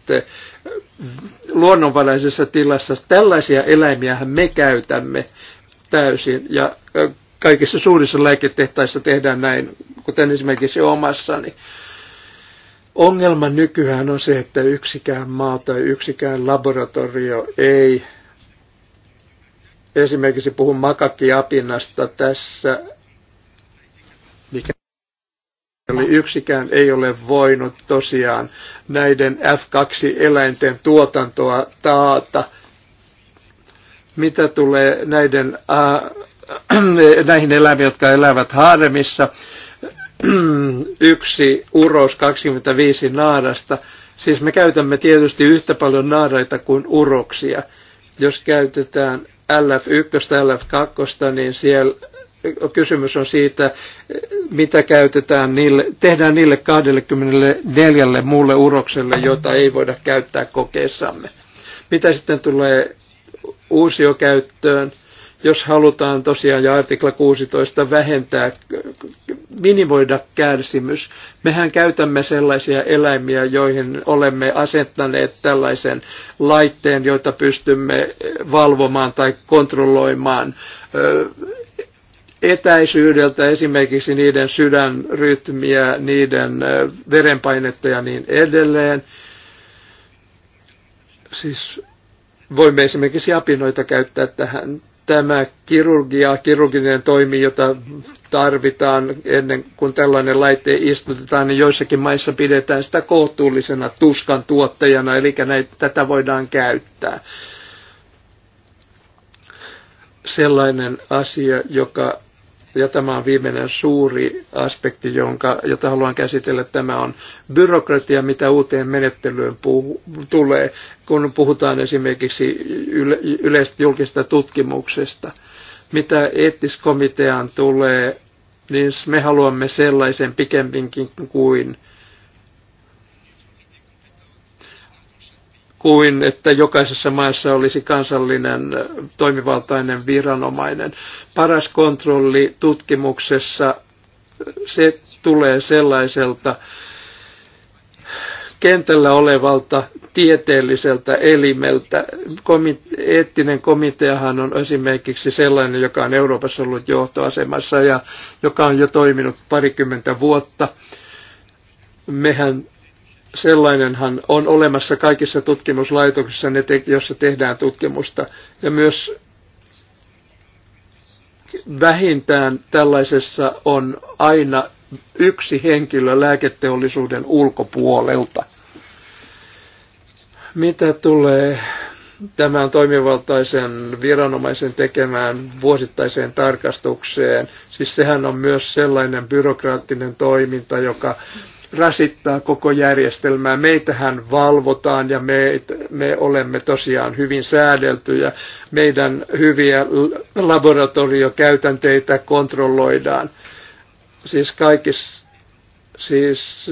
luonnonvaraisessa tilassa, tällaisia eläimiä me käytämme täysin. Ja kaikissa suurissa lääketehtaissa tehdään näin, kuten esimerkiksi omassani. Ongelma nykyään on se, että yksikään maa tai yksikään laboratorio ei esimerkiksi puhun makakiapinasta tässä, mikä eli yksikään ei ole voinut tosiaan näiden F2-eläinten tuotantoa taata mitä tulee näiden, äh, näihin eläimiin, jotka elävät haaremissa, yksi uros 25 naarasta. Siis me käytämme tietysti yhtä paljon naaraita kuin uroksia. Jos käytetään LF1 tai LF2, niin siellä kysymys on siitä, mitä käytetään niille, tehdään niille 24 muulle urokselle, jota ei voida käyttää kokeessamme. Mitä sitten tulee uusiokäyttöön, jos halutaan tosiaan, ja artikla 16 vähentää, minimoida kärsimys. Mehän käytämme sellaisia eläimiä, joihin olemme asentaneet tällaisen laitteen, joita pystymme valvomaan tai kontrolloimaan etäisyydeltä esimerkiksi niiden sydänrytmiä, niiden verenpainetta ja niin edelleen. Siis voimme esimerkiksi apinoita käyttää tähän. Tämä kirurgia, kirurginen toimi, jota tarvitaan ennen kuin tällainen laite istutetaan, niin joissakin maissa pidetään sitä kohtuullisena tuskan tuottajana, eli näitä, tätä voidaan käyttää. Sellainen asia, joka ja tämä on viimeinen suuri aspekti, jonka, jota haluan käsitellä, tämä on byrokratia, mitä uuteen menettelyyn puhu, tulee, kun puhutaan esimerkiksi yle, yleistä julkista tutkimuksesta. Mitä eettiskomiteaan tulee, niin me haluamme sellaisen pikemminkin kuin – kuin että jokaisessa maassa olisi kansallinen toimivaltainen viranomainen. Paras kontrolli tutkimuksessa, se tulee sellaiselta kentällä olevalta tieteelliseltä elimeltä. Komit, eettinen komiteahan on esimerkiksi sellainen, joka on Euroopassa ollut johtoasemassa ja joka on jo toiminut parikymmentä vuotta. Mehän sellainenhan on olemassa kaikissa tutkimuslaitoksissa, ne te, joissa tehdään tutkimusta. Ja myös vähintään tällaisessa on aina yksi henkilö lääketeollisuuden ulkopuolelta. Mitä tulee tämän toimivaltaisen viranomaisen tekemään vuosittaiseen tarkastukseen, siis sehän on myös sellainen byrokraattinen toiminta, joka rasittaa koko järjestelmää. Meitähän valvotaan ja me, me olemme tosiaan hyvin säädeltyjä. Meidän hyviä laboratoriokäytänteitä kontrolloidaan. Siis kaikissa siis,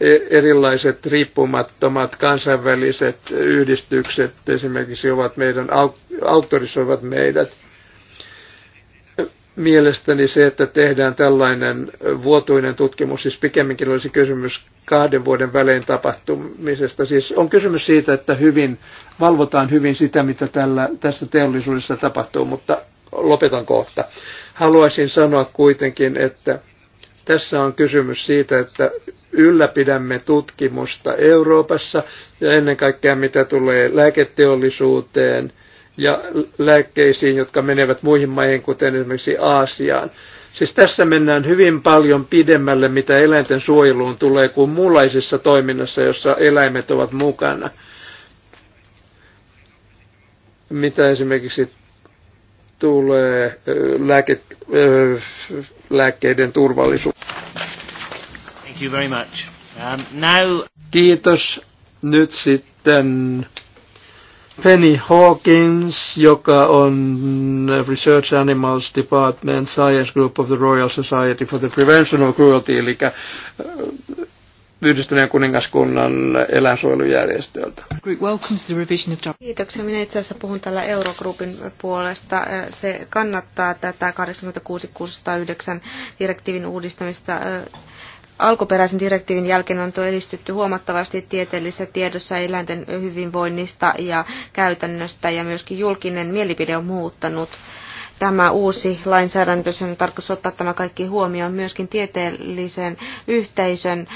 e-, erilaiset riippumattomat kansainväliset yhdistykset esimerkiksi ovat meidän, auktorisoivat meidät mielestäni se, että tehdään tällainen vuotuinen tutkimus, siis pikemminkin olisi kysymys kahden vuoden välein tapahtumisesta. Siis on kysymys siitä, että hyvin, valvotaan hyvin sitä, mitä tällä, tässä teollisuudessa tapahtuu, mutta lopetan kohta. Haluaisin sanoa kuitenkin, että tässä on kysymys siitä, että ylläpidämme tutkimusta Euroopassa ja ennen kaikkea mitä tulee lääketeollisuuteen – ja lääkkeisiin, jotka menevät muihin maihin, kuten esimerkiksi Aasiaan. Siis tässä mennään hyvin paljon pidemmälle, mitä eläinten suojeluun tulee, kuin muunlaisissa toiminnassa, jossa eläimet ovat mukana. Mitä esimerkiksi tulee lääke, lääkkeiden turvallisuus. Thank you very much. Um, now... Kiitos. Nyt sitten Penny Hawkins, joka on Research Animals Department Science Group of the Royal Society for the Prevention of Cruelty, eli äh, Yhdistyneen kuningaskunnan eläinsuojelujärjestöltä. Kiitoksia. Minä itse asiassa puhun tällä Eurogroupin puolesta. Äh, se kannattaa tätä 86.609 direktiivin uudistamista äh, alkuperäisen direktiivin jälkeen on edistytty huomattavasti tieteellisessä tiedossa eläinten hyvinvoinnista ja käytännöstä ja myöskin julkinen mielipide on muuttanut. Tämä uusi lainsäädäntö, on tarkoitus ottaa tämä kaikki huomioon myöskin tieteellisen yhteisön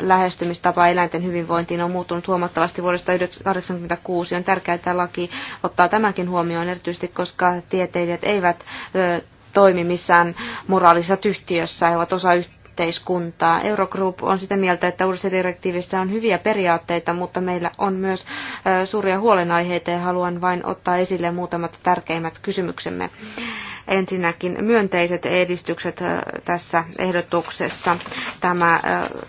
lähestymistapa eläinten hyvinvointiin on muuttunut huomattavasti vuodesta 1986. On tärkeää, että laki ottaa tämänkin huomioon erityisesti, koska tieteilijät eivät toimi missään moraalisessa yhtiössä. He ovat osa yhtiössä yhteiskuntaa. Eurogroup on sitä mieltä, että uudessa direktiivissä on hyviä periaatteita, mutta meillä on myös suuria huolenaiheita ja haluan vain ottaa esille muutamat tärkeimmät kysymyksemme. Ensinnäkin myönteiset edistykset äh, tässä ehdotuksessa. Tämä äh,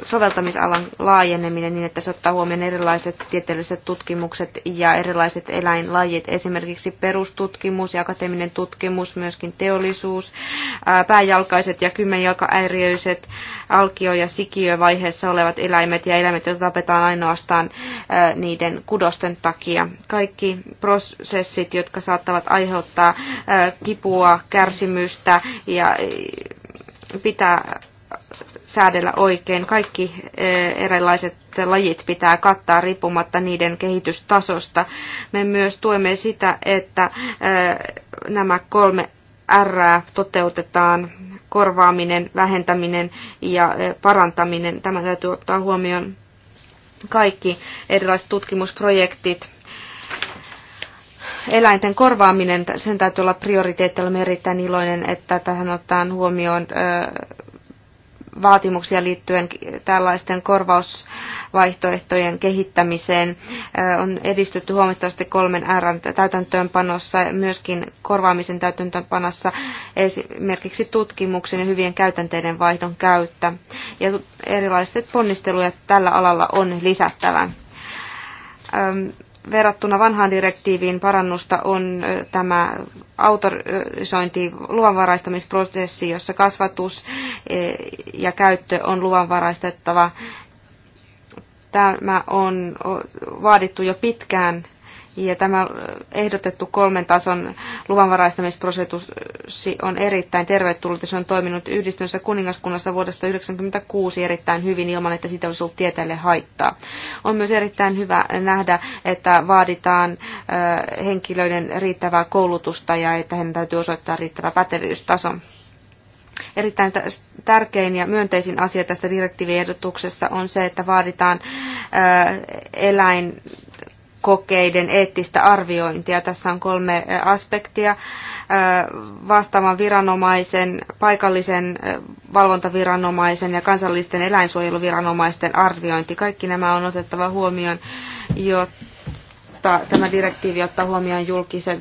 soveltamisalan laajeneminen niin, että se ottaa huomioon erilaiset tieteelliset tutkimukset ja erilaiset eläinlajit, esimerkiksi perustutkimus ja akateeminen tutkimus, myöskin teollisuus, äh, pääjalkaiset ja kymmenjalkaäiriöiset, alkio- ja sikiövaiheessa olevat eläimet ja eläimet, joita tapetaan ainoastaan niiden kudosten takia. Kaikki prosessit, jotka saattavat aiheuttaa kipua, kärsimystä ja pitää säädellä oikein. Kaikki eh, erilaiset lajit pitää kattaa riippumatta niiden kehitystasosta. Me myös tuemme sitä, että eh, nämä kolme R toteutetaan korvaaminen, vähentäminen ja eh, parantaminen. Tämä täytyy ottaa huomioon kaikki erilaiset tutkimusprojektit eläinten korvaaminen, sen täytyy olla prioriteetti. Olemme erittäin iloinen, että tähän otetaan huomioon vaatimuksia liittyen tällaisten korvausvaihtoehtojen kehittämiseen. On edistytty huomattavasti kolmen R täytäntöönpanossa, myöskin korvaamisen täytäntöönpanossa esimerkiksi tutkimuksen ja hyvien käytänteiden vaihdon käyttä. Ja erilaiset ponnisteluja tällä alalla on lisättävä verrattuna vanhaan direktiiviin parannusta on tämä autorisointi luvanvaraistamisprosessi, jossa kasvatus e, ja käyttö on luvanvaraistettava. Tämä on vaadittu jo pitkään ja tämä ehdotettu kolmen tason luvanvaraistamisprosessi on erittäin tervetullut ja se on toiminut yhdistyneessä kuningaskunnassa vuodesta 1996 erittäin hyvin ilman, että siitä olisi ollut tieteelle haittaa. On myös erittäin hyvä nähdä, että vaaditaan henkilöiden riittävää koulutusta ja että heidän täytyy osoittaa riittävä pätevyystaso. Erittäin tärkein ja myönteisin asia tästä direktiiviehdotuksessa on se, että vaaditaan eläin kokeiden eettistä arviointia. Tässä on kolme aspektia. Vastaavan viranomaisen, paikallisen valvontaviranomaisen ja kansallisten eläinsuojeluviranomaisten arviointi. Kaikki nämä on otettava huomioon, jotta tämä direktiivi ottaa huomioon julkiset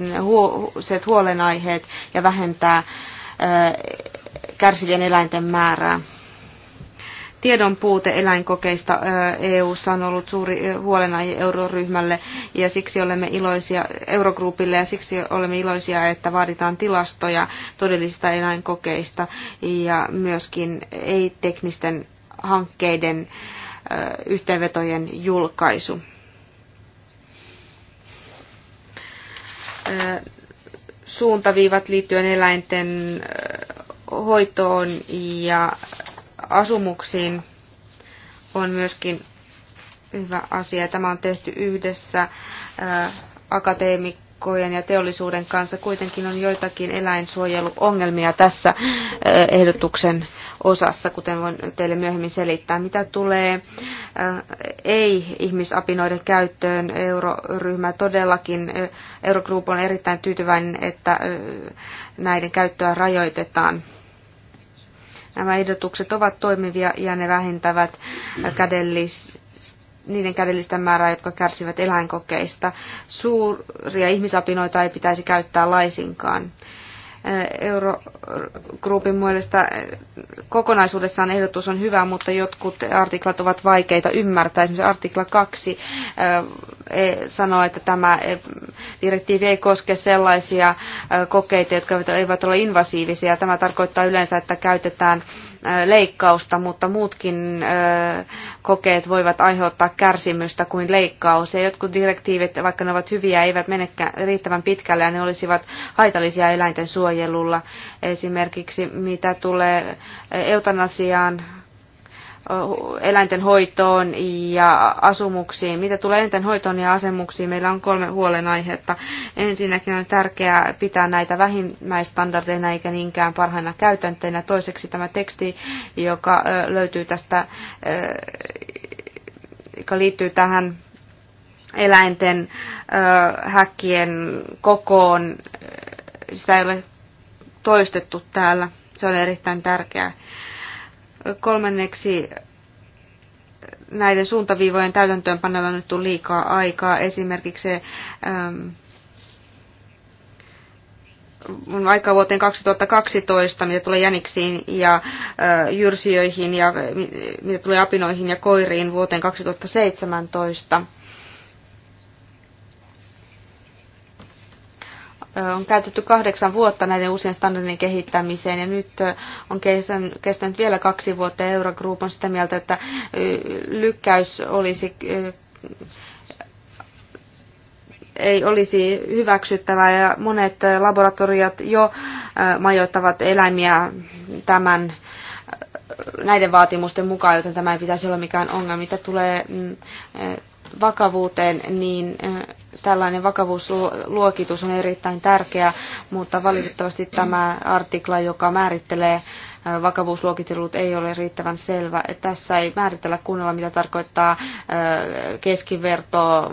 huolenaiheet ja vähentää kärsivien eläinten määrää. Tiedon puute eläinkokeista EU:ssa on ollut suuri huolenaihe euroryhmälle ja siksi olemme iloisia Eurogruupille ja siksi olemme iloisia, että vaaditaan tilastoja todellisista eläinkokeista ja myöskin ei-teknisten hankkeiden yhteenvetojen julkaisu. Suuntaviivat liittyen eläinten hoitoon ja asumuksiin on myöskin hyvä asia. Tämä on tehty yhdessä äh, akateemikkojen ja teollisuuden kanssa. Kuitenkin on joitakin eläinsuojeluongelmia tässä äh, ehdotuksen osassa, kuten voin teille myöhemmin selittää. Mitä tulee äh, ei-ihmisapinoiden käyttöön, euroryhmä todellakin, Eurogroup on erittäin tyytyväinen, että näiden käyttöä rajoitetaan. Nämä ehdotukset ovat toimivia ja ne vähentävät kädellis, niiden kädellisten määrää, jotka kärsivät eläinkokeista. Suuria ihmisapinoita ei pitäisi käyttää laisinkaan. Eurogroupin mielestä kokonaisuudessaan ehdotus on hyvä, mutta jotkut artiklat ovat vaikeita ymmärtää. Esimerkiksi artikla 2 eh, eh, sanoo, että tämä eh, direktiivi ei koske sellaisia kokeita, jotka eivät ole invasiivisia. Tämä tarkoittaa yleensä, että käytetään leikkausta, mutta muutkin kokeet voivat aiheuttaa kärsimystä kuin leikkaus. Ja jotkut direktiivit, vaikka ne ovat hyviä, eivät menekään riittävän pitkälle ja ne olisivat haitallisia eläinten suojelulla. Esimerkiksi mitä tulee eutanasiaan, eläinten hoitoon ja asumuksiin. Mitä tulee eläinten hoitoon ja asemuksiin, meillä on kolme huolenaihetta. Ensinnäkin on tärkeää pitää näitä vähimmäistandardeina eikä niinkään parhaina käytänteinä. Toiseksi tämä teksti, joka löytyy tästä, joka liittyy tähän eläinten häkkien kokoon, sitä ei ole toistettu täällä. Se on erittäin tärkeää. Kolmanneksi näiden suuntaviivojen täytäntöönpanolla on nyt on liikaa aikaa. Esimerkiksi ähm, aika vuoteen 2012, mitä tulee jäniksiin ja äh, jyrsijöihin ja mitä tulee apinoihin ja koiriin vuoteen 2017. On käytetty kahdeksan vuotta näiden uusien standardien kehittämiseen ja nyt on kestänyt vielä kaksi vuotta ja Eurogroup on sitä mieltä, että lykkäys olisi ei olisi hyväksyttävää ja monet laboratoriot jo majoittavat eläimiä tämän näiden vaatimusten mukaan, joten tämä ei pitäisi olla mikään ongelma. Mitä tulee mm, vakavuuteen, niin tällainen vakavuusluokitus on erittäin tärkeä, mutta valitettavasti tämä artikla, joka määrittelee vakavuusluokitelut, ei ole riittävän selvä. Tässä ei määritellä kunnolla, mitä tarkoittaa keskiverto,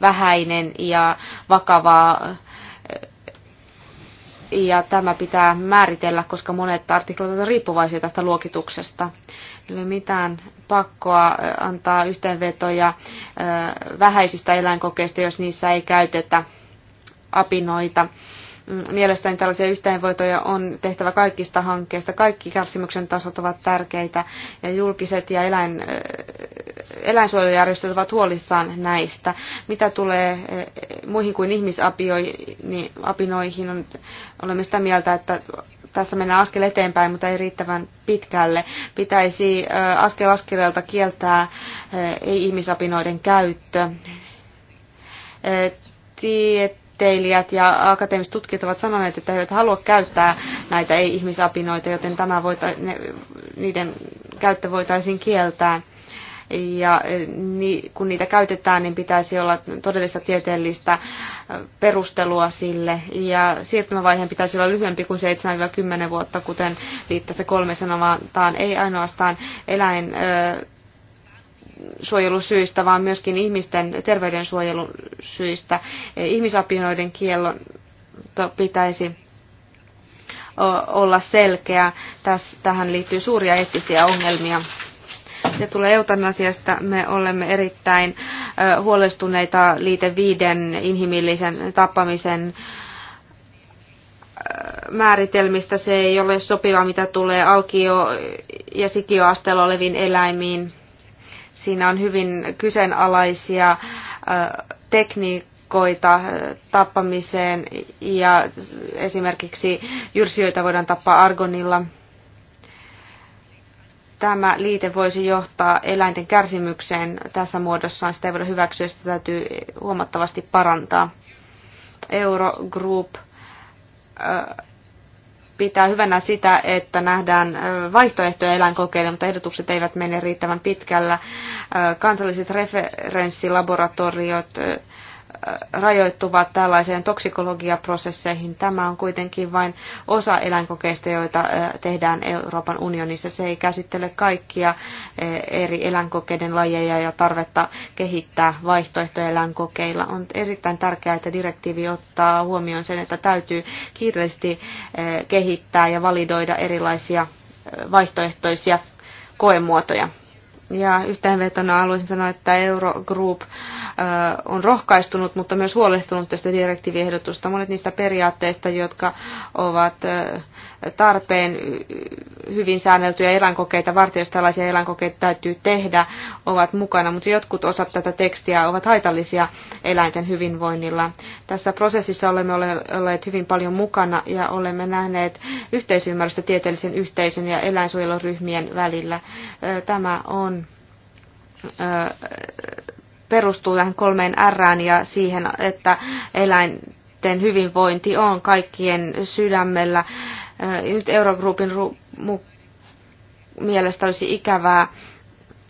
vähäinen ja vakavaa ja tämä pitää määritellä, koska monet artiklat ovat riippuvaisia tästä luokituksesta ole mitään pakkoa antaa yhteenvetoja vähäisistä eläinkokeista, jos niissä ei käytetä apinoita. Mm, mielestäni tällaisia yhteenvoitoja on tehtävä kaikista hankkeista. Kaikki kärsimyksen tasot ovat tärkeitä ja julkiset ja eläin, eläinsuojelujärjestöt ovat huolissaan näistä. Mitä tulee muihin kuin ihmisapinoihin, niin olemme sitä mieltä, että tässä mennään askel eteenpäin, mutta ei riittävän pitkälle. Pitäisi askel askeleelta kieltää ei-ihmisapinoiden käyttö. Tieteilijät ja akateemiset tutkijat ovat sanoneet, että he eivät halua käyttää näitä ei-ihmisapinoita, joten tämä voita, ne, niiden käyttö voitaisiin kieltää ja eh, kun niitä käytetään, niin pitäisi olla todellista tieteellistä eh, perustelua sille. Ja siirtymävaiheen pitäisi olla lyhyempi kuin 7-10 vuotta, kuten liittäessä kolme sanomaan. ei ainoastaan eläin eh, suojelusyistä, vaan myöskin ihmisten terveyden suojelusyistä. Ihmisapinoiden kiellon pitäisi olla selkeä. Tähän liittyy suuria eettisiä ongelmia ja tulee eutanasiasta, me olemme erittäin huolestuneita liite viiden inhimillisen tappamisen määritelmistä. Se ei ole sopiva, mitä tulee alkio- ja sikioasteella oleviin eläimiin. Siinä on hyvin kyseenalaisia tekniikoita tappamiseen ja esimerkiksi jyrsijöitä voidaan tappaa argonilla – tämä liite voisi johtaa eläinten kärsimykseen tässä muodossaan. Sitä ei voida hyväksyä, sitä täytyy huomattavasti parantaa. Eurogroup pitää hyvänä sitä, että nähdään vaihtoehtoja eläinkokeille, mutta ehdotukset eivät mene riittävän pitkällä. Kansalliset referenssilaboratoriot rajoittuvat tällaiseen toksikologiaprosesseihin. Tämä on kuitenkin vain osa eläinkokeista, joita tehdään Euroopan unionissa. Se ei käsittele kaikkia eri eläinkokeiden lajeja ja tarvetta kehittää vaihtoehtoja eläinkokeilla. On erittäin tärkeää, että direktiivi ottaa huomioon sen, että täytyy kiireellisesti kehittää ja validoida erilaisia vaihtoehtoisia koemuotoja. Ja yhteenvetona haluaisin sanoa, että Eurogroup on rohkaistunut, mutta myös huolestunut tästä direktiiviehdotusta. Monet niistä periaatteista, jotka ovat tarpeen hyvin säänneltyjä eläinkokeita varten, jos tällaisia eläinkokeita täytyy tehdä, ovat mukana, mutta jotkut osat tätä tekstiä ovat haitallisia eläinten hyvinvoinnilla. Tässä prosessissa olemme olleet hyvin paljon mukana ja olemme nähneet yhteisymmärrystä tieteellisen yhteisön ja eläinsuojeluryhmien välillä. Tämä on perustuu tähän kolmeen Rään ja siihen, että eläinten hyvinvointi on kaikkien sydämellä. Nyt Eurogruupin mielestä olisi ikävää,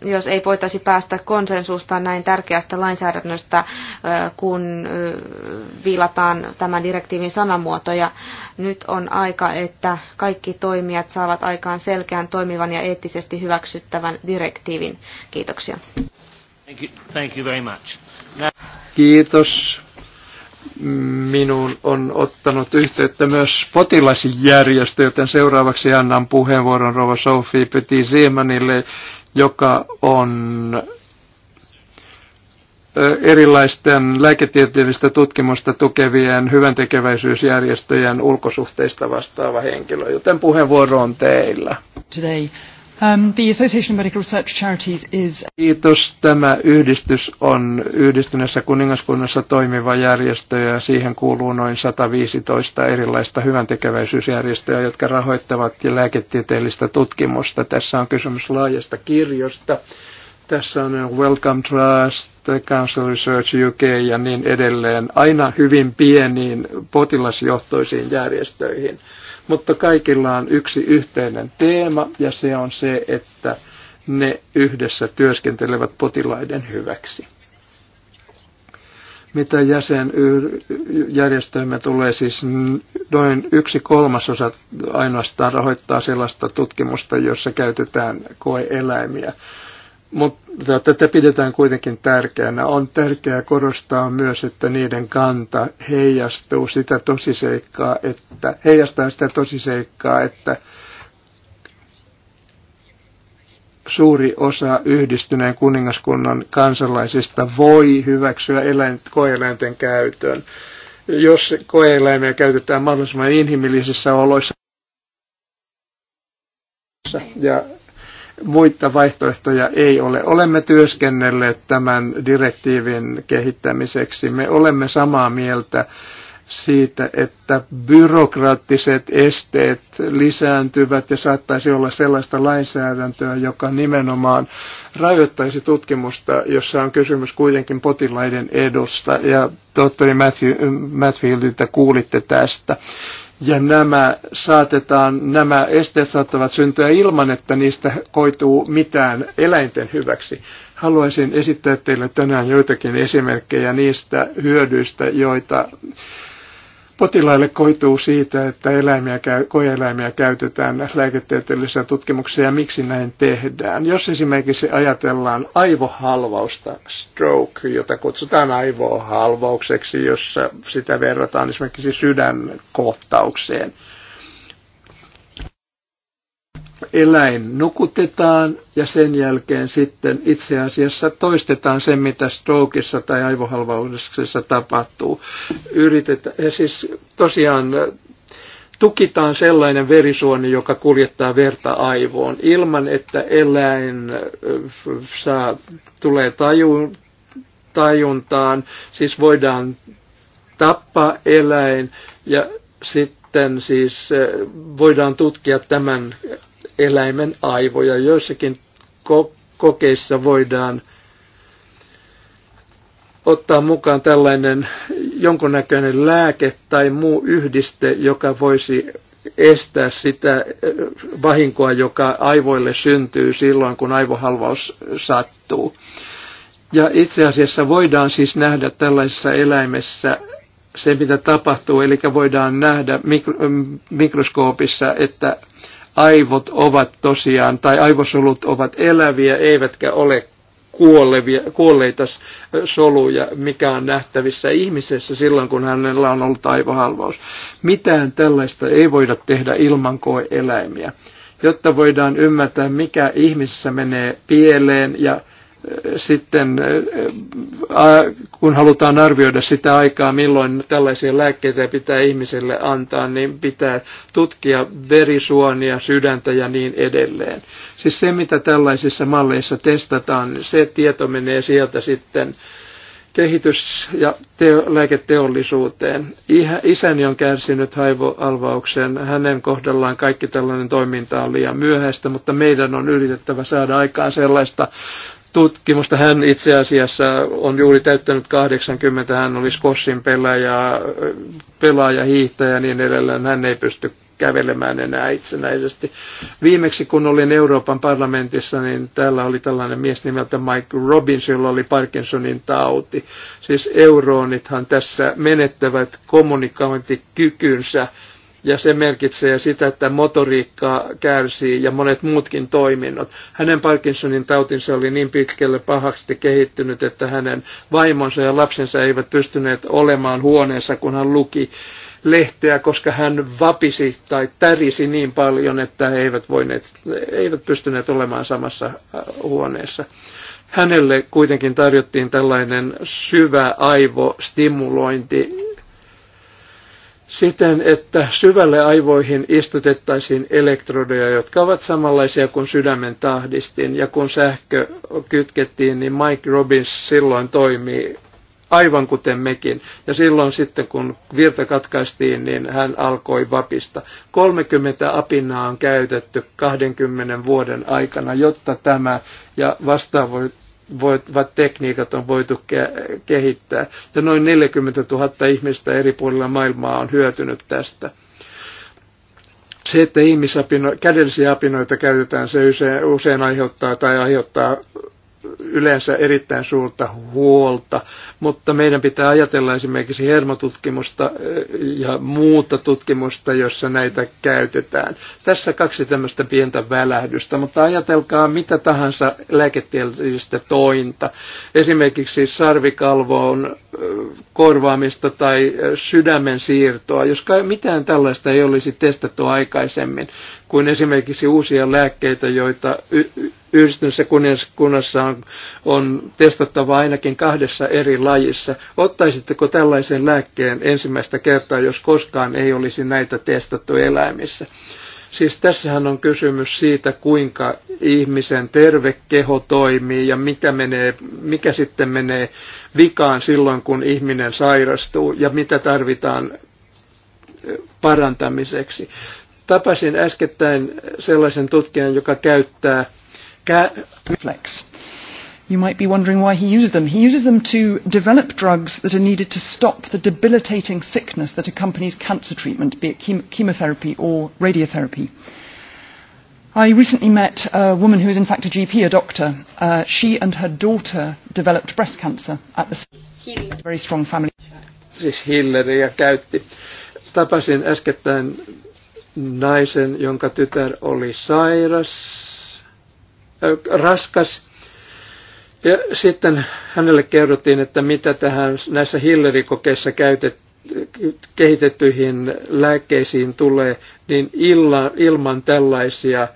jos ei voitaisi päästä konsensusta näin tärkeästä lainsäädännöstä, kun viilataan tämän direktiivin sanamuotoja. Nyt on aika, että kaikki toimijat saavat aikaan selkeän, toimivan ja eettisesti hyväksyttävän direktiivin. Kiitoksia. Thank you, thank you very much. Now... Kiitos. Minun on ottanut yhteyttä myös potilasjärjestö, joten seuraavaksi annan puheenvuoron Rova Sophie Petit Siemanille, joka on erilaisten lääketieteellistä tutkimusta tukevien hyväntekeväisyysjärjestöjen ulkosuhteista vastaava henkilö, joten puheenvuoro on teillä. Today. Um, the Association of Medical Research Charities is... Kiitos. Tämä yhdistys on yhdistyneessä kuningaskunnassa toimiva järjestö ja siihen kuuluu noin 115 erilaista hyväntekeväisyysjärjestöä, jotka rahoittavat lääketieteellistä tutkimusta. Tässä on kysymys laajasta kirjosta. Tässä on Welcome Trust, Council Research UK ja niin edelleen, aina hyvin pieniin potilasjohtoisiin järjestöihin mutta kaikilla on yksi yhteinen teema ja se on se, että ne yhdessä työskentelevät potilaiden hyväksi. Mitä jäsenjärjestöimme tulee, siis noin yksi kolmasosa ainoastaan rahoittaa sellaista tutkimusta, jossa käytetään koeeläimiä mutta tätä pidetään kuitenkin tärkeänä. On tärkeää korostaa myös, että niiden kanta heijastuu sitä tosiseikkaa, että heijastaa sitä tosiseikkaa, että suuri osa yhdistyneen kuningaskunnan kansalaisista voi hyväksyä koeläinten käytön. Jos koeeläimiä käytetään mahdollisimman inhimillisissä oloissa ja Muita vaihtoehtoja ei ole. Olemme työskennelleet tämän direktiivin kehittämiseksi. Me olemme samaa mieltä siitä, että byrokraattiset esteet lisääntyvät ja saattaisi olla sellaista lainsäädäntöä, joka nimenomaan rajoittaisi tutkimusta, jossa on kysymys kuitenkin potilaiden edusta. Ja tohtori Matthew, Matfieldiltä kuulitte tästä. Ja nämä saatetaan, nämä esteet saattavat syntyä ilman, että niistä koituu mitään eläinten hyväksi. Haluaisin esittää teille tänään joitakin esimerkkejä niistä hyödyistä, joita potilaille koituu siitä, että eläimiä, koeeläimiä käytetään lääketieteellisissä tutkimuksissa ja miksi näin tehdään. Jos esimerkiksi ajatellaan aivohalvausta, stroke, jota kutsutaan aivohalvaukseksi, jossa sitä verrataan esimerkiksi sydänkohtaukseen – eläin nukutetaan ja sen jälkeen sitten itse asiassa toistetaan se, mitä strokeissa tai aivohalvauksessa tapahtuu. Yritetään, ja siis tosiaan äh, tukitaan sellainen verisuoni, joka kuljettaa verta aivoon ilman, että eläin äh, saa, tulee taju, tajuntaan. Siis voidaan tappaa eläin ja sitten sitten siis äh, voidaan tutkia tämän eläimen aivoja. Joissakin ko- kokeissa voidaan ottaa mukaan tällainen jonkunnäköinen lääke tai muu yhdiste, joka voisi estää sitä eh, vahinkoa, joka aivoille syntyy silloin, kun aivohalvaus sattuu. Ja itse asiassa voidaan siis nähdä tällaisessa eläimessä se, mitä tapahtuu, eli voidaan nähdä mm, mikroskoopissa, että aivot ovat tosiaan, tai aivosolut ovat eläviä, eivätkä ole kuolevia, kuolleita soluja, mikä on nähtävissä ihmisessä silloin, kun hänellä on ollut aivohalvaus. Mitään tällaista ei voida tehdä ilman koeeläimiä, jotta voidaan ymmärtää, mikä ihmisessä menee pieleen ja sitten kun halutaan arvioida sitä aikaa, milloin tällaisia lääkkeitä pitää ihmiselle antaa, niin pitää tutkia verisuonia, sydäntä ja niin edelleen. Siis se, mitä tällaisissa malleissa testataan, niin se tieto menee sieltä sitten kehitys- ja teo- lääketeollisuuteen. Isäni on kärsinyt haivoalvaukseen. Hänen kohdallaan kaikki tällainen toiminta on liian myöhäistä, mutta meidän on yritettävä saada aikaan sellaista tutkimusta. Hän itse asiassa on juuri täyttänyt 80, hän olisi kossin pelaaja, pelaaja hiihtäjä ja niin edelleen. Hän ei pysty kävelemään enää itsenäisesti. Viimeksi kun olin Euroopan parlamentissa, niin täällä oli tällainen mies nimeltä Mike Robbins, jolla oli Parkinsonin tauti. Siis euroonithan tässä menettävät kommunikointikykynsä ja se merkitsee sitä, että motoriikka kärsii ja monet muutkin toiminnot. Hänen Parkinsonin tautinsa oli niin pitkälle pahasti kehittynyt, että hänen vaimonsa ja lapsensa eivät pystyneet olemaan huoneessa, kun hän luki lehteä, koska hän vapisi tai tärisi niin paljon, että he eivät, voineet, eivät pystyneet olemaan samassa äh, huoneessa. Hänelle kuitenkin tarjottiin tällainen syvä aivostimulointi siten, että syvälle aivoihin istutettaisiin elektrodeja, jotka ovat samanlaisia kuin sydämen tahdistin. Ja kun sähkö kytkettiin, niin Mike Robbins silloin toimii aivan kuten mekin. Ja silloin sitten, kun virta katkaistiin, niin hän alkoi vapista. 30 apinaa on käytetty 20 vuoden aikana, jotta tämä ja vastaavat voivat tekniikat on voitu kehittää. Ja noin 40 000 ihmistä eri puolilla maailmaa on hyötynyt tästä. Se, että ihmisapino, kädellisiä apinoita käytetään, se usein, usein aiheuttaa tai aiheuttaa yleensä erittäin suurta huolta, mutta meidän pitää ajatella esimerkiksi hermotutkimusta ja muuta tutkimusta, jossa näitä käytetään. Tässä kaksi tämmöistä pientä välähdystä, mutta ajatelkaa mitä tahansa lääketieteellistä tointa. Esimerkiksi sarvikalvoon korvaamista tai sydämen siirtoa, jos mitään tällaista ei olisi testattu aikaisemmin, kuin esimerkiksi uusia lääkkeitä, joita yhdistyneessä kunnassa on, on testattava ainakin kahdessa eri lajissa. Ottaisitteko tällaisen lääkkeen ensimmäistä kertaa, jos koskaan ei olisi näitä testattu eläimissä? Siis tässähän on kysymys siitä, kuinka ihmisen terve keho toimii ja mikä, menee, mikä sitten menee vikaan silloin, kun ihminen sairastuu ja mitä tarvitaan parantamiseksi. Tapasin äskettäin sellaisen tutkijan, joka käyttää reflex. You might be wondering why he uses them. He uses them to develop drugs that are needed to stop the debilitating sickness that accompanies cancer treatment, be it chem- chemotherapy or radiotherapy. I recently met a woman who is in fact a GP, a doctor. Uh, she and her daughter developed breast cancer at the very strong family. Siis Hilleriä käytti. Tapasin äskettäin naisen, jonka tytär oli sairas, äh, raskas. Ja sitten hänelle kerrottiin, että mitä tähän näissä hillerikokeissa käytettiin kehitettyihin lääkkeisiin tulee, niin illa, ilman tällaisia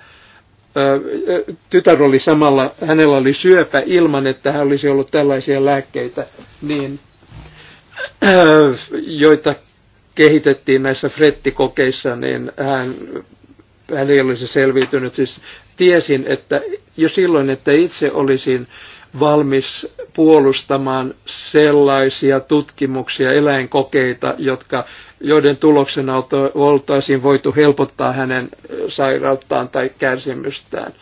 tytär oli samalla, hänellä oli syöpä ilman, että hän olisi ollut tällaisia lääkkeitä, niin joita kehitettiin näissä frettikokeissa, niin hän, hän ei olisi selviytynyt. Siis tiesin, että jo silloin, että itse olisin valmis puolustamaan sellaisia tutkimuksia, eläinkokeita, jotka, joiden tuloksena oltaisiin voitu helpottaa hänen sairauttaan tai kärsimystään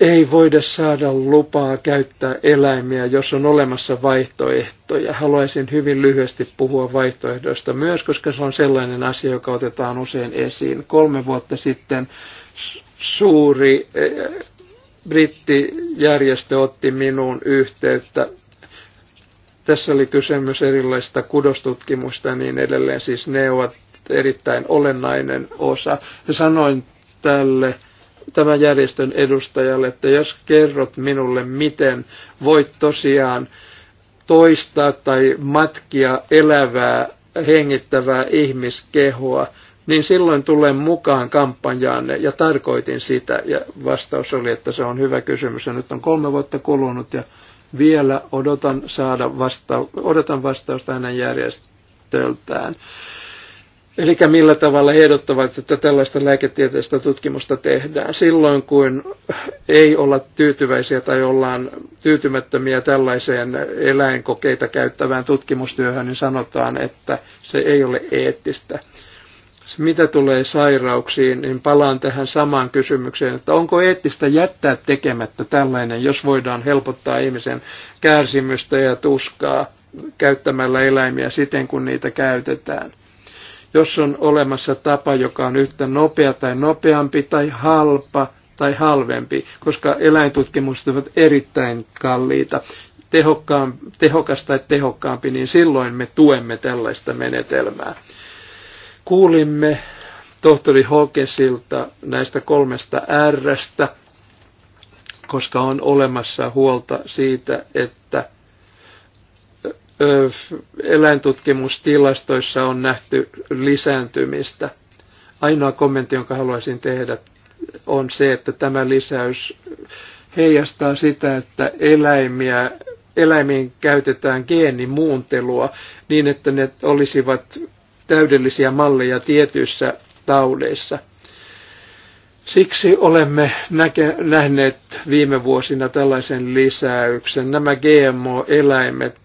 ei voida saada lupaa käyttää eläimiä, jos on olemassa vaihtoehtoja. Haluaisin hyvin lyhyesti puhua vaihtoehdoista myös, koska se on sellainen asia, joka otetaan usein esiin. Kolme vuotta sitten suuri eh, brittijärjestö otti minuun yhteyttä. Tässä oli kysymys erilaisista kudostutkimusta ja niin edelleen, siis ne ovat erittäin olennainen osa. Sanoin tälle tämän järjestön edustajalle, että jos kerrot minulle, miten voit tosiaan toistaa tai matkia elävää, hengittävää ihmiskehoa, niin silloin tulen mukaan kampanjaanne ja tarkoitin sitä. Ja vastaus oli, että se on hyvä kysymys ja nyt on kolme vuotta kulunut ja vielä odotan, saada vasta- odotan vastausta hänen järjestöltään. Eli millä tavalla he ehdottavat, että tällaista lääketieteellistä tutkimusta tehdään silloin, kun ei olla tyytyväisiä tai ollaan tyytymättömiä tällaiseen eläinkokeita käyttävään tutkimustyöhön, niin sanotaan, että se ei ole eettistä. Mitä tulee sairauksiin, niin palaan tähän samaan kysymykseen, että onko eettistä jättää tekemättä tällainen, jos voidaan helpottaa ihmisen kärsimystä ja tuskaa käyttämällä eläimiä siten, kun niitä käytetään jos on olemassa tapa, joka on yhtä nopea tai nopeampi tai halpa tai halvempi, koska eläintutkimukset ovat erittäin kalliita, tehokkaan, tehokas tai tehokkaampi, niin silloin me tuemme tällaista menetelmää. Kuulimme tohtori Hokesilta näistä kolmesta Rstä, koska on olemassa huolta siitä, että eläintutkimustilastoissa on nähty lisääntymistä. Ainoa kommentti, jonka haluaisin tehdä, on se, että tämä lisäys heijastaa sitä, että eläimiä, eläimiin käytetään geenimuuntelua niin, että ne olisivat täydellisiä malleja tietyissä taudeissa. Siksi olemme näke, nähneet viime vuosina tällaisen lisäyksen. Nämä GMO-eläimet,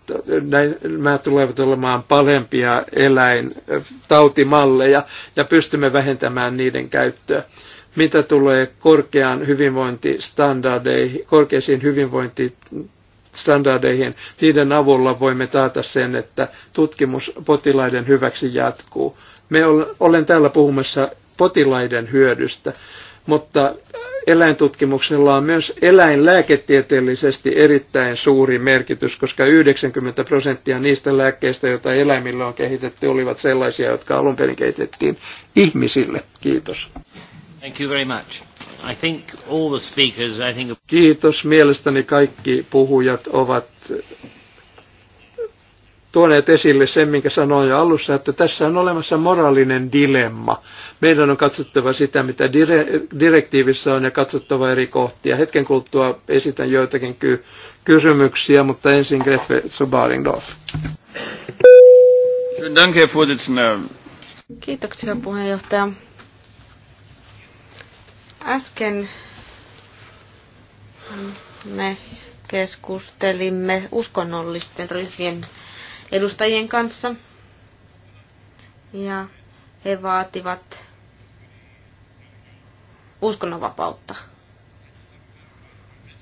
nämä tulevat olemaan palempia eläintautimalleja ja pystymme vähentämään niiden käyttöä. Mitä tulee korkeaan hyvinvointistandardeihin, korkeisiin hyvinvointistandardeihin, niiden avulla voimme taata sen, että tutkimus potilaiden hyväksi jatkuu. Me olen täällä puhumassa potilaiden hyödystä mutta eläintutkimuksella on myös eläinlääketieteellisesti erittäin suuri merkitys, koska 90 prosenttia niistä lääkkeistä, joita eläimillä on kehitetty, olivat sellaisia, jotka alun perin kehitettiin ihmisille. Kiitos. Thank you very much. I think all the speakers, I think... Kiitos. Mielestäni kaikki puhujat ovat tuoneet esille sen, minkä sanoin jo alussa, että tässä on olemassa moraalinen dilemma. Meidän on katsottava sitä, mitä direktiivissä on ja katsottava eri kohtia. Hetken kuluttua esitän joitakin ky- kysymyksiä, mutta ensin Greffe Sobaringdorf. Kiitoksia puheenjohtaja. Äsken me keskustelimme uskonnollisten ryhmien edustajien kanssa. Ja he vaativat uskonnonvapautta.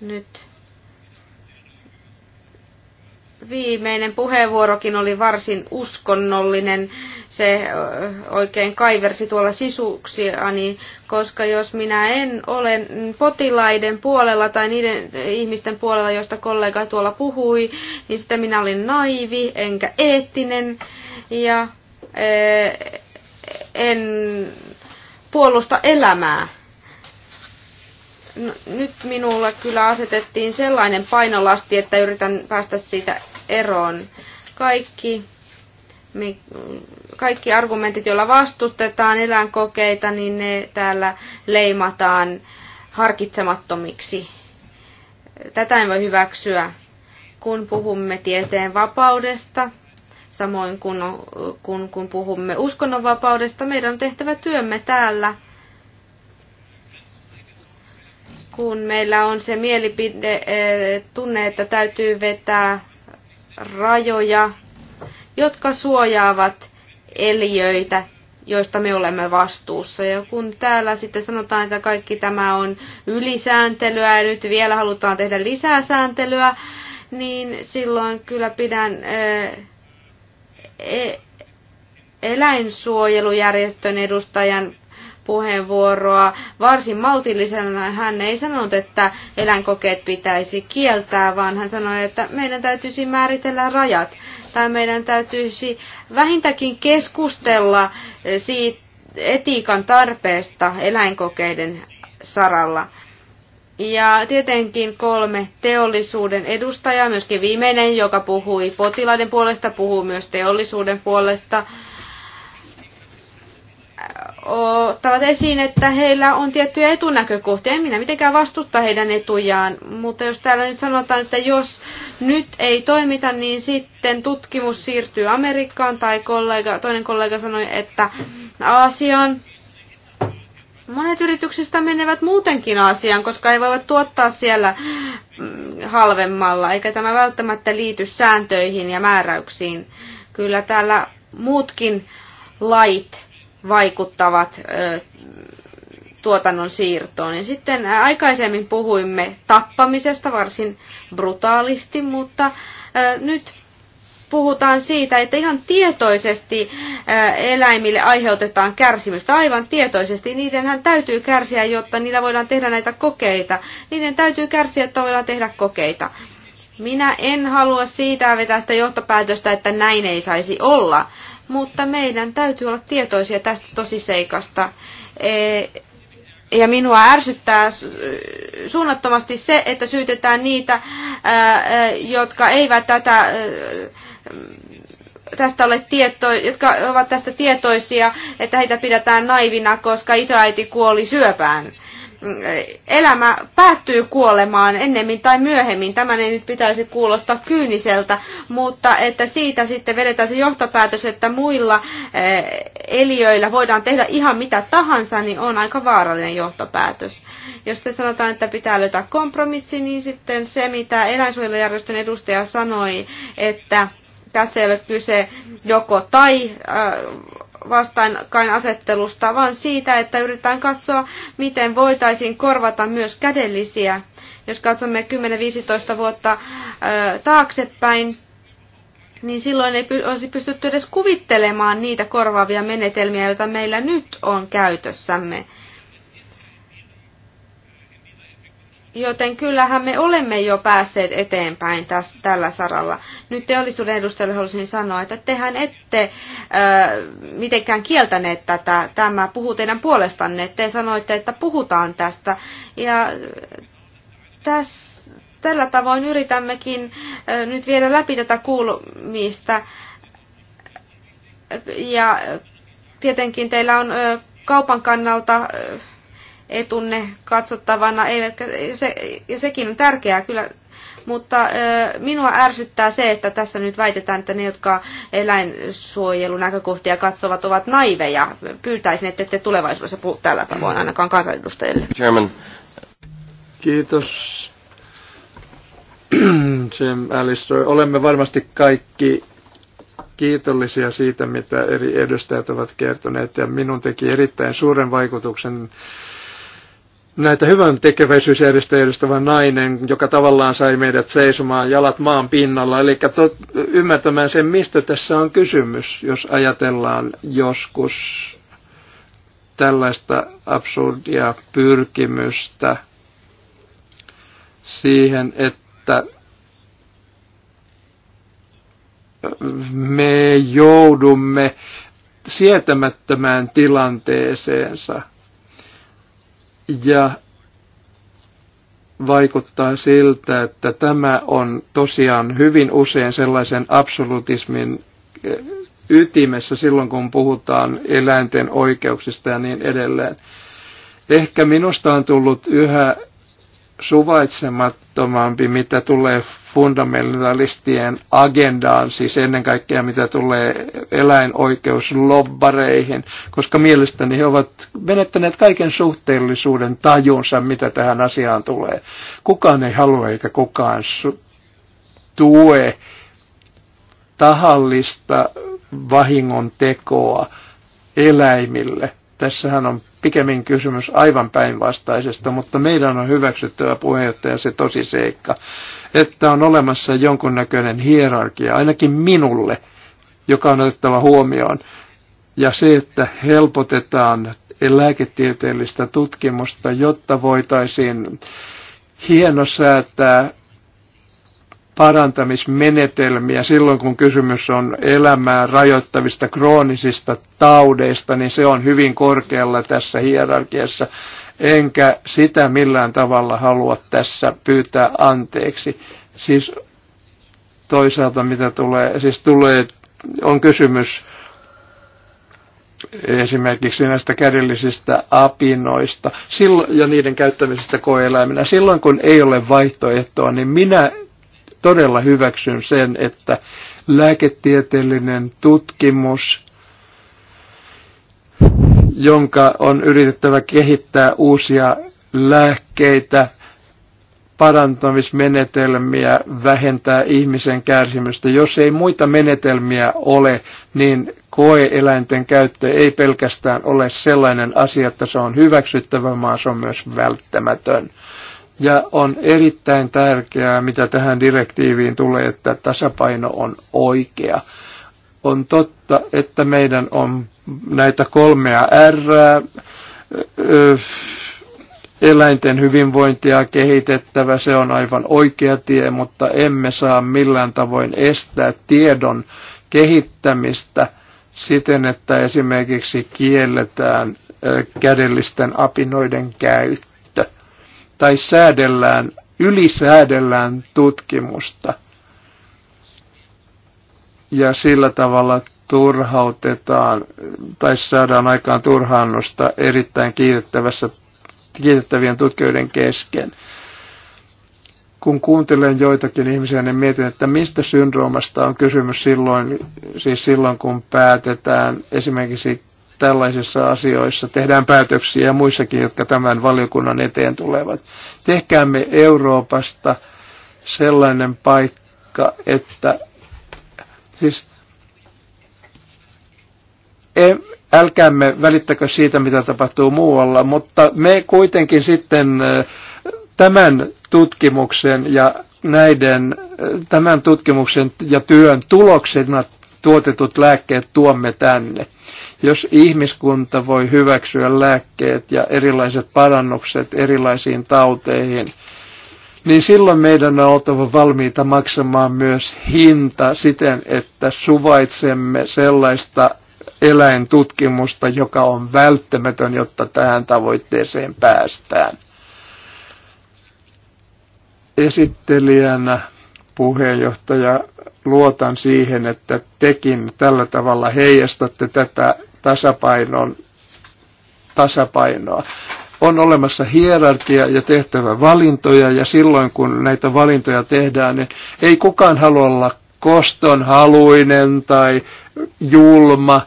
Nyt viimeinen puheenvuorokin oli varsin uskonnollinen. Se oikein kaiversi tuolla sisuksiani, koska jos minä en ole potilaiden puolella tai niiden ihmisten puolella, joista kollega tuolla puhui, niin sitten minä olin naivi, enkä eettinen ja en puolusta elämää. No, nyt minulla kyllä asetettiin sellainen painolasti, että yritän päästä siitä eroon. Kaikki, kaikki argumentit, joilla vastustetaan eläinkokeita, niin ne täällä leimataan harkitsemattomiksi. Tätä en voi hyväksyä, kun puhumme tieteen vapaudesta, samoin kun, kun, kun puhumme uskonnonvapaudesta. Meidän on tehtävä työmme täällä kun meillä on se mielipide, eh, tunne, että täytyy vetää rajoja, jotka suojaavat eliöitä, joista me olemme vastuussa. Ja kun täällä sitten sanotaan, että kaikki tämä on ylisääntelyä ja nyt vielä halutaan tehdä lisää sääntelyä, niin silloin kyllä pidän eh, e-, eläinsuojelujärjestön edustajan puheenvuoroa varsin maltillisena. Hän ei sanonut, että eläinkokeet pitäisi kieltää, vaan hän sanoi, että meidän täytyisi määritellä rajat tai meidän täytyisi vähintäänkin keskustella eh, siitä etiikan tarpeesta eläinkokeiden saralla. Ja tietenkin kolme teollisuuden edustajaa, myöskin viimeinen, joka puhui potilaiden puolesta, puhuu myös teollisuuden puolesta ottavat esiin, että heillä on tiettyjä etunäkökohtia. En minä mitenkään vastusta heidän etujaan, mutta jos täällä nyt sanotaan, että jos nyt ei toimita, niin sitten tutkimus siirtyy Amerikkaan, tai kollega, toinen kollega sanoi, että Aasiaan. Monet yrityksistä menevät muutenkin Aasiaan, koska he voivat tuottaa siellä mm, halvemmalla, eikä tämä välttämättä liity sääntöihin ja määräyksiin. Kyllä täällä muutkin lait vaikuttavat tuotannon siirtoon. Ja sitten aikaisemmin puhuimme tappamisesta varsin brutaalisti, mutta nyt puhutaan siitä, että ihan tietoisesti eläimille aiheutetaan kärsimystä, aivan tietoisesti. Niidenhän täytyy kärsiä, jotta niillä voidaan tehdä näitä kokeita. Niiden täytyy kärsiä, että voidaan tehdä kokeita. Minä en halua siitä vetää sitä johtopäätöstä, että näin ei saisi olla mutta meidän täytyy olla tietoisia tästä tosiseikasta. E, ja minua ärsyttää suunnattomasti se, että syytetään niitä, jotka eivät tätä tästä ole tieto, jotka ovat tästä tietoisia, että heitä pidetään naivina, koska isoäiti kuoli syöpään elämä päättyy kuolemaan ennemmin tai myöhemmin. Tämän ei nyt pitäisi kuulostaa kyyniseltä, mutta että siitä sitten vedetään se johtopäätös, että muilla eh, eliöillä voidaan tehdä ihan mitä tahansa, niin on aika vaarallinen johtopäätös. Jos te sanotaan, että pitää löytää kompromissi, niin sitten se, mitä eläinsuojelujärjestön edustaja sanoi, että tässä ei ole kyse joko tai eh, vastakkainasettelusta, vaan siitä, että yritetään katsoa, miten voitaisiin korvata myös kädellisiä. Jos katsomme 10-15 vuotta taaksepäin, niin silloin ei olisi pystytty edes kuvittelemaan niitä korvaavia menetelmiä, joita meillä nyt on käytössämme. Joten kyllähän me olemme jo päässeet eteenpäin täs, tällä saralla. Nyt teollisuuden edustajalle haluaisin sanoa, että tehän ette ö, mitenkään kieltäneet tätä. Tämä puhuu teidän puolestanne. Te sanoitte, että puhutaan tästä. Ja täs, tällä tavoin yritämmekin ö, nyt viedä läpi tätä kuulumista. Ja tietenkin teillä on ö, kaupan kannalta... Ö, etunne katsottavana, eivätkä, se, ja sekin on tärkeää kyllä, mutta minua ärsyttää se, että tässä nyt väitetään, että ne, jotka eläinsuojelunäkökohtia katsovat, ovat naiveja. Pyytäisin, että ette tulevaisuudessa puhu tällä tavoin ainakaan kansanedustajille. German. Kiitos. Jim Alistair. Olemme varmasti kaikki kiitollisia siitä, mitä eri edustajat ovat kertoneet, ja minun teki erittäin suuren vaikutuksen näitä hyvän tekeväisyysjärjestöjä edustava nainen, joka tavallaan sai meidät seisomaan jalat maan pinnalla. Eli to, ymmärtämään sen, mistä tässä on kysymys, jos ajatellaan joskus tällaista absurdia pyrkimystä siihen, että me joudumme sietämättömään tilanteeseensa – ja vaikuttaa siltä, että tämä on tosiaan hyvin usein sellaisen absolutismin eh, ytimessä silloin, kun puhutaan eläinten oikeuksista ja niin edelleen. Ehkä minusta on tullut yhä suvaitsemattomampi, mitä tulee fundamentalistien agendaan, siis ennen kaikkea mitä tulee eläinoikeuslobbareihin, koska mielestäni he ovat menettäneet kaiken suhteellisuuden tajunsa, mitä tähän asiaan tulee. Kukaan ei halua eikä kukaan tue tahallista vahingon tekoa eläimille. Tässähän on pikemmin kysymys aivan päinvastaisesta, mutta meidän on hyväksyttävä puheenjohtaja se tosi seikka, että on olemassa jonkunnäköinen hierarkia, ainakin minulle, joka on otettava huomioon. Ja se, että helpotetaan lääketieteellistä tutkimusta, jotta voitaisiin hienosäätää parantamismenetelmiä silloin, kun kysymys on elämää rajoittavista kroonisista taudeista, niin se on hyvin korkealla tässä hierarkiassa. Enkä sitä millään tavalla halua tässä pyytää anteeksi. Siis toisaalta mitä tulee, siis tulee, on kysymys esimerkiksi näistä kädellisistä apinoista silloin, ja niiden käyttämisestä koeeläiminä. Silloin kun ei ole vaihtoehtoa, niin minä todella hyväksyn sen, että lääketieteellinen tutkimus, jonka on yritettävä kehittää uusia lääkkeitä, parantamismenetelmiä vähentää ihmisen kärsimystä. Jos ei muita menetelmiä ole, niin koeeläinten käyttö ei pelkästään ole sellainen asia, että se on hyväksyttävä, vaan se on myös välttämätön. Ja on erittäin tärkeää, mitä tähän direktiiviin tulee, että tasapaino on oikea. On totta, että meidän on näitä kolmea R, eläinten hyvinvointia kehitettävä, se on aivan oikea tie, mutta emme saa millään tavoin estää tiedon kehittämistä siten, että esimerkiksi kielletään kädellisten apinoiden käyttö tai säädellään, ylisäädellään tutkimusta. Ja sillä tavalla turhautetaan tai saadaan aikaan turhaannosta erittäin kiitettävässä, kiitettävien tutkijoiden kesken. Kun kuuntelen joitakin ihmisiä, niin mietin, että mistä syndroomasta on kysymys silloin, siis silloin kun päätetään esimerkiksi tällaisissa asioissa tehdään päätöksiä ja muissakin, jotka tämän valiokunnan eteen tulevat. Tehkäämme Euroopasta sellainen paikka, että siis e, älkäämme välittäkö siitä, mitä tapahtuu muualla, mutta me kuitenkin sitten e, tämän tutkimuksen ja näiden, e, tämän tutkimuksen ja työn tuloksena tuotetut lääkkeet tuomme tänne. Jos ihmiskunta voi hyväksyä lääkkeet ja erilaiset parannukset erilaisiin tauteihin, niin silloin meidän on oltava valmiita maksamaan myös hinta siten, että suvaitsemme sellaista eläintutkimusta, joka on välttämätön, jotta tähän tavoitteeseen päästään. Esittelijänä puheenjohtaja luotan siihen, että tekin tällä tavalla heijastatte tätä tasapainon, tasapainoa. On olemassa hierarkia ja tehtävä valintoja ja silloin kun näitä valintoja tehdään, niin ei kukaan halua olla kostonhaluinen tai julma,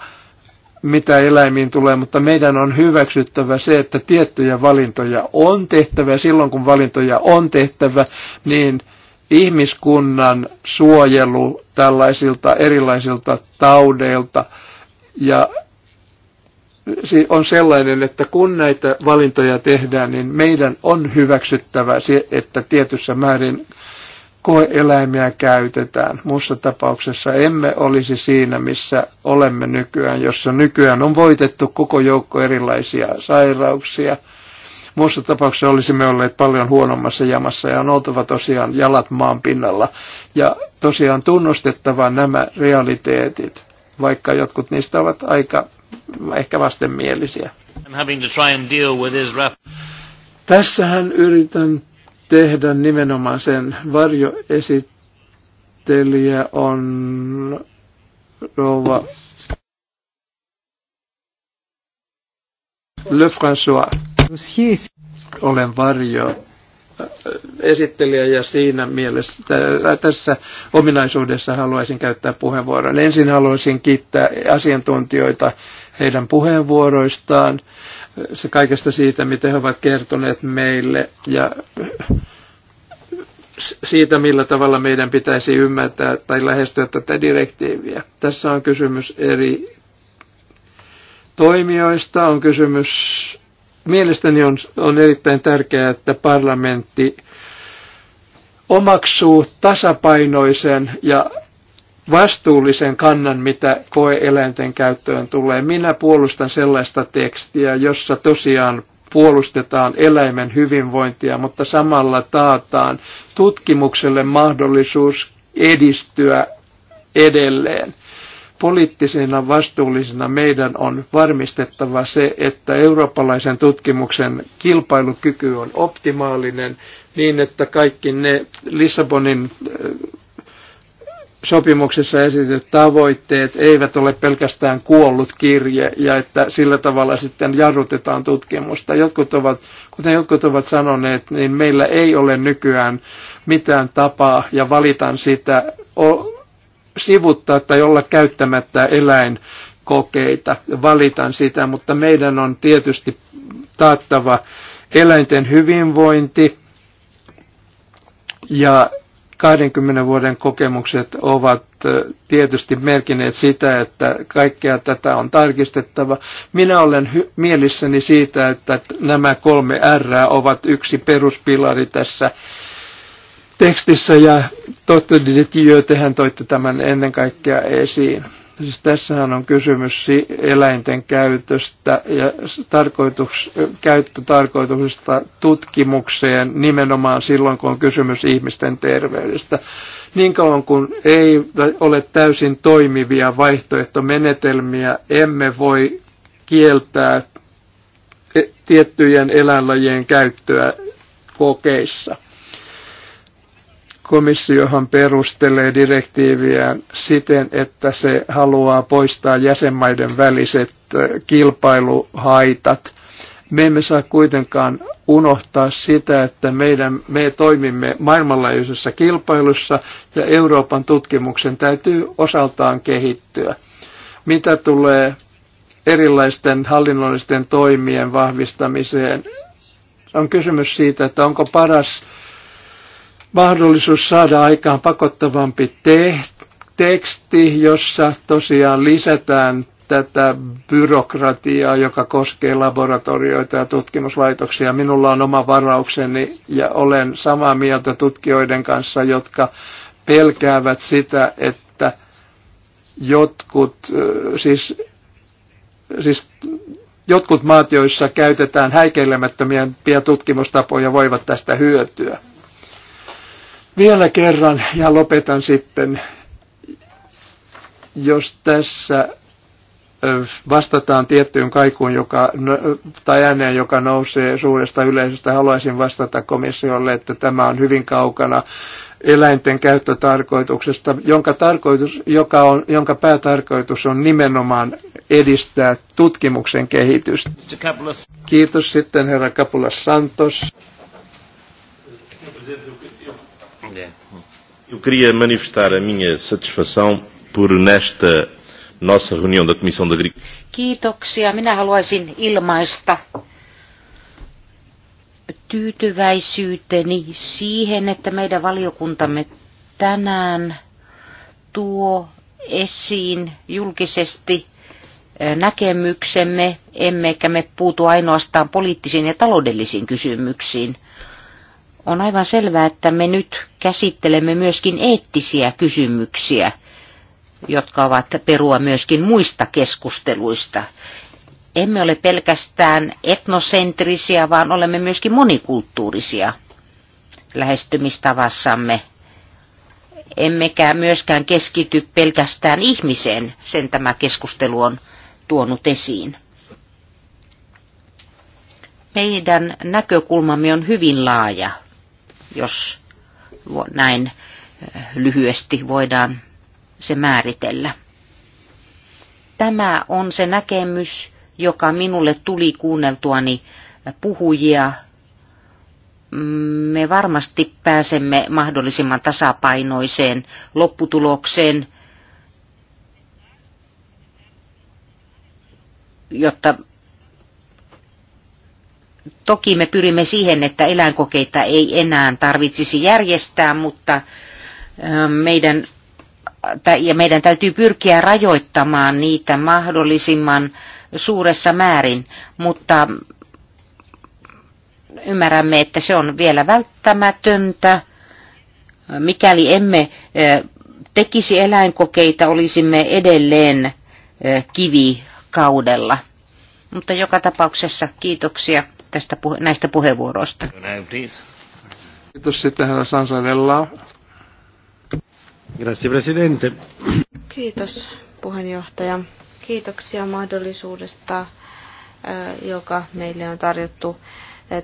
mitä eläimiin tulee, mutta meidän on hyväksyttävä se, että tiettyjä valintoja on tehtävä ja silloin kun valintoja on tehtävä, niin ihmiskunnan suojelu tällaisilta erilaisilta taudeilta ja on sellainen, että kun näitä valintoja tehdään, niin meidän on hyväksyttävä se, että tietyssä määrin koeeläimiä käytetään. Muussa tapauksessa emme olisi siinä, missä olemme nykyään, jossa nykyään on voitettu koko joukko erilaisia sairauksia. Muussa tapauksessa olisimme olleet paljon huonommassa jamassa ja on oltava tosiaan jalat maan pinnalla ja tosiaan tunnustettava nämä realiteetit, vaikka jotkut niistä ovat aika ehkä vastenmielisiä. Tässähän yritän tehdä nimenomaan sen varjoesittelijä on rouva Le François. Olen varjo äh, esittelijä ja siinä mielessä äh, tässä ominaisuudessa haluaisin käyttää puheenvuoron. Ensin haluaisin kiittää asiantuntijoita heidän puheenvuoroistaan, se kaikesta siitä, miten he ovat kertoneet meille ja siitä, millä tavalla meidän pitäisi ymmärtää tai lähestyä tätä direktiiviä. Tässä on kysymys eri toimijoista, on kysymys, mielestäni on, on erittäin tärkeää, että parlamentti omaksuu tasapainoisen ja vastuullisen kannan, mitä koe-eläinten käyttöön tulee. Minä puolustan sellaista tekstiä, jossa tosiaan puolustetaan eläimen hyvinvointia, mutta samalla taataan tutkimukselle mahdollisuus edistyä edelleen. Poliittisena vastuullisena meidän on varmistettava se, että eurooppalaisen tutkimuksen kilpailukyky on optimaalinen niin, että kaikki ne Lissabonin sopimuksessa esitetyt tavoitteet eivät ole pelkästään kuollut kirje ja että sillä tavalla sitten jarrutetaan tutkimusta. Jotkut ovat, kuten jotkut ovat sanoneet, niin meillä ei ole nykyään mitään tapaa ja valitan sitä sivuttaa tai olla käyttämättä eläinkokeita. Valitan sitä, mutta meidän on tietysti taattava eläinten hyvinvointi ja 20 vuoden kokemukset ovat tietysti merkineet sitä, että kaikkea tätä on tarkistettava. Minä olen mielissäni siitä, että nämä kolme R ovat yksi peruspilari tässä tekstissä ja Totta että tehän toitte tämän ennen kaikkea esiin. Siis tässähän on kysymys eläinten käytöstä ja tarkoituks, käyttötarkoituksesta tutkimukseen nimenomaan silloin, kun on kysymys ihmisten terveydestä. Niin kauan kun ei ole täysin toimivia vaihtoehtomenetelmiä, emme voi kieltää e- tiettyjen eläinlajien käyttöä kokeissa. Komissiohan perustelee direktiiviä siten, että se haluaa poistaa jäsenmaiden väliset kilpailuhaitat. Me emme saa kuitenkaan unohtaa sitä, että meidän, me toimimme maailmanlaajuisessa kilpailussa ja Euroopan tutkimuksen täytyy osaltaan kehittyä. Mitä tulee erilaisten hallinnollisten toimien vahvistamiseen, on kysymys siitä, että onko paras mahdollisuus saada aikaan pakottavampi te- teksti, jossa tosiaan lisätään tätä byrokratiaa, joka koskee laboratorioita ja tutkimuslaitoksia. Minulla on oma varaukseni ja olen samaa mieltä tutkijoiden kanssa, jotka pelkäävät sitä, että jotkut, siis, siis jotkut maat, joissa käytetään häikeilemättömiä tutkimustapoja, voivat tästä hyötyä. Vielä kerran ja lopetan sitten, jos tässä vastataan tiettyyn kaikuun joka, tai ääneen, joka nousee suuresta yleisöstä. Haluaisin vastata komissiolle, että tämä on hyvin kaukana eläinten käyttötarkoituksesta, jonka, tarkoitus, joka on, jonka päätarkoitus on nimenomaan edistää tutkimuksen kehitystä. Kiitos sitten herra Kapulas Santos. Eu queria manifestar a minha satisfação por nesta nossa reunião da Comissão de Agricultura. Kiitoksia. Minä haluaisin ilmaista tyytyväisyyteni siihen, että meidän valiokuntamme tänään tuo esiin julkisesti eh, näkemyksemme, emmekä me puutu ainoastaan poliittisiin ja taloudellisiin kysymyksiin, on aivan selvää, että me nyt käsittelemme myöskin eettisiä kysymyksiä, jotka ovat perua myöskin muista keskusteluista. Emme ole pelkästään etnosentrisiä, vaan olemme myöskin monikulttuurisia lähestymistavassamme emmekä myöskään keskity pelkästään ihmiseen, sen tämä keskustelu on tuonut esiin. Meidän näkökulmamme on hyvin laaja jos näin lyhyesti voidaan se määritellä. Tämä on se näkemys, joka minulle tuli kuunneltuani puhujia. Mm, me varmasti pääsemme mahdollisimman tasapainoiseen lopputulokseen, jotta Toki me pyrimme siihen, että eläinkokeita ei enää tarvitsisi järjestää, mutta meidän, ja meidän täytyy pyrkiä rajoittamaan niitä mahdollisimman suuressa määrin, mutta ymmärrämme, että se on vielä välttämätöntä. Mikäli emme tekisi eläinkokeita, olisimme edelleen kivikaudella. Mutta joka tapauksessa kiitoksia tästä puhe- näistä puheenvuoroista. Kiitos sitten herra Sansanella. Grazie presidente. Kiitos puheenjohtaja. Kiitoksia mahdollisuudesta, joka meille on tarjottu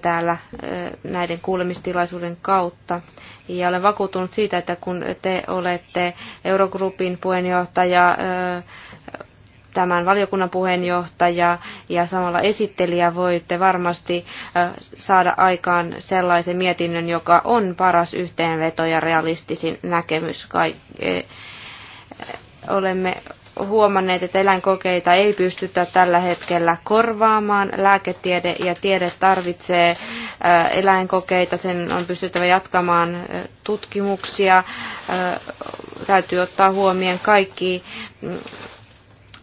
täällä näiden kuulemistilaisuuden kautta. Ja olen vakuutunut siitä, että kun te olette Eurogrupin puheenjohtaja, tämän valiokunnan puheenjohtaja ja samalla esittelijä voitte varmasti saada aikaan sellaisen mietinnön, joka on paras yhteenveto ja realistisin näkemys. E, olemme huomanneet, että eläinkokeita ei pystytä tällä hetkellä korvaamaan. Lääketiede ja tiede tarvitsee eläinkokeita, sen on pystyttävä jatkamaan tutkimuksia. Täytyy ottaa huomioon kaikki mm,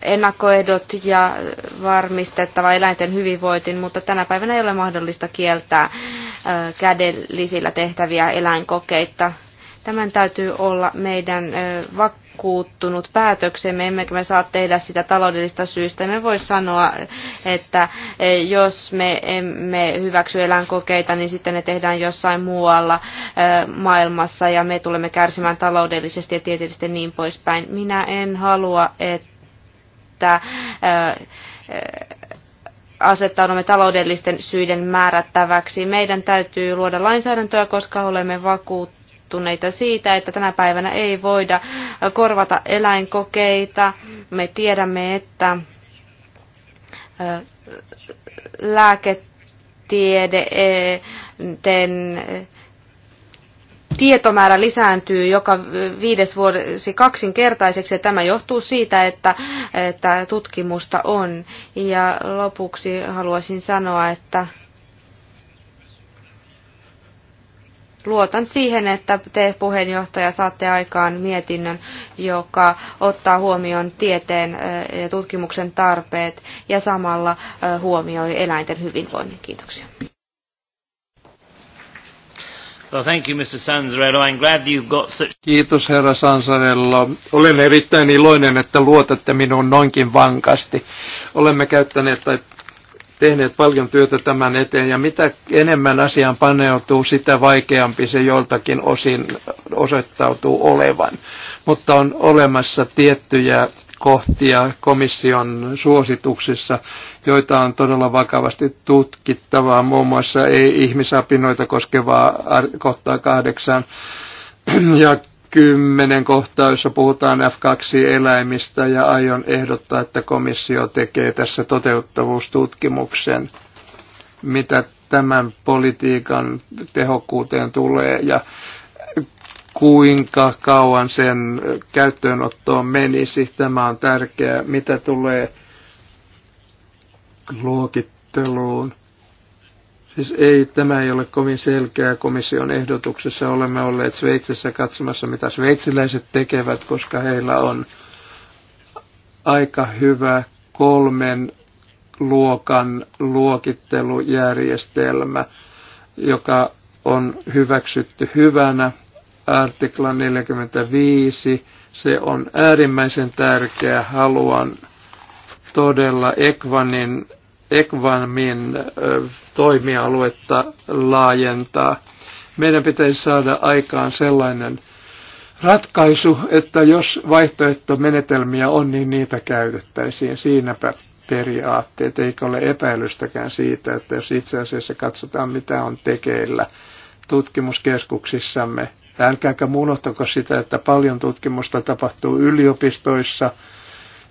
ennakkoehdot ja varmistettava eläinten hyvinvointi, mutta tänä päivänä ei ole mahdollista kieltää kädellisillä tehtäviä eläinkokeita. Tämän täytyy olla meidän vakuuttunut päätöksemme, emmekä me saa tehdä sitä taloudellista syystä. Me voi sanoa, että jos me emme hyväksy eläinkokeita, niin sitten ne tehdään jossain muualla maailmassa ja me tulemme kärsimään taloudellisesti ja tieteellisesti niin poispäin. Minä en halua, että että asettaudumme taloudellisten syiden määrättäväksi. Meidän täytyy luoda lainsäädäntöä, koska olemme vakuuttuneita siitä, että tänä päivänä ei voida korvata eläinkokeita. Me tiedämme, että lääketiede, e, tietomäärä lisääntyy joka viides vuosi kaksinkertaiseksi ja tämä johtuu siitä, että, että tutkimusta on. Ja lopuksi haluaisin sanoa, että luotan siihen, että te puheenjohtaja saatte aikaan mietinnön, joka ottaa huomioon tieteen ja tutkimuksen tarpeet ja samalla huomioi eläinten hyvinvoinnin. Kiitoksia. Well, thank you, Mr. Sanzarello. I'm glad you've got such... Kiitos, herra Sanzarello. Olen erittäin iloinen, että luotatte minuun noinkin vankasti. Olemme käyttäneet tai tehneet paljon työtä tämän eteen, ja mitä enemmän asiaan paneutuu, sitä vaikeampi se joltakin osin osoittautuu olevan. Mutta on olemassa tiettyjä kohtia komission suosituksissa, joita on todella vakavasti tutkittavaa, muun muassa ei-ihmisapinoita koskevaa kohtaa kahdeksan ja kymmenen kohtaa, jossa puhutaan F2-eläimistä ja aion ehdottaa, että komissio tekee tässä toteuttavuustutkimuksen, mitä tämän politiikan tehokkuuteen tulee ja kuinka kauan sen käyttöönottoon menisi. Tämä on tärkeää, mitä tulee luokitteluun. Siis ei, tämä ei ole kovin selkeä komission ehdotuksessa. Olemme olleet Sveitsissä katsomassa, mitä sveitsiläiset tekevät, koska heillä on aika hyvä kolmen luokan luokittelujärjestelmä, joka on hyväksytty hyvänä artikla 45. Se on äärimmäisen tärkeä. Haluan todella Ekvanin, Ekvanmin toimialuetta laajentaa. Meidän pitäisi saada aikaan sellainen ratkaisu, että jos vaihtoehtomenetelmiä on, niin niitä käytettäisiin. Siinäpä periaatteet, eikä ole epäilystäkään siitä, että jos itse asiassa katsotaan, mitä on tekeillä tutkimuskeskuksissamme, Älkääkä unohtako sitä, että paljon tutkimusta tapahtuu yliopistoissa.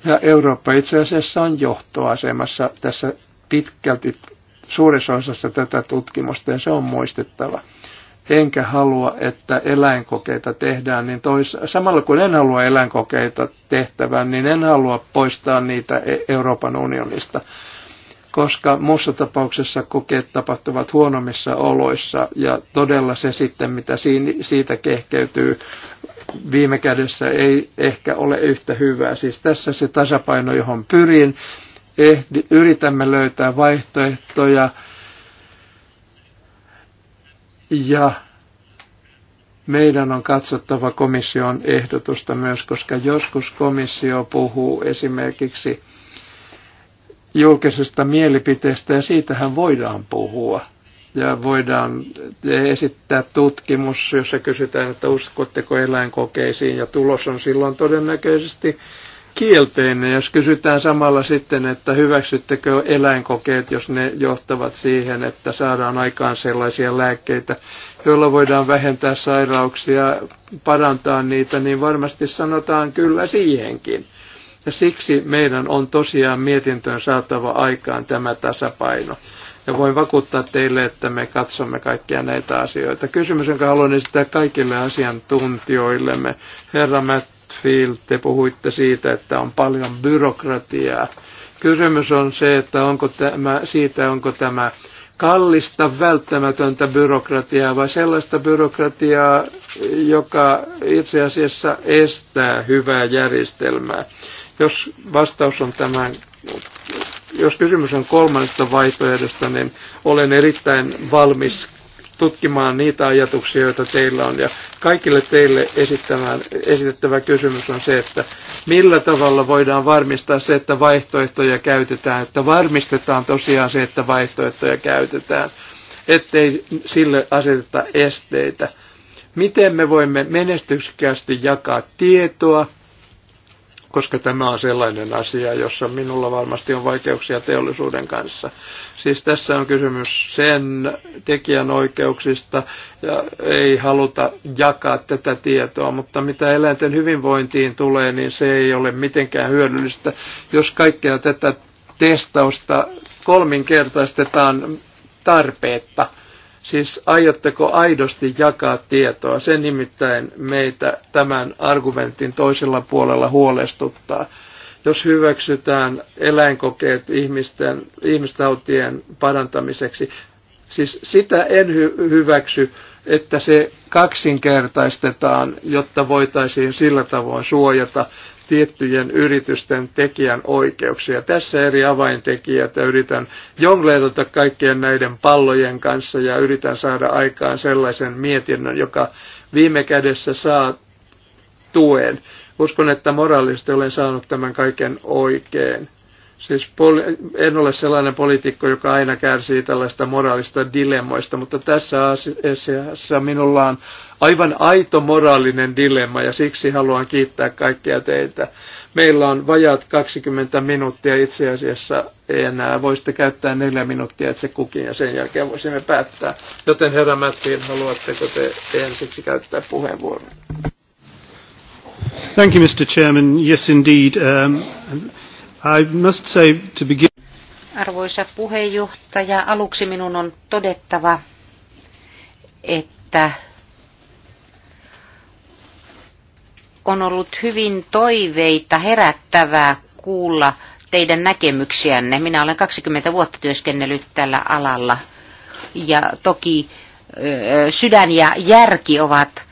Ja Eurooppa itse asiassa on johtoasemassa tässä pitkälti suuressa osassa tätä tutkimusta ja se on muistettava. Enkä halua, että eläinkokeita tehdään, niin tois, samalla kun en halua eläinkokeita tehtävän, niin en halua poistaa niitä e- Euroopan unionista koska muussa tapauksessa kokeet tapahtuvat huonommissa oloissa ja todella se sitten, mitä siitä kehkeytyy, viime kädessä ei ehkä ole yhtä hyvää. Siis tässä se tasapaino, johon pyrin. Ehdi, yritämme löytää vaihtoehtoja ja meidän on katsottava komission ehdotusta myös, koska joskus komissio puhuu esimerkiksi – julkisesta mielipiteestä ja siitähän voidaan puhua. Ja voidaan esittää tutkimus, jossa kysytään, että uskotteko eläinkokeisiin ja tulos on silloin todennäköisesti kielteinen. Jos kysytään samalla sitten, että hyväksyttekö eläinkokeet, jos ne johtavat siihen, että saadaan aikaan sellaisia lääkkeitä, joilla voidaan vähentää sairauksia, parantaa niitä, niin varmasti sanotaan kyllä siihenkin. Ja siksi meidän on tosiaan mietintöön saatava aikaan tämä tasapaino. Ja voin vakuuttaa teille, että me katsomme kaikkia näitä asioita. Kysymys, jonka haluan esittää kaikille asiantuntijoillemme. Herra Mattfield, te puhuitte siitä, että on paljon byrokratiaa. Kysymys on se, että onko tämä, siitä onko tämä kallista, välttämätöntä byrokratiaa vai sellaista byrokratiaa, joka itse asiassa estää hyvää järjestelmää. Jos vastaus on tämän, jos kysymys on kolmannesta vaihtoehdosta, niin olen erittäin valmis tutkimaan niitä ajatuksia, joita teillä on. Ja kaikille teille esitettävä kysymys on se, että millä tavalla voidaan varmistaa se, että vaihtoehtoja käytetään, että varmistetaan tosiaan se, että vaihtoehtoja käytetään, ettei sille aseteta esteitä. Miten me voimme menestyksekkäästi jakaa tietoa, koska tämä on sellainen asia, jossa minulla varmasti on vaikeuksia teollisuuden kanssa. Siis tässä on kysymys sen tekijänoikeuksista ja ei haluta jakaa tätä tietoa, mutta mitä eläinten hyvinvointiin tulee, niin se ei ole mitenkään hyödyllistä, jos kaikkea tätä testausta kolminkertaistetaan tarpeetta. Siis aiotteko aidosti jakaa tietoa? Se nimittäin meitä tämän argumentin toisella puolella huolestuttaa. Jos hyväksytään eläinkokeet ihmisten, ihmistautien parantamiseksi, siis sitä en hy- hyväksy, että se kaksinkertaistetaan, jotta voitaisiin sillä tavoin suojata tiettyjen yritysten tekijän oikeuksia. Tässä eri avaintekijät ja yritän jongleerata kaikkien näiden pallojen kanssa ja yritän saada aikaan sellaisen mietinnön, joka viime kädessä saa tuen. Uskon, että moraalisesti olen saanut tämän kaiken oikein. Siis poli- en ole sellainen poliitikko, joka aina kärsii tällaista moraalista dilemmoista, mutta tässä asiassa minulla on aivan aito moraalinen dilemma ja siksi haluan kiittää kaikkia teitä. Meillä on vajaat 20 minuuttia itse asiassa ei enää. Äh, voisitte käyttää neljä minuuttia itse kukin ja sen jälkeen voisimme päättää. Joten herra Mattiin, haluatteko te ensiksi käyttää puheenvuoron? Thank you, Mr. Chairman. Yes, indeed. Um, I must say to begin... Arvoisa puheenjohtaja, aluksi minun on todettava, että on ollut hyvin toiveita herättävää kuulla teidän näkemyksiänne. Minä olen 20 vuotta työskennellyt tällä alalla ja toki sydän ja järki ovat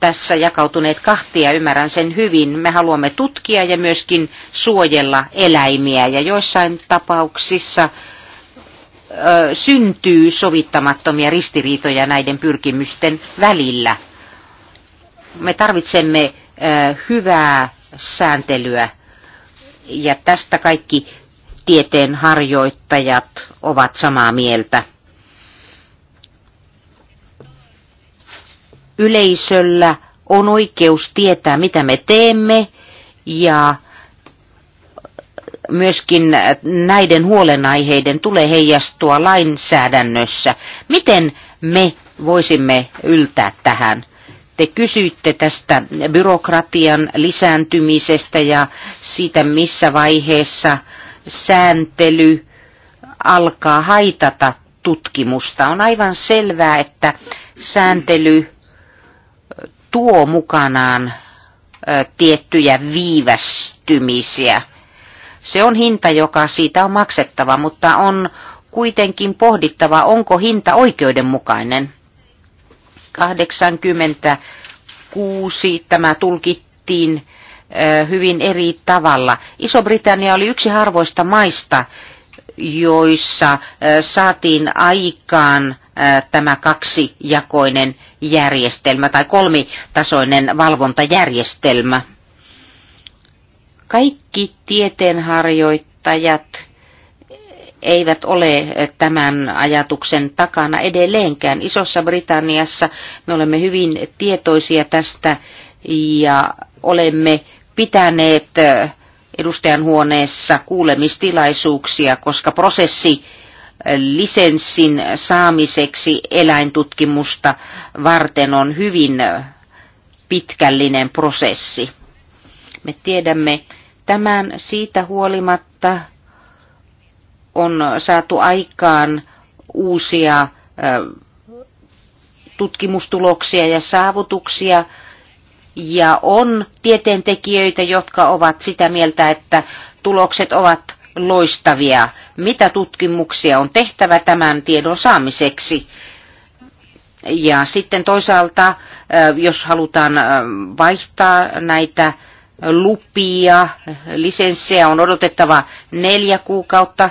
tässä jakautuneet kahtia, ymmärrän sen hyvin. Me haluamme tutkia ja myöskin suojella eläimiä ja joissain tapauksissa ö, syntyy sovittamattomia ristiriitoja näiden pyrkimysten välillä. Me tarvitsemme hyvää sääntelyä. Ja tästä kaikki tieteen harjoittajat ovat samaa mieltä. Yleisöllä on oikeus tietää, mitä me teemme, ja myöskin näiden huolenaiheiden tulee heijastua lainsäädännössä. Miten me voisimme yltää tähän? te kysyitte tästä byrokratian lisääntymisestä ja siitä, missä vaiheessa sääntely alkaa haitata tutkimusta. On aivan selvää, että sääntely tuo mukanaan tiettyjä viivästymisiä. Se on hinta, joka siitä on maksettava, mutta on kuitenkin pohdittava, onko hinta oikeudenmukainen. 86 tämä tulkittiin hyvin eri tavalla. Iso-Britannia oli yksi harvoista maista, joissa saatiin aikaan tämä kaksijakoinen järjestelmä tai kolmitasoinen valvontajärjestelmä. Kaikki tieteenharjoittajat eivät ole tämän ajatuksen takana edelleenkään. Isossa Britanniassa me olemme hyvin tietoisia tästä ja olemme pitäneet edustajan huoneessa kuulemistilaisuuksia, koska prosessi lisenssin saamiseksi eläintutkimusta varten on hyvin pitkällinen prosessi. Me tiedämme tämän siitä huolimatta, on saatu aikaan uusia tutkimustuloksia ja saavutuksia, ja on tieteentekijöitä, jotka ovat sitä mieltä, että tulokset ovat loistavia. Mitä tutkimuksia on tehtävä tämän tiedon saamiseksi? Ja sitten toisaalta, jos halutaan vaihtaa näitä lupia, lisenssejä on odotettava neljä kuukautta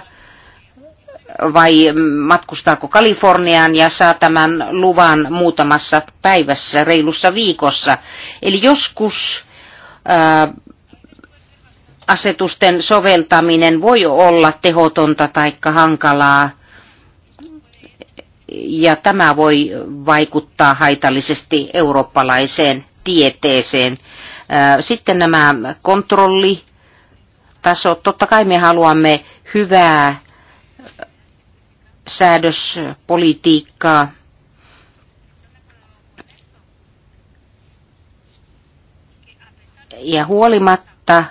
vai matkustaako Kaliforniaan ja saa tämän luvan muutamassa päivässä, reilussa viikossa. Eli joskus ää, asetusten soveltaminen voi olla tehotonta tai hankalaa, ja tämä voi vaikuttaa haitallisesti eurooppalaiseen tieteeseen. Sitten nämä kontrollitasot. Totta kai me haluamme hyvää säädöspolitiikkaa. Ja huolimatta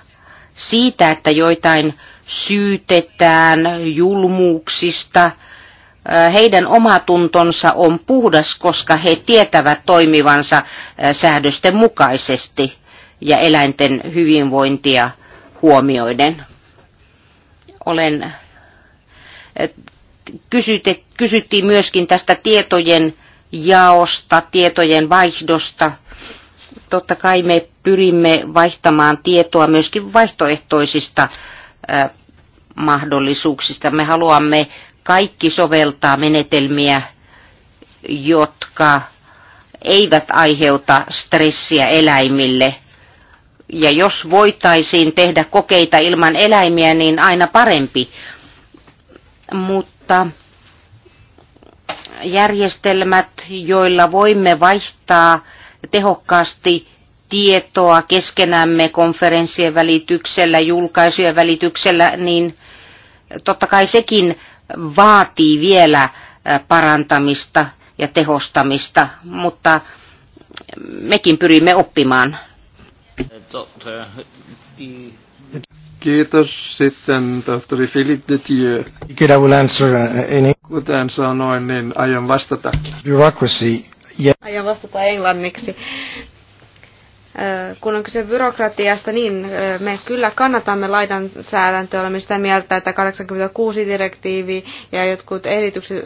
siitä, että joitain syytetään julmuuksista, eh, heidän omatuntonsa on puhdas, koska he tietävät toimivansa eh, säädösten mukaisesti ja eläinten hyvinvointia huomioiden. Olen eh, kysyte, kysyttiin myöskin tästä tietojen jaosta, tietojen vaihdosta. Totta kai me pyrimme vaihtamaan tietoa myöskin vaihtoehtoisista mahdollisuuksista. Me haluamme kaikki soveltaa menetelmiä, jotka eivät aiheuta stressiä eläimille. Ja jos voitaisiin tehdä kokeita ilman eläimiä, niin aina parempi mutta järjestelmät, joilla voimme vaihtaa tehokkaasti tietoa keskenämme konferenssien välityksellä, julkaisujen välityksellä, niin totta kai sekin vaatii vielä parantamista ja tehostamista, mutta mekin pyrimme oppimaan. Doctor, the... Kiitos. Sitten tohtori Philippe de Thieu. Could I will answer uh, in... Kuten sanoin, niin aion vastata. Bureaucracy. Yeah. Aion vastata englanniksi kun on kyse byrokratiasta, niin me kyllä kannatamme lainsäädäntöä. Olemme sitä mieltä, että 86 direktiivi ja jotkut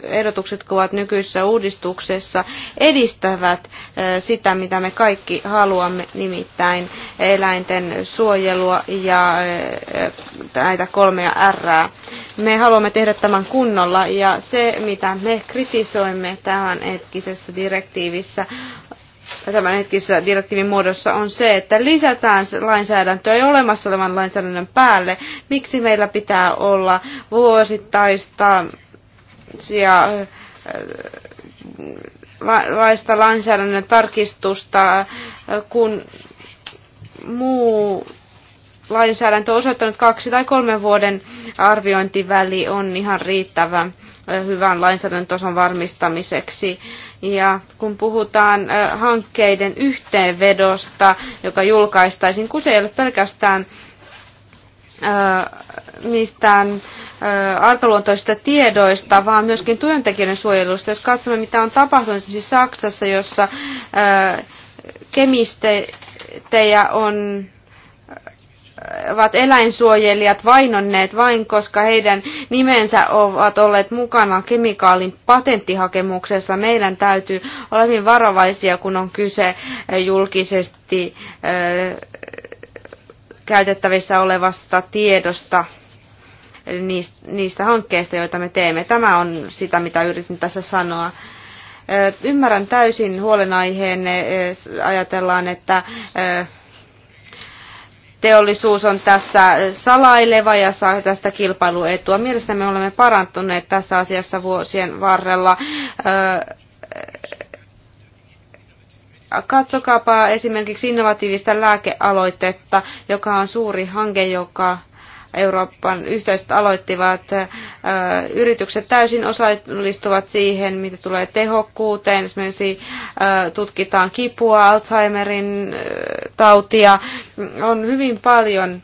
ehdotukset ovat nykyisessä uudistuksessa edistävät sitä, mitä me kaikki haluamme, nimittäin eläinten suojelua ja näitä kolmea R. Me haluamme tehdä tämän kunnolla ja se, mitä me kritisoimme tähän hetkisessä direktiivissä, tämänhetkisessä direktiivin muodossa on se, että lisätään lainsäädäntöä jo olemassa olevan lainsäädännön päälle. Miksi meillä pitää olla vuosittaista ja laista lainsäädännön tarkistusta, kun muu lainsäädäntö on osoittanut kaksi tai kolmen vuoden arviointiväli on ihan riittävä hyvän lainsäädäntötason varmistamiseksi. Ja kun puhutaan hankkeiden yhteenvedosta, joka julkaistaisiin, kun se ei ole pelkästään mistään arkaluontoisista tiedoista, vaan myöskin työntekijöiden suojelusta. Jos katsomme, mitä on tapahtunut esimerkiksi Saksassa, jossa kemistejä on ovat eläinsuojelijat vainonneet vain, koska heidän nimensä ovat olleet mukana kemikaalin patenttihakemuksessa. Meidän täytyy olla hyvin varovaisia, kun on kyse eh, julkisesti eh, käytettävissä olevasta tiedosta eh, niistä hankkeista, joita me teemme. Tämä on sitä, mitä yritin tässä sanoa. Ymmärrän täysin huolenaiheen. Ajatellaan, että teollisuus on tässä salaileva ja saa tästä kilpailuetua. Mielestäni me olemme parantuneet tässä asiassa vuosien varrella. Katsokaapa esimerkiksi innovatiivista lääkealoitetta, joka on suuri hanke, joka Euroopan yhteiset aloittivat. Yritykset täysin osallistuvat siihen, mitä tulee tehokkuuteen. Esimerkiksi tutkitaan kipua, Alzheimerin tautia. On hyvin paljon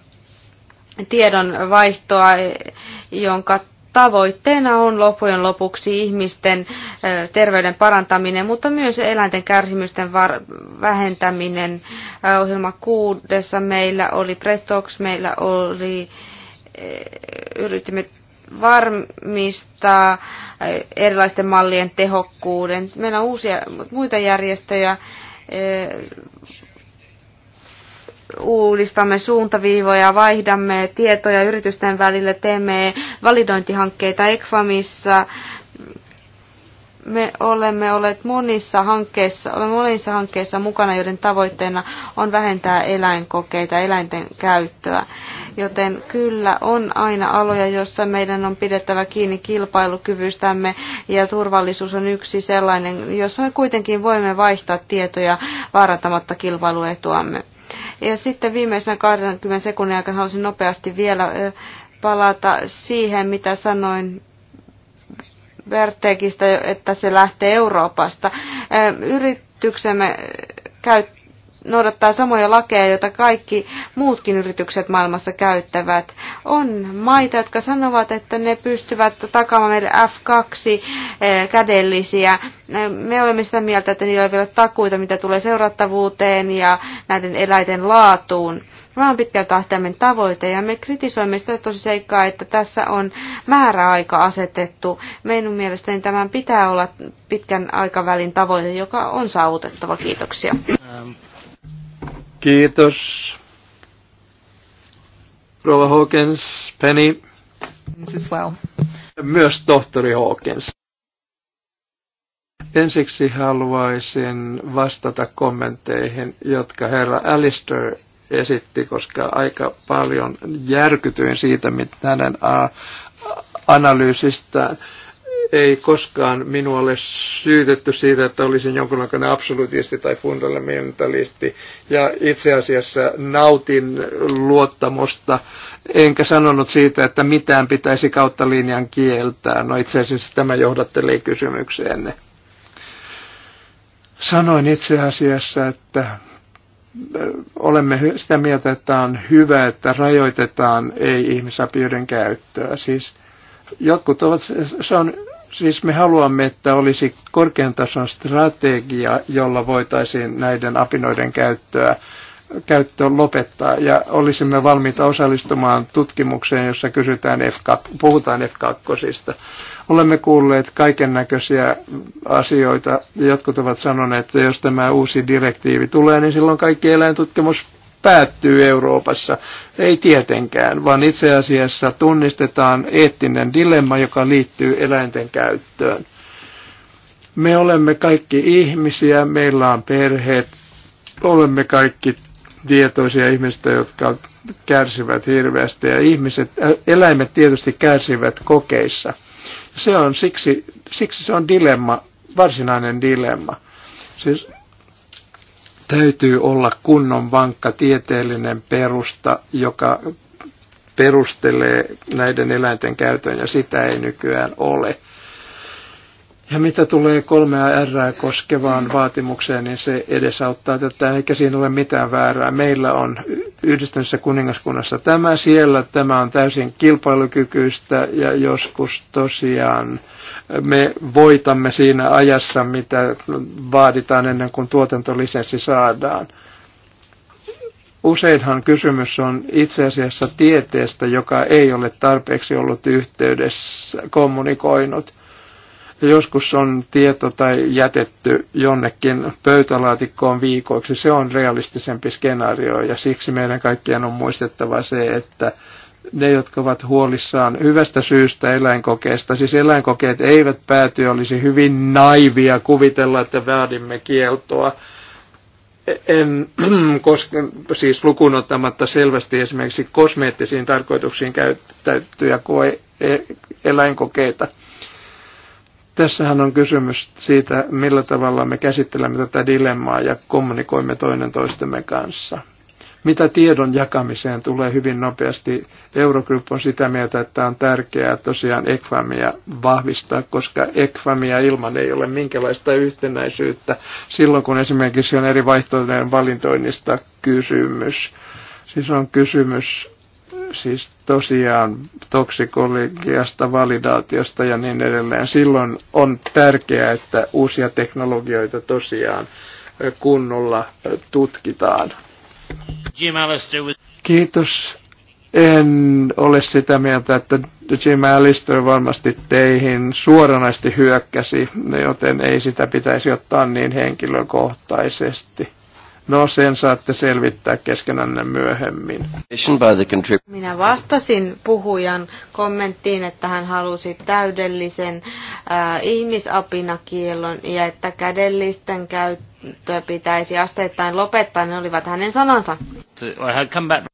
tiedonvaihtoa, jonka tavoitteena on loppujen lopuksi ihmisten terveyden parantaminen, mutta myös eläinten kärsimysten vähentäminen. Ohjelma kuudessa meillä oli Pretox, meillä oli yritimme varmistaa erilaisten mallien tehokkuuden. Meillä on uusia muita järjestöjä. Uudistamme suuntaviivoja, vaihdamme tietoja yritysten välille, teemme validointihankkeita ECFAMissa. Me olemme olleet monissa hankkeissa, olemme monissa hankkeissa mukana, joiden tavoitteena on vähentää eläinkokeita, eläinten käyttöä joten kyllä on aina aloja, joissa meidän on pidettävä kiinni kilpailukyvystämme ja turvallisuus on yksi sellainen, jossa me kuitenkin voimme vaihtaa tietoja vaarantamatta kilpailuetuamme. Ja sitten viimeisenä 20 sekunnin aikana haluaisin nopeasti vielä palata siihen, mitä sanoin Vertekistä, että se lähtee Euroopasta. Yrityksemme käyttää noudattaa samoja lakeja, joita kaikki muutkin yritykset maailmassa käyttävät. On maita, jotka sanovat, että ne pystyvät takaamaan meille F2 eh, kädellisiä. Me olemme sitä mieltä, että niillä on vielä takuita, mitä tulee seurattavuuteen ja näiden eläinten laatuun. vaan pitkän tähtäimen tavoite ja me kritisoimme sitä tosi seikkaa, että tässä on määräaika asetettu. Meidän mielestäni tämän pitää olla pitkän aikavälin tavoite, joka on saavutettava. Kiitoksia. Ähm. Kiitos. Rova Hawkins, Penny. As well. Myös tohtori Hawkins. Ensiksi haluaisin vastata kommentteihin, jotka herra Alistair esitti, koska aika paljon järkytyin siitä, mitä hänen analyysistään ei koskaan minua ole syytetty siitä, että olisin jonkunlainen absolutisti tai fundamentalisti. Ja itse asiassa nautin luottamusta, enkä sanonut siitä, että mitään pitäisi kautta linjan kieltää. No itse asiassa tämä johdattelee kysymykseenne. Sanoin itse asiassa, että olemme sitä mieltä, että on hyvä, että rajoitetaan ei-ihmisapioiden käyttöä. Siis jotkut ovat, se on Siis me haluamme, että olisi korkean tason strategia, jolla voitaisiin näiden apinoiden käyttöä käyttö lopettaa ja olisimme valmiita osallistumaan tutkimukseen, jossa kysytään F2, puhutaan F2. Olemme kuulleet kaiken näköisiä asioita. Jotkut ovat sanoneet, että jos tämä uusi direktiivi tulee, niin silloin kaikki eläintutkimus päättyy Euroopassa. Ei tietenkään, vaan itse asiassa tunnistetaan eettinen dilemma, joka liittyy eläinten käyttöön. Me olemme kaikki ihmisiä, meillä on perheet, olemme kaikki tietoisia ihmistä, jotka kärsivät hirveästi ja ihmiset, äh, eläimet tietysti kärsivät kokeissa. Se on siksi, siksi se on dilemma, varsinainen dilemma. Siis Täytyy olla kunnon vankka tieteellinen perusta, joka perustelee näiden eläinten käytön ja sitä ei nykyään ole. Ja mitä tulee kolmea R koskevaan vaatimukseen, niin se edesauttaa tätä, eikä siinä ole mitään väärää. Meillä on yhdistyneessä kuningaskunnassa tämä siellä, tämä on täysin kilpailukykyistä ja joskus tosiaan me voitamme siinä ajassa, mitä vaaditaan ennen kuin tuotantolisenssi saadaan. Useinhan kysymys on itse asiassa tieteestä, joka ei ole tarpeeksi ollut yhteydessä kommunikoinut. Joskus on tieto tai jätetty jonnekin pöytälaatikkoon viikoiksi. Se on realistisempi skenaario ja siksi meidän kaikkien on muistettava se, että ne, jotka ovat huolissaan hyvästä syystä eläinkokeesta, siis eläinkokeet eivät pääty, olisi hyvin naivia kuvitella, että vaadimme kieltoa. En, koska, siis lukuun ottamatta selvästi esimerkiksi kosmeettisiin tarkoituksiin käytettyjä koe, e, eläinkokeita. Tässähän on kysymys siitä, millä tavalla me käsittelemme tätä dilemmaa ja kommunikoimme toinen toistemme kanssa. Mitä tiedon jakamiseen tulee hyvin nopeasti, Eurogroup on sitä mieltä, että on tärkeää tosiaan ekvamia vahvistaa, koska ekvamia ilman ei ole minkälaista yhtenäisyyttä silloin, kun esimerkiksi on eri vaihtoehtojen valintoinnista kysymys. Siis on kysymys siis tosiaan toksikologiasta, validaatiosta ja niin edelleen. Silloin on tärkeää, että uusia teknologioita tosiaan kunnolla tutkitaan. Kiitos. En ole sitä mieltä, että Jim Allister varmasti teihin suoranaisesti hyökkäsi, joten ei sitä pitäisi ottaa niin henkilökohtaisesti. No sen saatte selvittää keskenänne myöhemmin. Minä vastasin puhujan kommenttiin, että hän halusi täydellisen äh, ihmisapinakielon ja että kädellisten käyttö pitäisi asteittain lopettaa. Ne olivat hänen sanansa.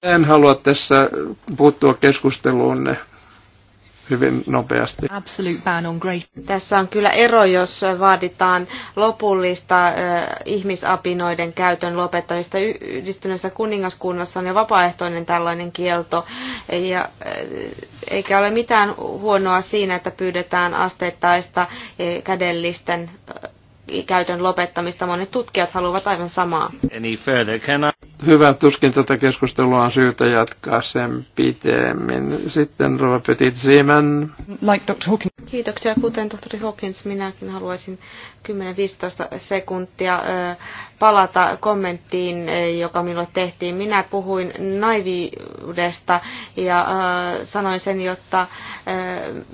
En halua tässä puuttua keskusteluunne hyvin nopeasti. Absolute ban on great. Tässä on kyllä ero, jos vaaditaan lopullista ihmisapinoiden käytön lopettamista. Yhdistyneessä kuningaskunnassa on jo vapaaehtoinen tällainen kielto, ja, eikä ole mitään huonoa siinä, että pyydetään asteittaista e, kädellisten käytön lopettamista. Monet tutkijat haluavat aivan samaa. Hyvä, tuskin tätä keskustelua on syytä jatkaa sen pitemmin. Sitten Rova Petit Siemen. Like Dr. Hawkins. Kiitoksia. Kuten tohtori Hawkins, minäkin haluaisin 10-15 sekuntia palata kommenttiin, joka minulle tehtiin. Minä puhuin naiviudesta ja sanoin sen, jotta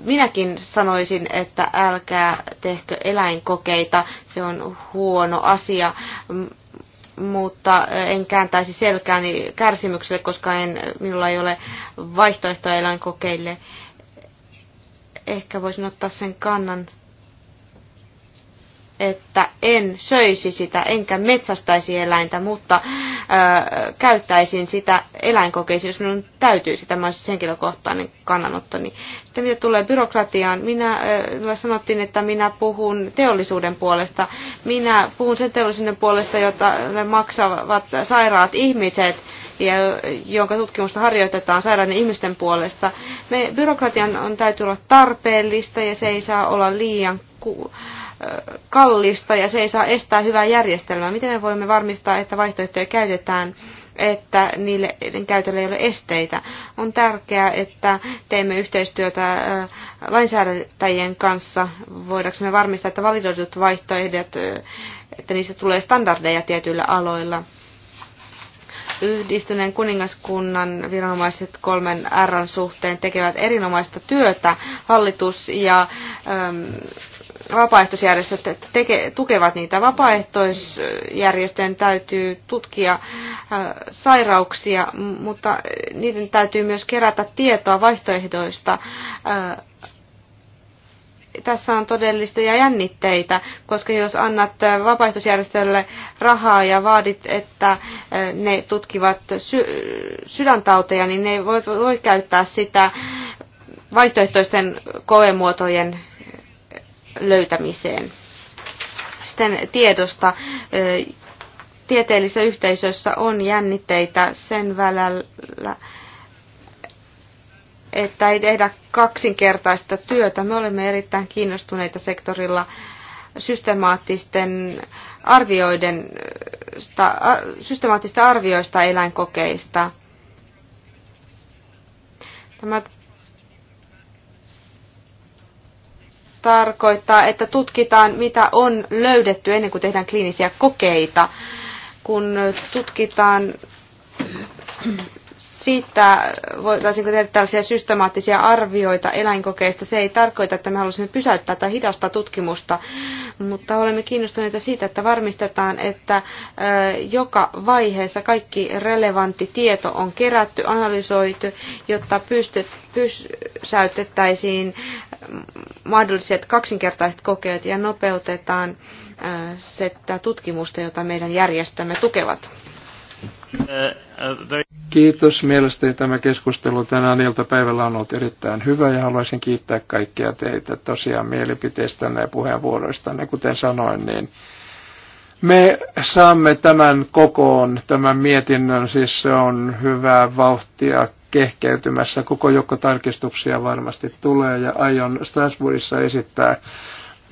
minäkin sanoisin, että älkää tehkö eläinkokeita se on huono asia, mutta en kääntäisi selkääni kärsimykselle, koska en, minulla ei ole vaihtoehtoa eläinkokeille. Ehkä voisin ottaa sen kannan, että en söisi sitä, enkä metsästäisi eläintä, mutta ö, käyttäisin sitä eläinkokeisiin, jos minun täytyy sitä on olisin henkilökohtainen kannanotto. Sitten mitä tulee byrokratiaan, minä, ö, sanottiin, että minä puhun teollisuuden puolesta. Minä puhun sen teollisuuden puolesta, jota maksavat sairaat ihmiset, ja, jonka tutkimusta harjoitetaan sairaiden ihmisten puolesta. Me, byrokratian on täytyy olla tarpeellista ja se ei saa olla liian... Ku- kallista ja se ei saa estää hyvää järjestelmää. Miten me voimme varmistaa, että vaihtoehtoja käytetään, että niille käytölle ei ole esteitä? On tärkeää, että teemme yhteistyötä äh, lainsäädäntäjien kanssa, voidaksemme varmistaa, että validoidut vaihtoehdot, äh, että niissä tulee standardeja tietyillä aloilla. Yhdistyneen kuningaskunnan viranomaiset kolmen R suhteen tekevät erinomaista työtä. Hallitus ja ähm, vapaaehtoisjärjestöt teke, tukevat niitä. Vapaaehtoisjärjestöjen täytyy tutkia äh, sairauksia, mutta äh, niiden täytyy myös kerätä tietoa vaihtoehdoista. Äh, tässä on todellista ja jännitteitä, koska jos annat vapaaehtoisjärjestölle rahaa ja vaadit, että ne tutkivat sy- sydäntauteja, niin ne voi, voi käyttää sitä vaihtoehtoisten koemuotojen löytämiseen. Sitten tiedosta. Tieteellisessä yhteisöissä on jännitteitä sen välillä, että ei tehdä kaksinkertaista työtä. Me olemme erittäin kiinnostuneita sektorilla systemaattisten arvioiden, systemaattista arvioista eläinkokeista. Tämä tarkoittaa, että tutkitaan, mitä on löydetty ennen kuin tehdään kliinisiä kokeita. Kun tutkitaan siitä, voitaisiinko tehdä tällaisia systemaattisia arvioita eläinkokeista. Se ei tarkoita, että me haluaisimme pysäyttää tai hidastaa tutkimusta, mutta olemme kiinnostuneita siitä, että varmistetaan, että joka vaiheessa kaikki relevantti tieto on kerätty, analysoitu, jotta pystyt, pysäytettäisiin mahdolliset kaksinkertaiset kokeet ja nopeutetaan sitä tutkimusta, jota meidän järjestömme tukevat. Kiitos. Mielestäni tämä keskustelu tänään iltapäivällä on ollut erittäin hyvä ja haluaisin kiittää kaikkia teitä tosiaan mielipiteistä ja puheenvuoroistanne. Kuten sanoin, niin me saamme tämän kokoon, tämän mietinnön, siis se on hyvää vauhtia kehkeytymässä. Koko joukko tarkistuksia varmasti tulee ja aion Strasbourgissa esittää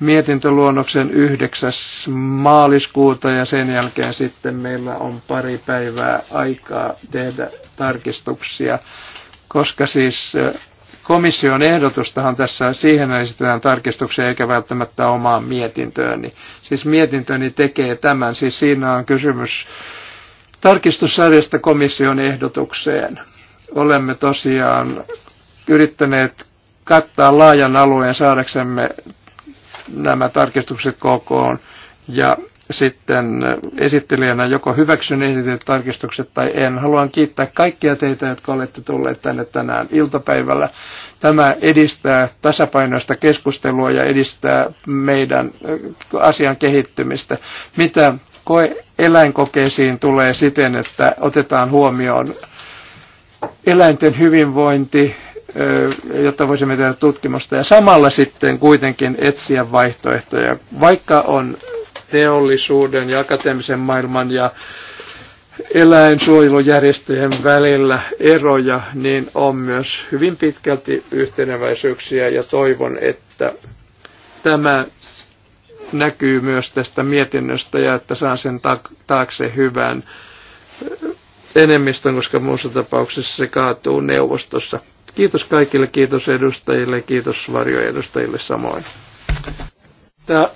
mietintöluonnoksen 9. maaliskuuta ja sen jälkeen sitten meillä on pari päivää aikaa tehdä tarkistuksia, koska siis komission ehdotustahan tässä, siihen esitetään tarkistuksia eikä välttämättä omaa mietintööni. Siis mietintöni tekee tämän, siis siinä on kysymys tarkistussarjasta komission ehdotukseen. Olemme tosiaan yrittäneet kattaa laajan alueen saadaksemme nämä tarkistukset kokoon ja sitten esittelijänä joko hyväksyn esitetyt tarkistukset tai en. Haluan kiittää kaikkia teitä, jotka olette tulleet tänne tänään iltapäivällä. Tämä edistää tasapainoista keskustelua ja edistää meidän äh, asian kehittymistä. Mitä koe eläinkokeisiin tulee siten, että otetaan huomioon eläinten hyvinvointi, jotta voisimme tehdä tutkimusta ja samalla sitten kuitenkin etsiä vaihtoehtoja. Vaikka on teollisuuden ja akateemisen maailman ja eläinsuojelujärjestöjen välillä eroja, niin on myös hyvin pitkälti yhteneväisyyksiä ja toivon, että tämä näkyy myös tästä mietinnöstä ja että saan sen taakse hyvän enemmistön, koska muussa tapauksessa se kaatuu neuvostossa. Kiitos kaikille, kiitos edustajille, kiitos varjoedustajille samoin. Tää